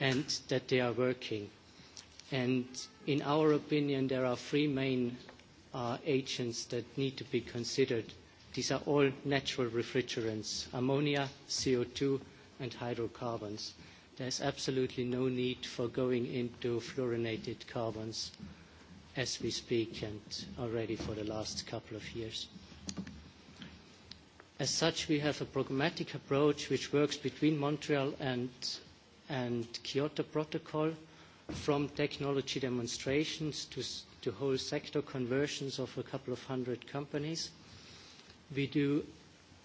and that they are working. And in our opinion, there are three main agents that need to be considered. These are all natural refrigerants, ammonia, CO2 and hydrocarbons. There's absolutely no need for going into fluorinated carbons as we speak and already for the last couple of years. As such, we have a pragmatic approach which works between Montreal and Kyoto Protocol, from technology demonstrations to whole sector conversions of a couple of hundred companies. We do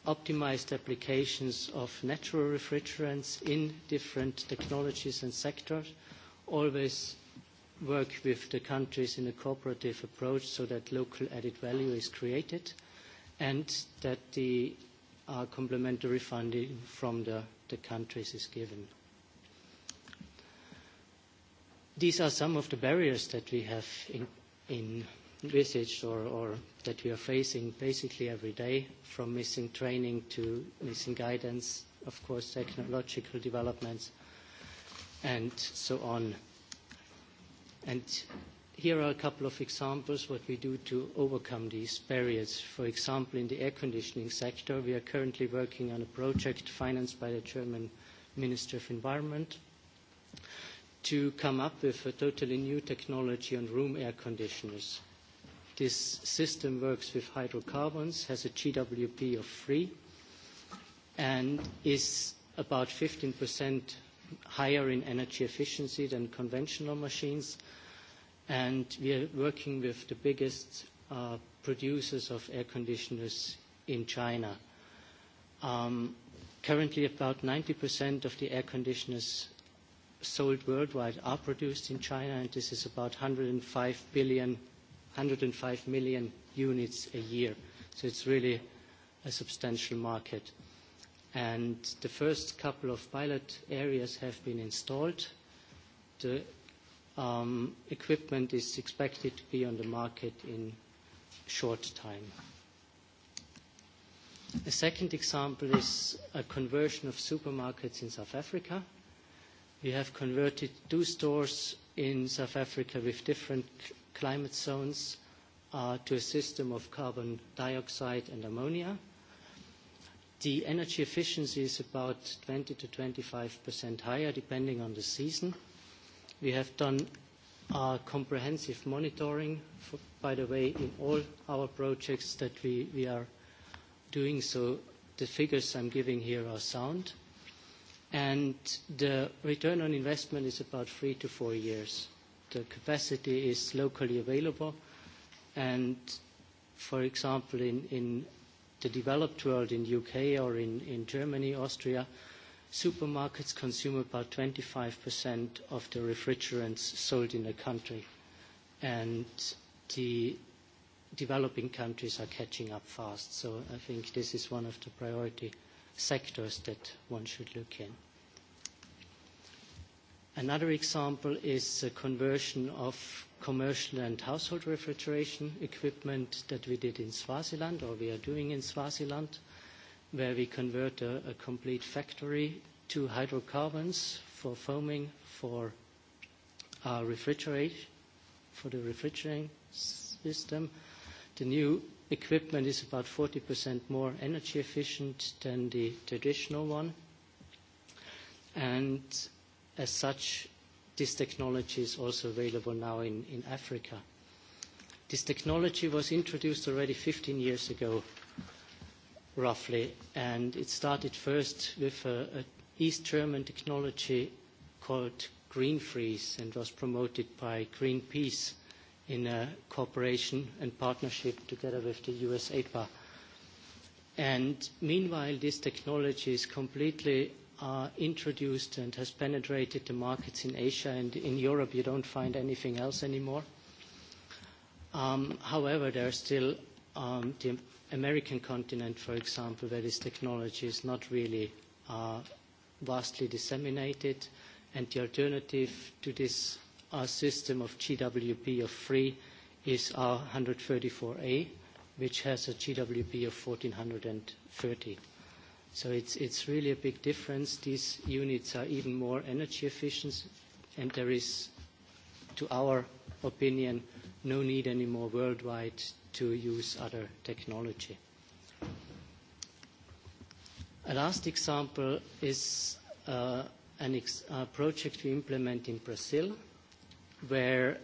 optimised applications of natural refrigerants in different technologies and sectors, always work with the countries in a cooperative approach so that local added value is created and that the complementary funding from the countries is given. These are some of the barriers that we have in or or that we are facing basically every day, from missing training to missing guidance, of course, technological developments, and so on. And Here are a couple of examples what we do to overcome these barriers. For example, in the air conditioning sector, we are currently working on a project financed by the German Minister of Environment to come up with a totally new technology on room air conditioners. This system works with hydrocarbons, has a GWP of 3, and is about 15% higher in energy efficiency than conventional machines and we are working with the biggest producers of air conditioners in China. Currently, about 90% of the air conditioners sold worldwide are produced in China, and this is about 105 billion, 105 million units a year. So it's really a substantial market. And the first couple of pilot areas have been installed. The equipment is expected to be on the market in short time. A second example is a conversion of supermarkets in South Africa. We have converted two stores in South Africa with different climate zones to a system of carbon dioxide and ammonia. The energy efficiency is about 20 to 25% higher depending on the season We have done comprehensive monitoring, by the way, in all our projects that we are doing, so the figures I'm giving here are sound. And the return on investment is about three to four years. The capacity is locally available, and for example, in the developed world, in UK or in Germany, Austria, Supermarkets consume about 25% of the refrigerants sold in the country, and the developing countries are catching up fast. So I think this is one of the priority sectors that one should look in. Another example is the conversion of commercial and household refrigeration equipment that we did in Swaziland, or we are doing in Swaziland where we convert a complete factory to hydrocarbons for foaming, for refrigeration, for the refrigerating system. The new equipment is about 40% more energy efficient than the traditional one. And as such, this technology is also available now in Africa. This technology was introduced already 15 years ago roughly, and it started first with an East German technology called Green Freeze and was promoted by Greenpeace in a cooperation and partnership together with the US APA. And meanwhile, this technology is completely introduced and has penetrated the markets in Asia and in Europe. You don't find anything else anymore. However, there are still the American continent, for example, where this technology is not really vastly disseminated, and the alternative to this system of GWP of free is our 134 a which has a GWP of 1430. So it's really a big difference. These units are even more energy efficient, and there is, to our opinion, no need anymore worldwide to use other technology. A last example is a project we implement in Brazil where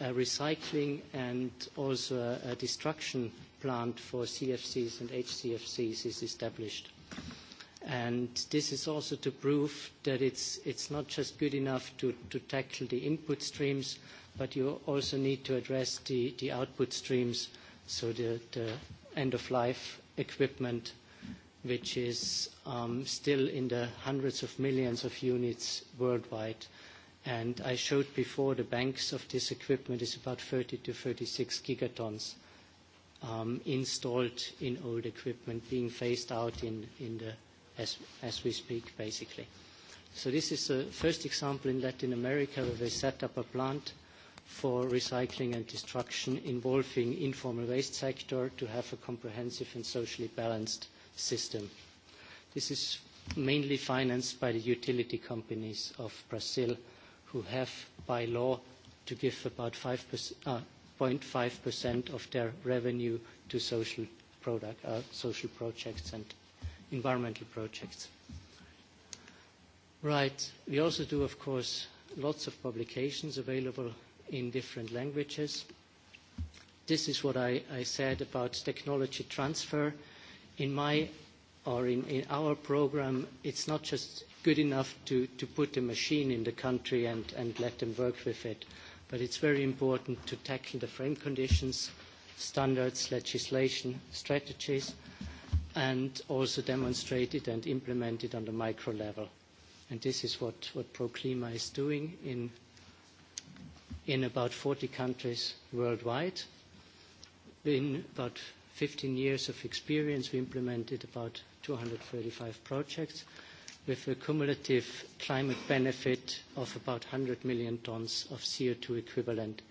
a recycling and also a destruction plant for CFCs and HCFCs is established. And this is also to prove that it's it's not just good enough to tackle the input streams, but you also need to address the output streams so the end-of-life equipment, which is still in the hundreds of millions of units worldwide. And I showed before the banks of this equipment is about 30 to 36 gigatons installed in old equipment, being phased out in the as we speak, basically. So this is the first example in Latin America where they set up a plant for recycling and destruction involving informal waste sector to have a comprehensive and socially balanced system. This is mainly financed by the utility companies of Brazil who have by law to give about 0.5% of their revenue to social projects and environmental projects. Right. We also do, of course, lots of publications available in different languages. This is what I said about technology transfer. In my or in our program, it's not just good enough to to put a machine in the country and and let them work with it, but it's very important to tackle the frame conditions, standards, legislation, strategies, and also demonstrate it and implement it on the micro level. And this is what ProClima is doing in in about 40 countries worldwide. In about 15 years of experience, we implemented about 235 projects with a cumulative climate benefit of about 100 million tons of CO2 equivalent.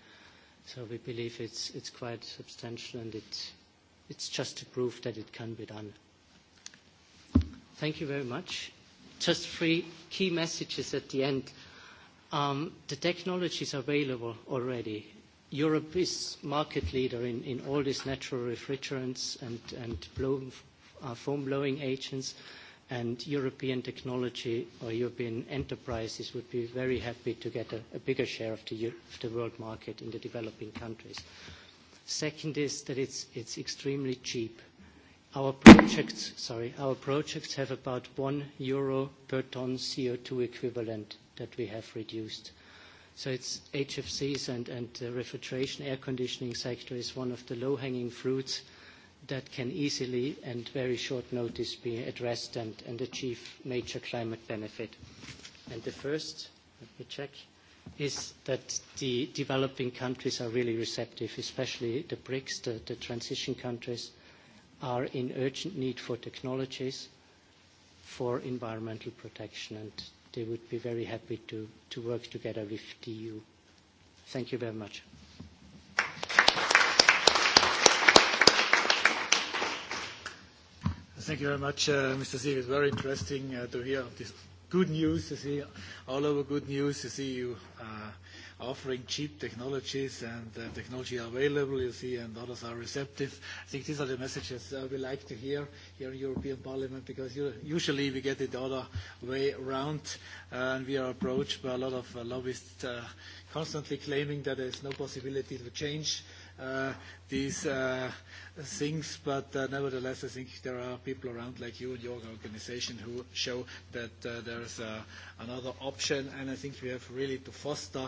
So we believe it's it's quite substantial, and it's it's just a proof that it can be done. Thank you very much. Just three key messages at the end. The technology is available already. Europe is market leader in all these natural refrigerants and foam blowing agents, and European technology or European enterprises would be very happy to get a bigger share of the world market in the developing countries. Second is that it's extremely cheap. Our projects have about one euro per ton CO2 equivalent that we have reduced. So it's HFCs and the refrigeration air conditioning sector is one of the low-hanging fruits that can easily and very short notice be addressed and achieve major climate benefit. And the first, let me check, is that the developing countries are really receptive, especially the BRICS, the transition countries, are in urgent need for technologies for environmental protection. And they would be very happy to, to work together with the EU. Thank you very much. Thank you very much, Mr. Sieg. It's very interesting to hear this good news. to see, all over good news. to see, you offering cheap technologies and technology available, you see, and others are receptive. I think these are the messages we like to hear here in European Parliament because usually we get it the other way around and we are approached by a lot of lobbyists constantly claiming that there is no possibility to change these things, but nevertheless, I think there are people around like you and your organization who show that there is another option, and I think we have really to foster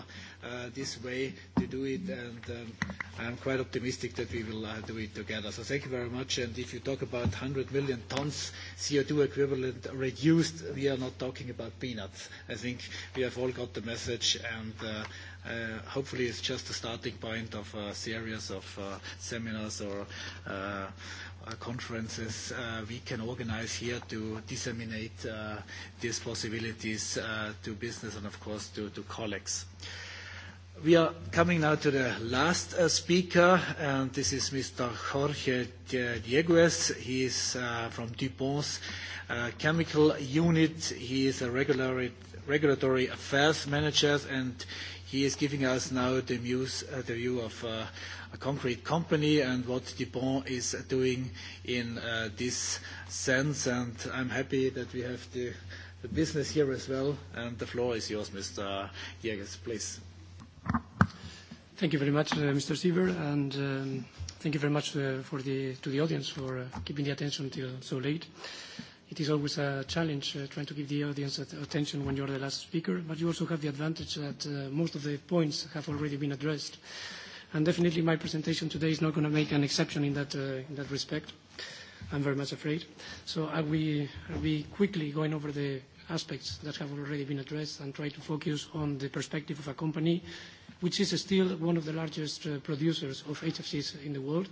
this way to do it, and I'm quite optimistic that we will do it together. So thank you very much, and if you talk about 100 million tons CO2 equivalent reduced, we are not talking about peanuts. I think we have all got the message, and Hopefully it's just a starting point of a series of seminars or conferences we can organize here to disseminate these possibilities to business and of course to colleagues. We are coming now to the last speaker, and this is Mr. Jorge Dieguez. He is from DuPont's chemical unit. He is a regulatory affairs manager, and He is giving us now the view of a concrete company and what Dupont is doing in this sense. And I'm happy that we have the business here as well. And the floor is yours, Mr. Jägers, please. Thank you very much, Mr. Sieber, and thank you very much for the to the audience for keeping the attention until so late. It is always a challenge trying to give the audience attention when you are the last speaker, but you also have the advantage that most of the points have already been addressed. And definitely my presentation today is not going to make an exception in that respect. I'm very much afraid. So I will be quickly going over the aspects that have already been addressed and try to focus on the perspective of a company which is still one of the largest producers of HFCs in the world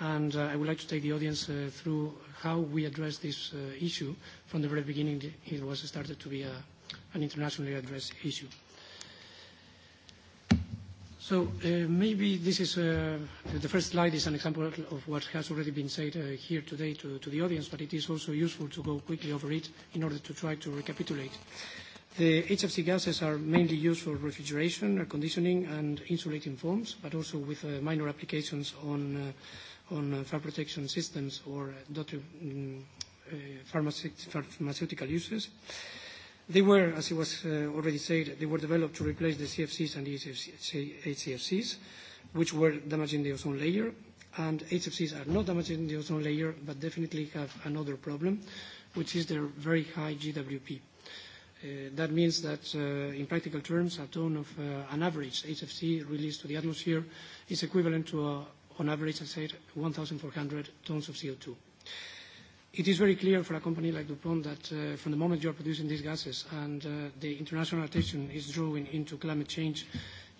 and I would like to take the audience through how we address this issue. From the very beginning, it was started to be an internationally addressed issue. So maybe this is the first slide is an example of what has already been said here today to the audience, but it is also useful to go quickly over it in order to try to recapitulate. The HFC gases are mainly used for refrigeration, air conditioning, and insulating foams, but also with minor applications on on fire protection systems or pharmaceutical uses. They were, as it was already said, they were developed to replace the CFCs and the HCFCs, which were damaging the ozone layer. And HFCs are not damaging the ozone layer, but definitely have another problem, which is their very high GWP. That means that, in practical terms, a ton of an average HFC released to the atmosphere is equivalent to a on average, I said, 1,400 tons of CO2. It is very clear for a company like DuPont that from the moment you are producing these gases and the international attention is drawing into climate change,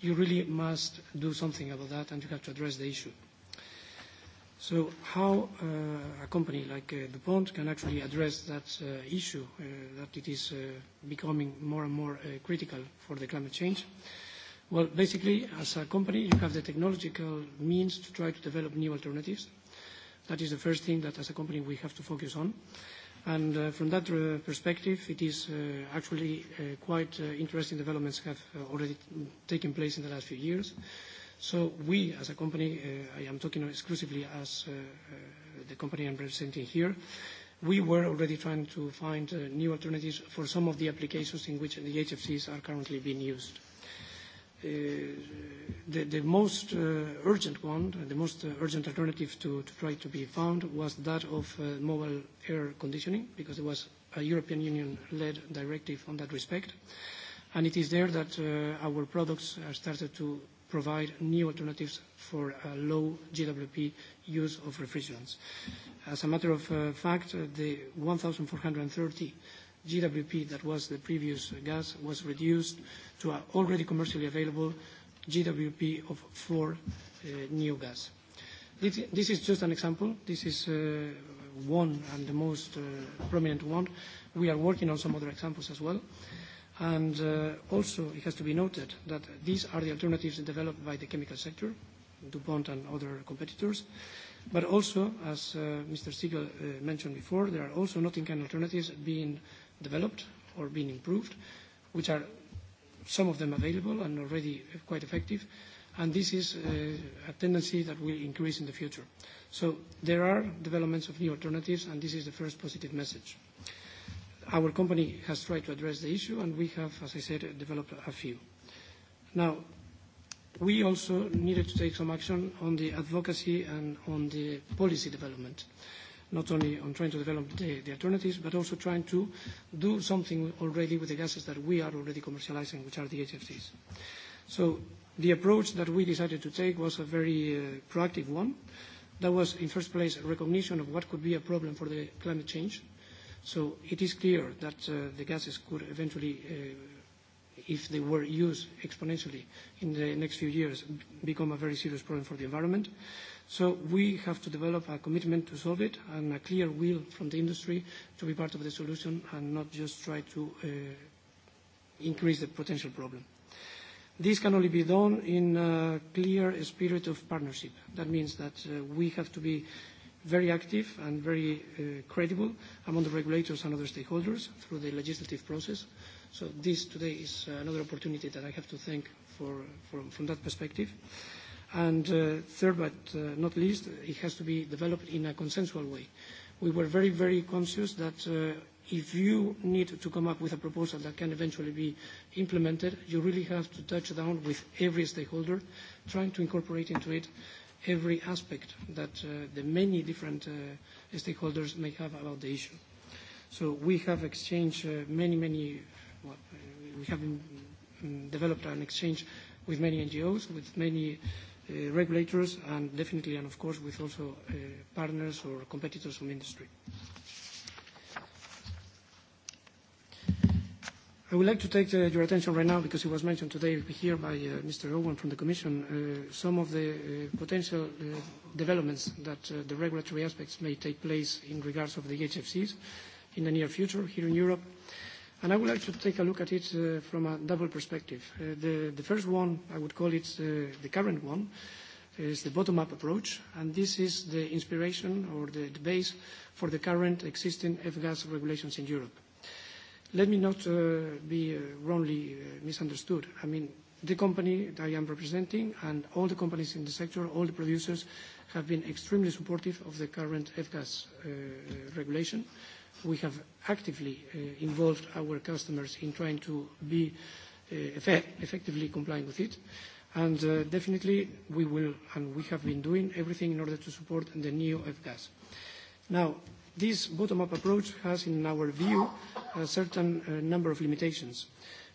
you really must do something about that and you have to address the issue. So how a company like DuPont can actually address that issue, that it is becoming more and more critical for the climate change, Well, basically, as a company, you have the technological means to try to develop new alternatives. That is the first thing that, as a company, we have to focus on. And from that perspective, it is actually quite interesting developments have already taken place in the last few years. So we, as a company, I am talking exclusively as the company I'm representing here, we were already trying to find new alternatives for some of the applications in which the HFCs are currently being used the most urgent one, the most urgent alternative to try to be found was that of mobile air conditioning, because there was a European Union-led directive on that respect. And it is there that our products are started to provide new alternatives for a low GWP use of refrigerants. As a matter of fact, the 1,430 GWP, that was the previous gas, was reduced to an already commercially available GWP of four new gas. This is just an example. This is one and the most prominent one. We are working on some other examples as well. And also it has to be noted that these are the alternatives developed by the chemical sector, DuPont and other competitors. But also, as Mr. Siegel mentioned before, there are also Nottingham alternatives being developed or been improved, which are some of them available and already quite effective, and this is a tendency that will increase in the future. So there are developments of new alternatives, and this is the first positive message. Our company has tried to address the issue, and we have, as I said, developed a few. Now, we also needed to take some action on the advocacy and on the policy development not only on trying to develop the alternatives, but also trying to do something already with the gases that we are already commercializing, which are the HFCs. So the approach that we decided to take was a very proactive one. That was, in first place, a recognition of what could be a problem for the climate change. So it is clear that the gases could eventually if they were used exponentially in the next few years, become a very serious problem for the environment. So we have to develop a commitment to solve it and a clear will from the industry to be part of the solution and not just try to increase the potential problem. This can only be done in a clear spirit of partnership. That means that we have to be very active and very credible among the regulators and other stakeholders through the legislative process So this today is another opportunity that I have to thank for from that perspective. And third but not least, it has to be developed in a consensual way. We were very, very conscious that if you need to come up with a proposal that can eventually be implemented, you really have to touch down with every stakeholder, trying to incorporate into it every aspect that the many different stakeholders may have about the issue. So we have exchanged many, many we have developed an exchange with many NGOs, with many regulators, and definitely, and of course, with also partners or competitors from industry. I would like to take your attention right now, because it was mentioned today here by Mr. Owen from the Commission, some of the potential developments that the regulatory aspects may take place in regards of the HFCs in the near future here in Europe. And I would like to take a look at it from a double perspective. The first one, I would call it the current one, is the bottom-up approach, and this is the inspiration or the base for the current existing F-gas regulations in Europe. Let me not be wrongly misunderstood. I mean, the company that I am representing and all the companies in the sector, all the producers, have been extremely supportive of the current F-gas regulation we have actively involved our customers in trying to be effectively complying with it. And definitely we will and we have been doing everything in order to support the new F-gas. Now, this bottom-up approach has, in our view, a certain number of limitations.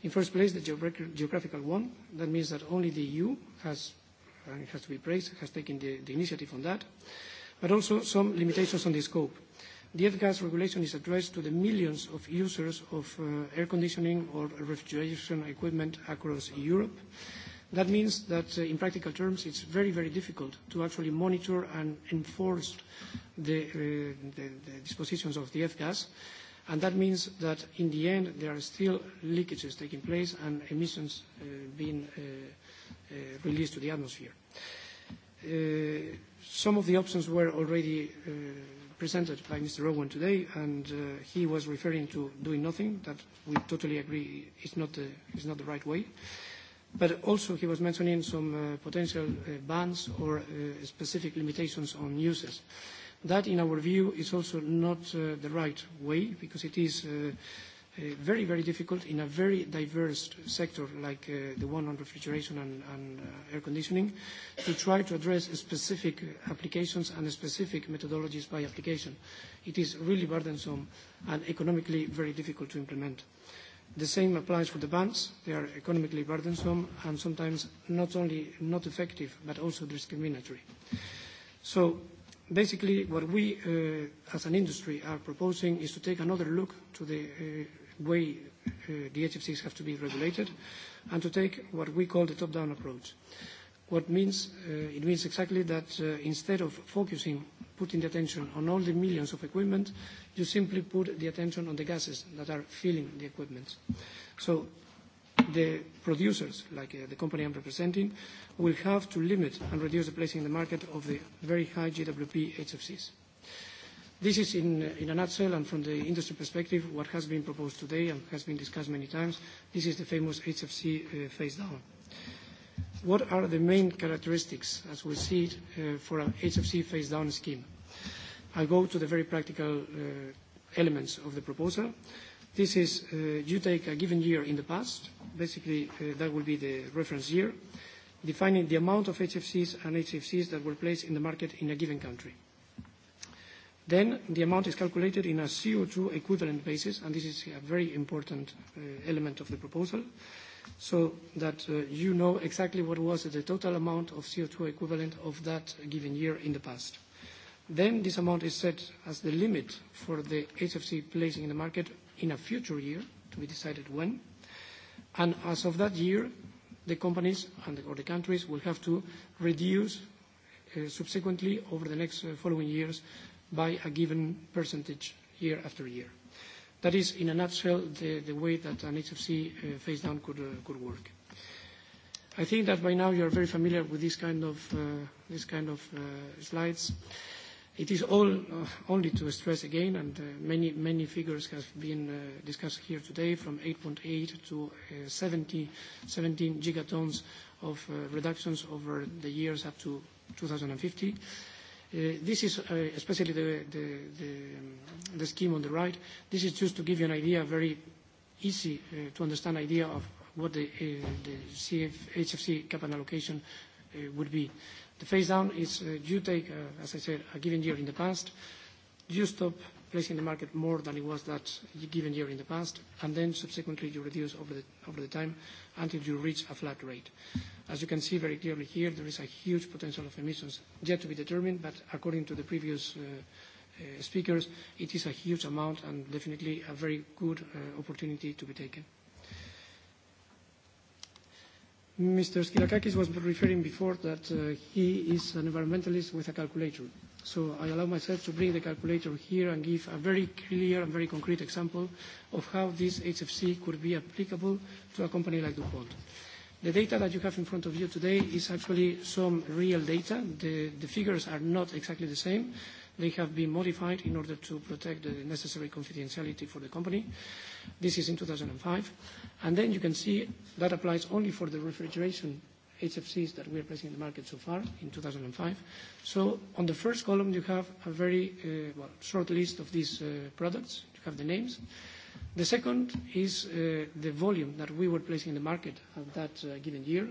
In first place, the geographical one. That means that only the EU has, and it has to be praised, has taken the initiative on that. But also some limitations on the scope. The F-gas regulation is addressed to the millions of users of air conditioning or refrigeration equipment across Europe. That means that, in practical terms, it's very, very difficult to actually monitor and enforce the dispositions of the F-gas. And that means that, in the end, there are still leakages taking place and emissions being released to the atmosphere. Some of the options were already presented by Mr. Rowan today, and he was referring to doing nothing. That we totally agree is not the right way. But also he was mentioning some potential bans or specific limitations on uses. That, in our view, is also not the right way because it is very, very difficult in a very diverse sector like the one on refrigeration and air conditioning to try to address specific applications and specific methodologies by application. It is really burdensome and economically very difficult to implement. The same applies for the bans. They are economically burdensome and sometimes not only not effective but also discriminatory. So basically what we as an industry are proposing is to take another look to the way the HFCs have to be regulated, and to take what we call the top-down approach. What means it means exactly that instead of focusing, putting the attention on all the millions of equipment, you simply put the attention on the gases that are filling the equipment. So the producers, like the company I'm representing, will have to limit and reduce the placing in the market of the very high GWP HFCs. This is in a nutshell and from the industry perspective what has been proposed today and has been discussed many times. This is the famous HFC phase down. What are the main characteristics as we see it for an HFC phase down scheme? I go to the very practical elements of the proposal. This is you take a given year in the past, basically that will be the reference year, defining the amount of HFCs and HFCs that were placed in the market in a given country. Then the amount is calculated in a CO2 equivalent basis, and this is a very important element of the proposal, so that you know exactly what was the total amount of CO2 equivalent of that given year in the past. Then this amount is set as the limit for the HFC placing in the market in a future year, to be decided when, and as of that year, the companies and or the countries will have to reduce subsequently over the next following years by a given percentage year after year. That is, in a nutshell, the way that an HFC phase down could work. I think that by now you are very familiar with this kind of slides. It is all only to stress again, and many many figures have been discussed here today, from 8.8 to 17 gigatons of reductions over the years up to 2050. This is especially the scheme on the right. This is just to give you an idea, a very easy to understand idea of what the HFC capital allocation would be. The phase down is you take, as I said, a given year in the past, you stop placing the market more than it was that given year in the past, and then subsequently you reduce over the time until you reach a flat rate. As you can see very clearly here, there is a huge potential of emissions yet to be determined, but according to the previous speakers, it is a huge amount and definitely a very good opportunity to be taken. Mr. Skilakakis was referring before that he is an environmentalist with a calculator. So I allow myself to bring the calculator here and give a very clear and very concrete example of how this HFC could be applicable to a company like DuPont. The data that you have in front of you today is actually some real data. The figures are not exactly the same. They have been modified in order to protect the necessary confidentiality for the company. This is in 2005. And then you can see that applies only for the refrigeration HFCs that we are placing in the market so far in 2005. So on the first column, you have a very well short list of these products. You have the names. The second is the volume that we were placing in the market at that given year.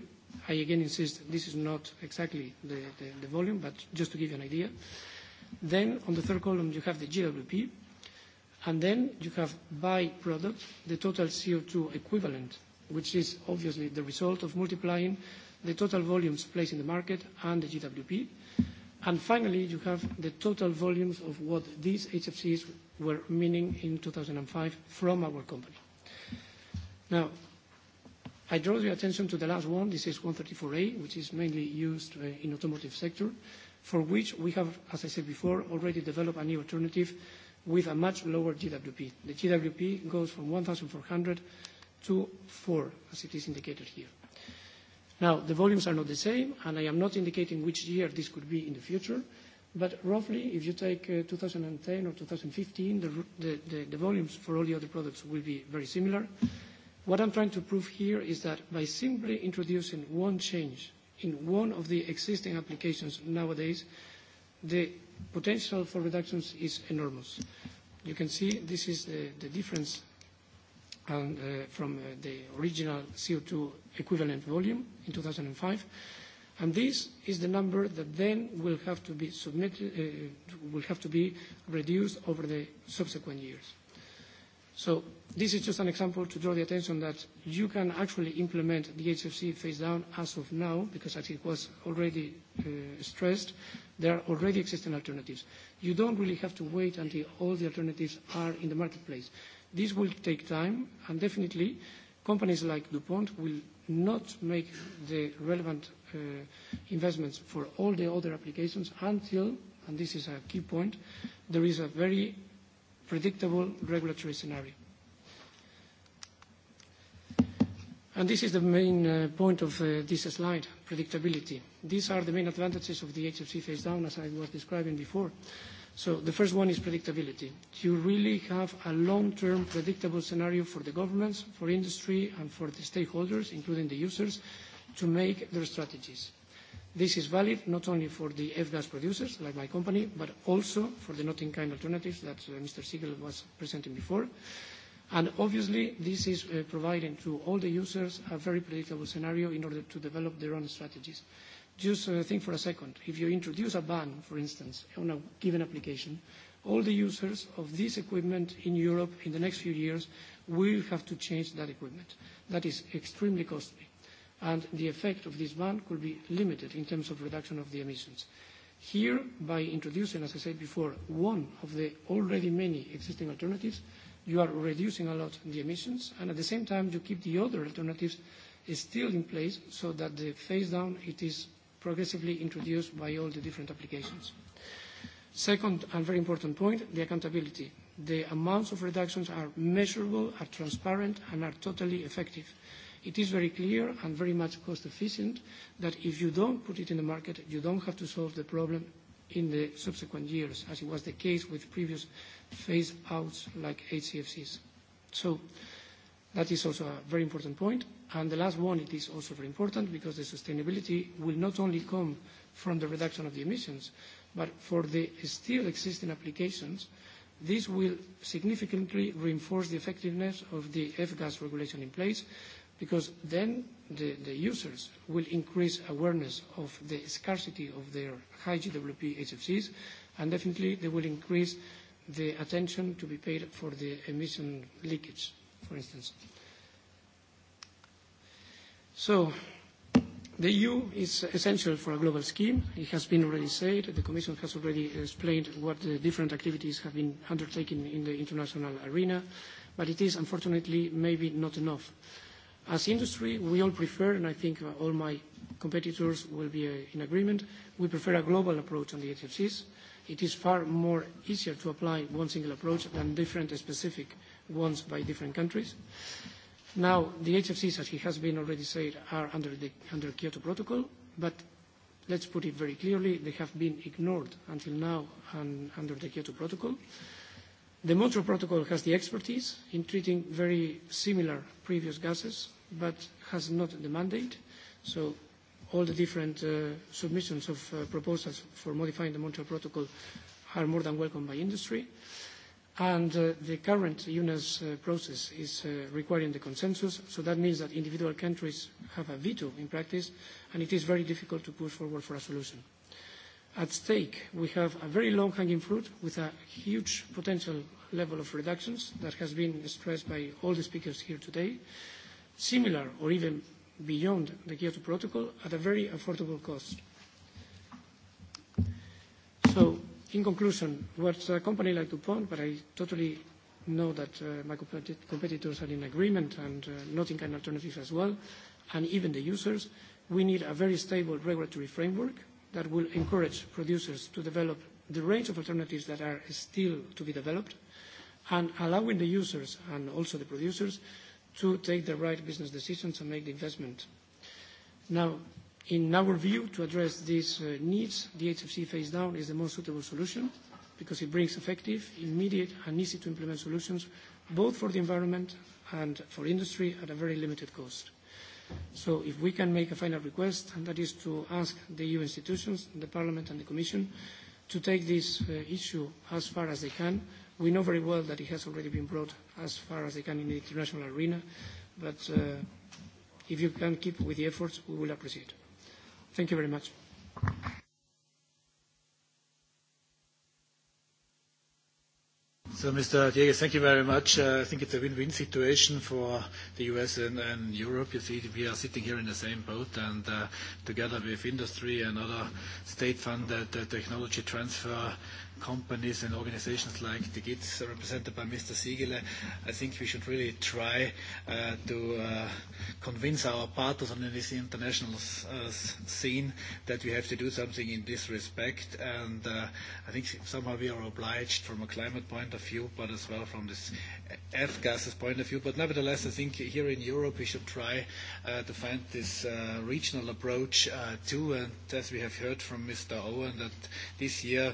I again insist this is not exactly the volume, but just to give you an idea. Then on the third column, you have the GWP. And then you have by product the total CO2 equivalent, which is obviously the result of multiplying the total volumes placed in the market and the GWP. And finally, you have the total volumes of what these HFCs were meaning in 2005 from our company. Now, I draw your attention to the last one. This is 134A, which is mainly used in automotive sector, for which we have, as I said before, already developed a new alternative with a much lower GWP. The GWP goes from 1,400 to 4, as it is indicated here. Now, the volumes are not the same, and I am not indicating which year this could be in the future, but roughly, if you take 2010 or 2015, the volumes for all the other products will be very similar. What I'm trying to prove here is that by simply introducing one change in one of the existing applications nowadays, the potential for reductions is enormous. You can see this is the difference and from the original CO2 equivalent volume in 2005. And this is the number that then will have to be submitted, will have to be reduced over the subsequent years. So this is just an example to draw the attention that you can actually implement the HFC phase down as of now, because as it was already stressed, there are already existing alternatives. You don't really have to wait until all the alternatives are in the marketplace. This will take time, and definitely companies like DuPont will not make the relevant investments for all the other applications until, and this is a key point, there is a very predictable regulatory scenario. And this is the main point of this slide, predictability. These are the main advantages of the HFC phase-down, as I was describing before. So the first one is predictability. You really have a long-term predictable scenario for the governments, for industry, and for the stakeholders, including the users, to make their strategies. This is valid not only for the F-gas producers, like my company, but also for the not-in-kind alternatives that Mr. Siegel was presenting before. And obviously, this is providing to all the users a very predictable scenario in order to develop their own strategies. Just think for a second. If you introduce a ban, for instance, on a given application, all the users of this equipment in Europe in the next few years will have to change that equipment. That is extremely costly. And the effect of this ban could be limited in terms of reduction of the emissions. Here, by introducing, as I said before, one of the already many existing alternatives, you are reducing a lot the emissions, and at the same time you keep the other alternatives still in place so that the phase down it is progressively introduced by all the different applications. Second and very important point, the accountability. The amounts of reductions are measurable, are transparent, and are totally effective. It is very clear and very much cost efficient that if you don't put it in the market, you don't have to solve the problem in the subsequent years, as it was the case with previous phase outs like HCFCs. So that is also a very important point. And the last one, it is also very important because the sustainability will not only come from the reduction of the emissions, but for the still existing applications, this will significantly reinforce the effectiveness of the F-gas regulation in place because then the users will increase awareness of the scarcity of their high GWP HFCs, and definitely they will increase the attention to be paid for the emission leakage, for instance. So the EU is essential for a global scheme. It has been already said. The Commission has already explained what the different activities have been undertaken in the international arena, but it is unfortunately maybe not enough. As industry, we all prefer, and I think all my competitors will be in agreement, we prefer a global approach on the HFCs. It is far more easier to apply one single approach than different specific ones by different countries. Now, the HFCs, as he has been already said, are under the under Kyoto Protocol, but let's put it very clearly, they have been ignored until now under the Kyoto Protocol. The Montreal Protocol has the expertise in treating very similar previous gases, but has not the mandate. So all the different submissions of proposals for modifying the Montreal Protocol are more than welcome by industry and the current UNAS process is requiring the consensus, so that means that individual countries have a veto in practice, and it is very difficult to push forward for a solution. At stake, we have a very long-hanging fruit with a huge potential level of reductions that has been stressed by all the speakers here today, similar or even beyond the Kyoto Protocol at a very affordable cost. In conclusion, what a company like DuPont, but I totally know that my competitors are in agreement and Nottingham Alternatives as well, and even the users, we need a very stable regulatory framework that will encourage producers to develop the range of alternatives that are still to be developed and allowing the users and also the producers to take the right business decisions and make the investment. Now, In our view, to address these needs, the HFC phase down is the most suitable solution because it brings effective, immediate and easy to implement solutions both for the environment and for industry at a very limited cost. So if we can make a final request, and that is to ask the EU institutions, the Parliament and the Commission, to take this issue as far as they can. We know very well that it has already been brought as far as they can in the international arena, but if you can keep with the efforts, we will appreciate. it. Thank you very much. So, Mr. Dieguez, thank you very much. I think it's a win-win situation for the U.S. and Europe. You see, we are sitting here in the same boat, and together with industry and other state-funded technology transfer companies and organizations like the GITS represented by Mr. Siegele, I think we should really try to convince our partners on this international scene that we have to do something in this respect. And I think somehow we are obliged from a climate point of view, but as well from this F-gases point of view. But nevertheless, I think here in Europe we should try to find this regional approach too. And as we have heard from Mr. Owen, that this year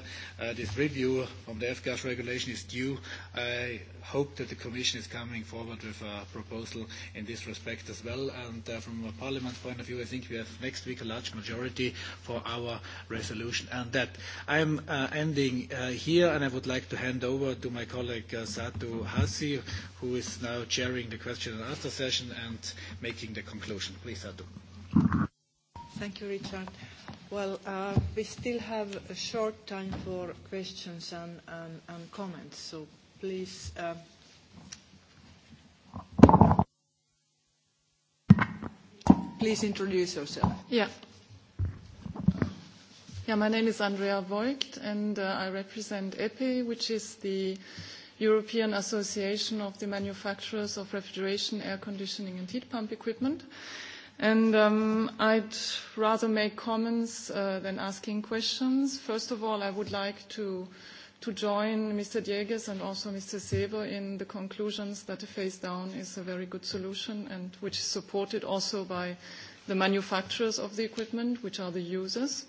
this review on the F-gas regulation is due, I hope that the Commission is coming forward with a proposal in this respect as well. And from a Parliament's point of view, I think we have next week a large majority for our resolution and that. I am ending here, and I would like to hand over to my colleague Satu Hasi, who is now chairing the question and answer session and making the conclusion. Please, Satu. Thank you, Richard. Well, we still have a short time for questions and comments, so please. Please introduce yourself. Yeah. Yeah, my name is Andrea Voigt, and I represent EPE, which is the European Association of the Manufacturers of Refrigeration, Air Conditioning, and Heat Pump Equipment. And I'd rather make comments than asking questions. First of all, I would like to join Mr. Dieges and also Mr. Seber in the conclusions that a face down is a very good solution and which is supported also by the manufacturers of the equipment, which are the users.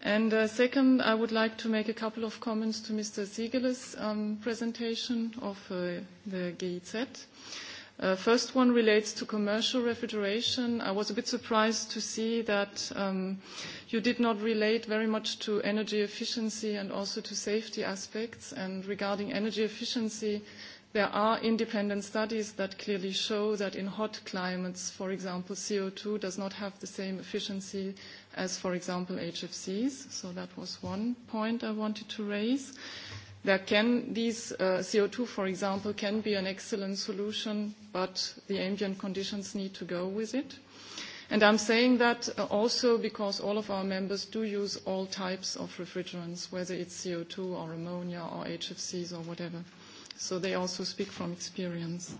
And second, I would like to make a couple of comments to Mr. Siegel's presentation of the GIZ. The First one relates to commercial refrigeration. I was a bit surprised to see that you did not relate very much to energy efficiency and also to safety aspects. And regarding energy efficiency, there are independent studies that clearly show that in hot climates, for example, CO2 does not have the same efficiency as, for example, HFCs. So that was one point I wanted to raise. There can these CO2, for example, can be an excellent solution, but the ambient conditions need to go with it. And I'm saying that also because all of our members do use all types of refrigerants, whether it's CO2 or ammonia or HFCs or whatever. So they also speak from experience.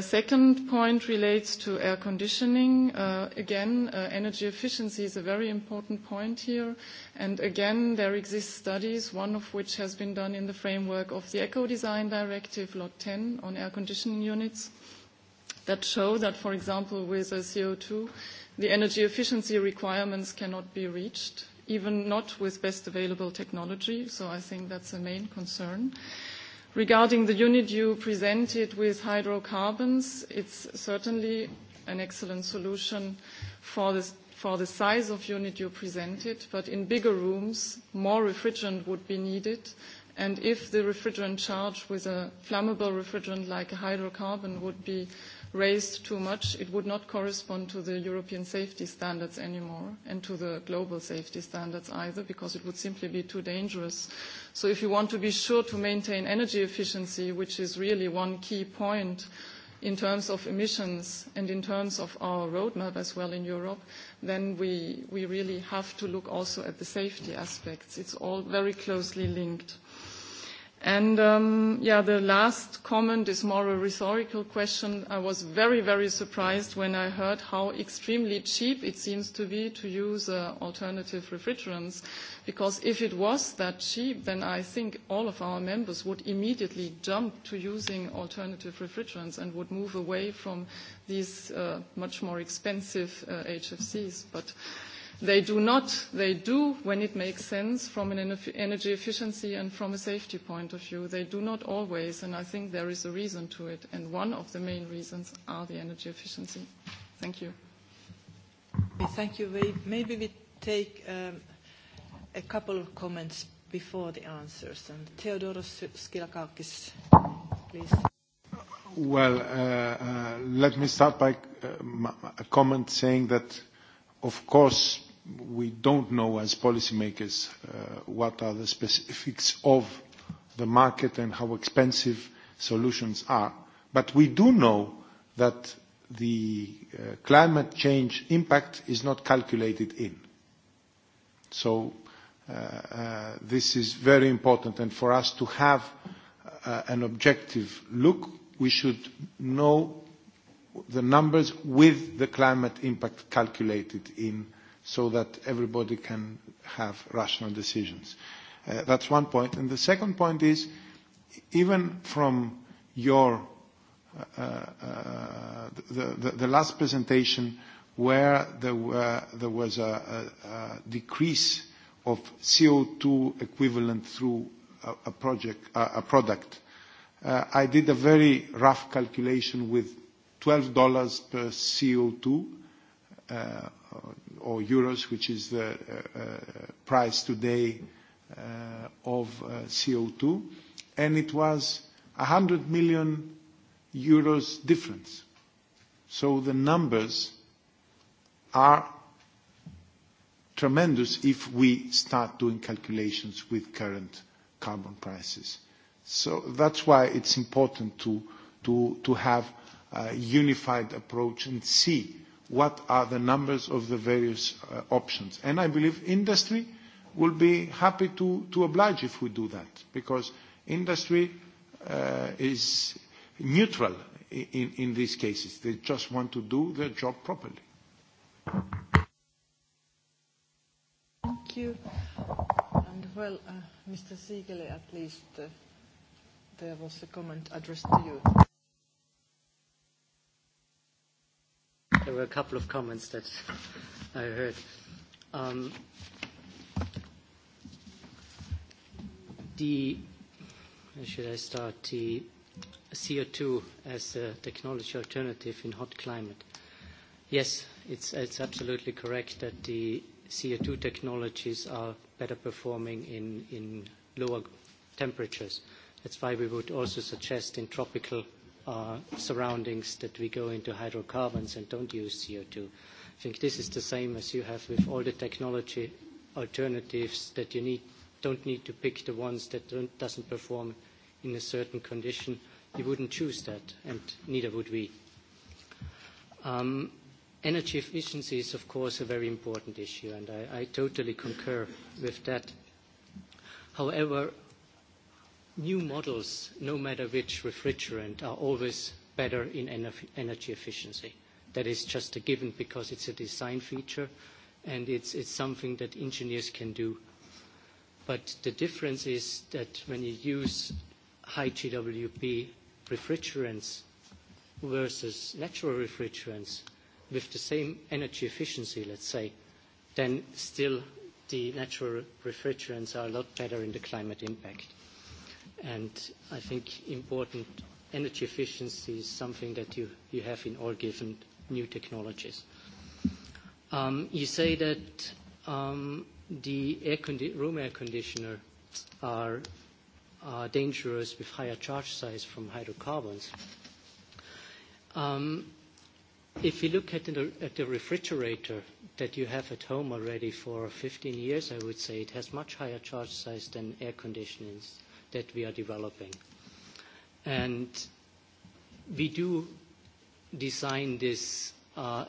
Second point relates to air conditioning. Again, energy efficiency is a very important point here. And again, there exist studies, one of which has been done in the framework of the Eco-Design Directive, Lot 10, on air conditioning units, that show that, for example, with CO2, the energy efficiency requirements cannot be reached, even not with best available technology. So I think that's a main concern. Regarding the unit you presented with hydrocarbons, it's certainly an excellent solution for the size of unit you presented, but in bigger rooms, more refrigerant would be needed, and if the refrigerant charge with a flammable refrigerant like a hydrocarbon would be raised too much, it would not correspond to the European safety standards anymore and to the global safety standards either, because it would simply be too dangerous. So if you want to be sure to maintain energy efficiency, which is really one key point in terms of emissions and in terms of our roadmap as well in Europe, then we really have to look also at the safety aspects. It's all very closely linked. And yeah, the last comment is more a rhetorical question. I was very, very surprised when I heard how extremely cheap it seems to be to use alternative refrigerants, because if it was that cheap, then I think all of our members would immediately jump to using alternative refrigerants and would move away from these much more expensive HFCs. But They do not. They do when it makes sense from an energy efficiency and from a safety point of view. They do not always, and I think there is a reason to it. And one of the main reasons are the energy efficiency. Thank you. Thank you. Maybe we take a couple of comments before the answers. And Theodoros Skilakakis, please. Well, let me start by a comment saying that, of course, we don't know as policymakers what are the specifics of the market and how expensive solutions are. But we do know that the climate change impact is not calculated in. So this is very important. And for us to have an objective look, we should know the numbers with the climate impact calculated in so that everybody can have rational decisions. That's one point. And the second point is, even from your the last presentation where there was a decrease of CO2 equivalent through a project a product. I did a very rough calculation with $12 per CO2 or euros, which is the price today of CO2, and it was 100 million euros difference. So the numbers are tremendous if we start doing calculations with current carbon prices. So that's why it's important to have a unified approach and see what are the numbers of the various options. And I believe industry will be happy to oblige if we do that, because industry is neutral in these cases. They just want to do their job properly. Thank you. And well, Mr. Siegele, at least there was a comment addressed to you. There were a couple of comments that I heard. The, where should I start? The CO2 as a technology alternative in hot climate. Yes, it's it's absolutely correct that the CO2 technologies are better performing in in lower temperatures. That's why we would also suggest in tropical surroundings that we go into hydrocarbons and don't use CO2. I think this is the same as you have with all the technology alternatives that you need don't need to pick the ones that doesn't perform in a certain condition. You wouldn't choose that, and neither would we. Energy efficiency is, of course, a very important issue, and I totally concur with that. However, new models, no matter which refrigerant, are always better in energy efficiency. That is just a given because it's a design feature and it's something that engineers can do. But the difference is that when you use high GWP refrigerants versus natural refrigerants with the same energy efficiency, let's say, then still the natural refrigerants are a lot better in the climate impact. And I think important energy efficiency is something that you you have in all given new technologies. You say that the room air conditioner are dangerous with higher charge size from hydrocarbons. If you look at the refrigerator that you have at home already for 15 years, I would say it has much higher charge size than air conditioners that we are developing. And we do design this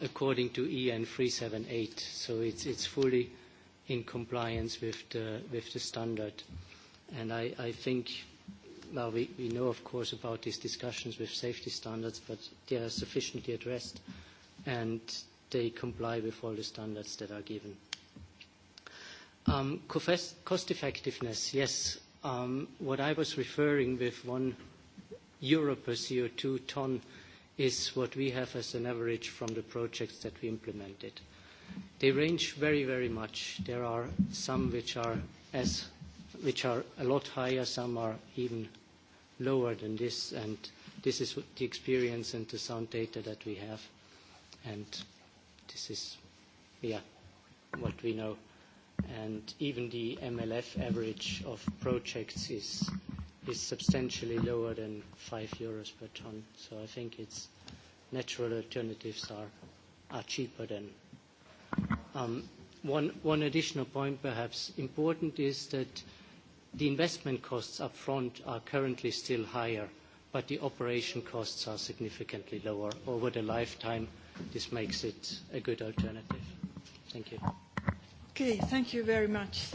according to EN 378, so it's fully in compliance with the standard. And I think, well, we know, of course, about these discussions with safety standards, but they are sufficiently addressed, and they comply with all the standards that are given. Cost effectiveness, yes. What I was referring with one euro per CO2 ton is what we have as an average from the projects that we implemented. They range very, very much. There are some which are which are a lot higher, some are even lower than this, and this is the experience and the sound data that we have, and this is, yeah, what we know and even the MLF average of projects is substantially lower than 5 euros per ton. So I think its natural alternatives are cheaper than. One one additional point perhaps important is that the investment costs up front are currently still higher, but the operation costs are significantly lower. Over the lifetime, this makes it a good alternative. Thank you. Okay, thank you very much.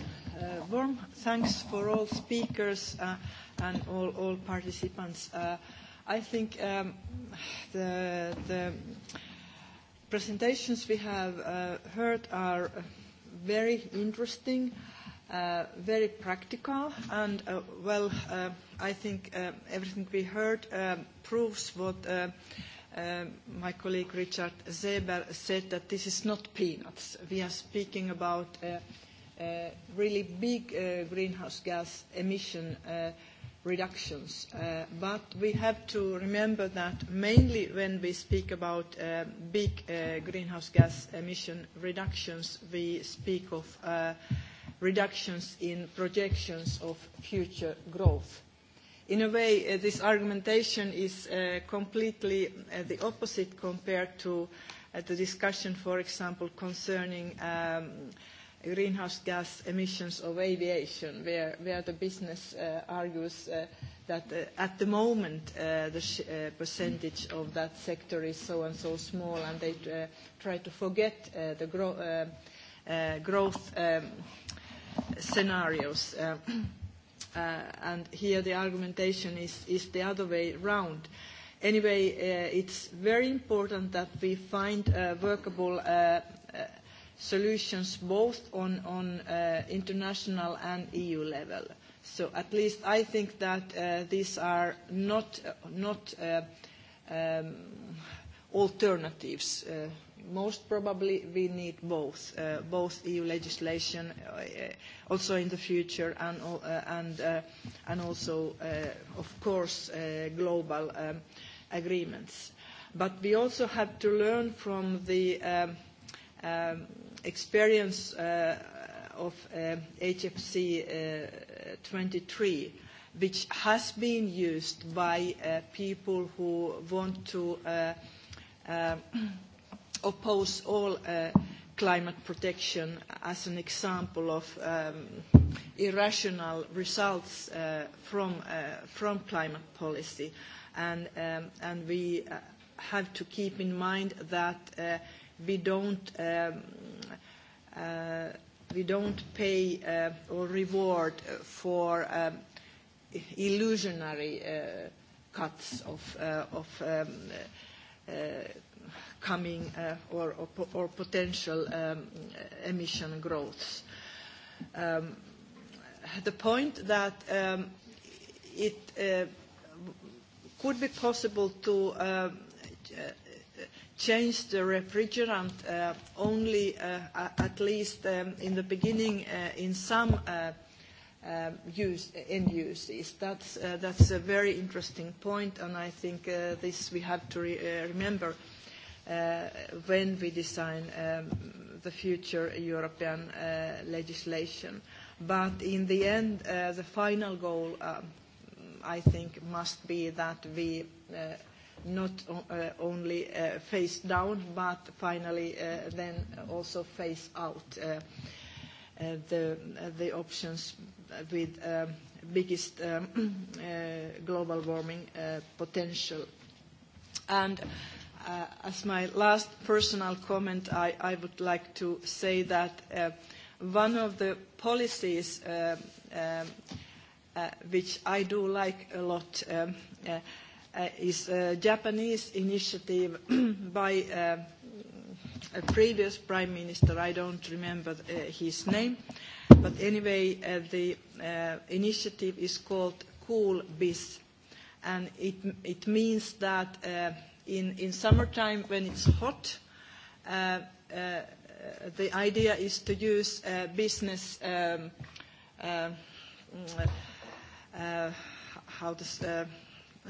Warm thanks for all speakers and all all participants. I think the presentations we have heard are very interesting, very practical, and, well, I think everything we heard proves what my colleague Richard Zeber said that this is not peanuts. We are speaking about really big greenhouse gas emission reductions. But we have to remember that mainly when we speak about big greenhouse gas emission reductions, we speak of reductions in projections of future growth In a way, this argumentation is completely the opposite compared to the discussion, for example, concerning greenhouse gas emissions of aviation, where the business argues that at the moment the percentage of that sector is so and so small, and they try to forget the growth scenarios and here the argumentation is is the other way round. Anyway, it's very important that we find workable solutions both on on international and EU level. So at least I think that these are not not alternatives most probably we need both, both EU legislation also in the future and also, of course, global agreements. But we also have to learn from the experience of HFC 23, which has been used by people who want to oppose all climate protection as an example of irrational results from climate policy. And we have to keep in mind that we don't we don't pay or reward for illusionary cuts of coming or potential emission growths. The point that it could be possible to change the refrigerant only at least in the beginning in some end uses. That's a very interesting point, and I think this we have to remember when we design the future European legislation. But in the end, the final goal, I think, must be that we not only face down, but finally then also face out the options with biggest global warming potential. And As my last personal comment, I would like to say that one of the policies which I do like a lot is a Japanese initiative by a previous prime minister, I don't remember his name, but anyway, the initiative is called Cool Biz, and it means that in in summertime when it's hot the idea is to use business how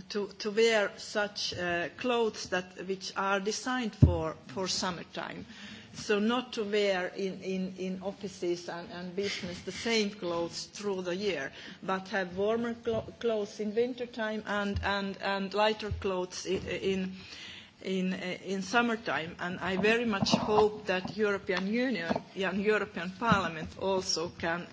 to to wear such clothes that which are designed for for summertime So not to wear in offices and business the same clothes through the year, but have warmer clothes in wintertime and lighter clothes in in summertime. And I very much hope that European Union and European Parliament also can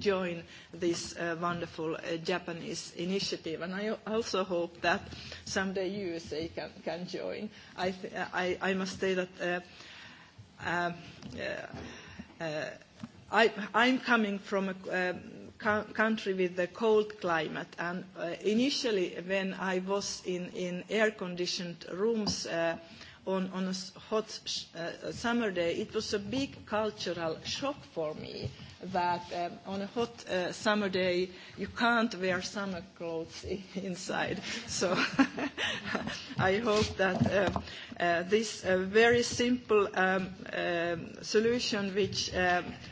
join this wonderful Japanese initiative. And I also hope that someday USA can join. I must say that I I'm coming from a country with a cold climate and initially when I was in air-conditioned rooms on a hot summer day, it was a big cultural shock for me that on a hot summer day you can't wear summer clothes inside. So I hope that this very simple solution which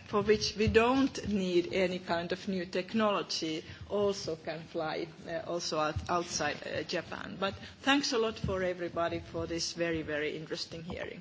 for which we don't need any kind of new technology also can fly also outside Japan. But thanks a lot for everybody for this very, very interesting hearing.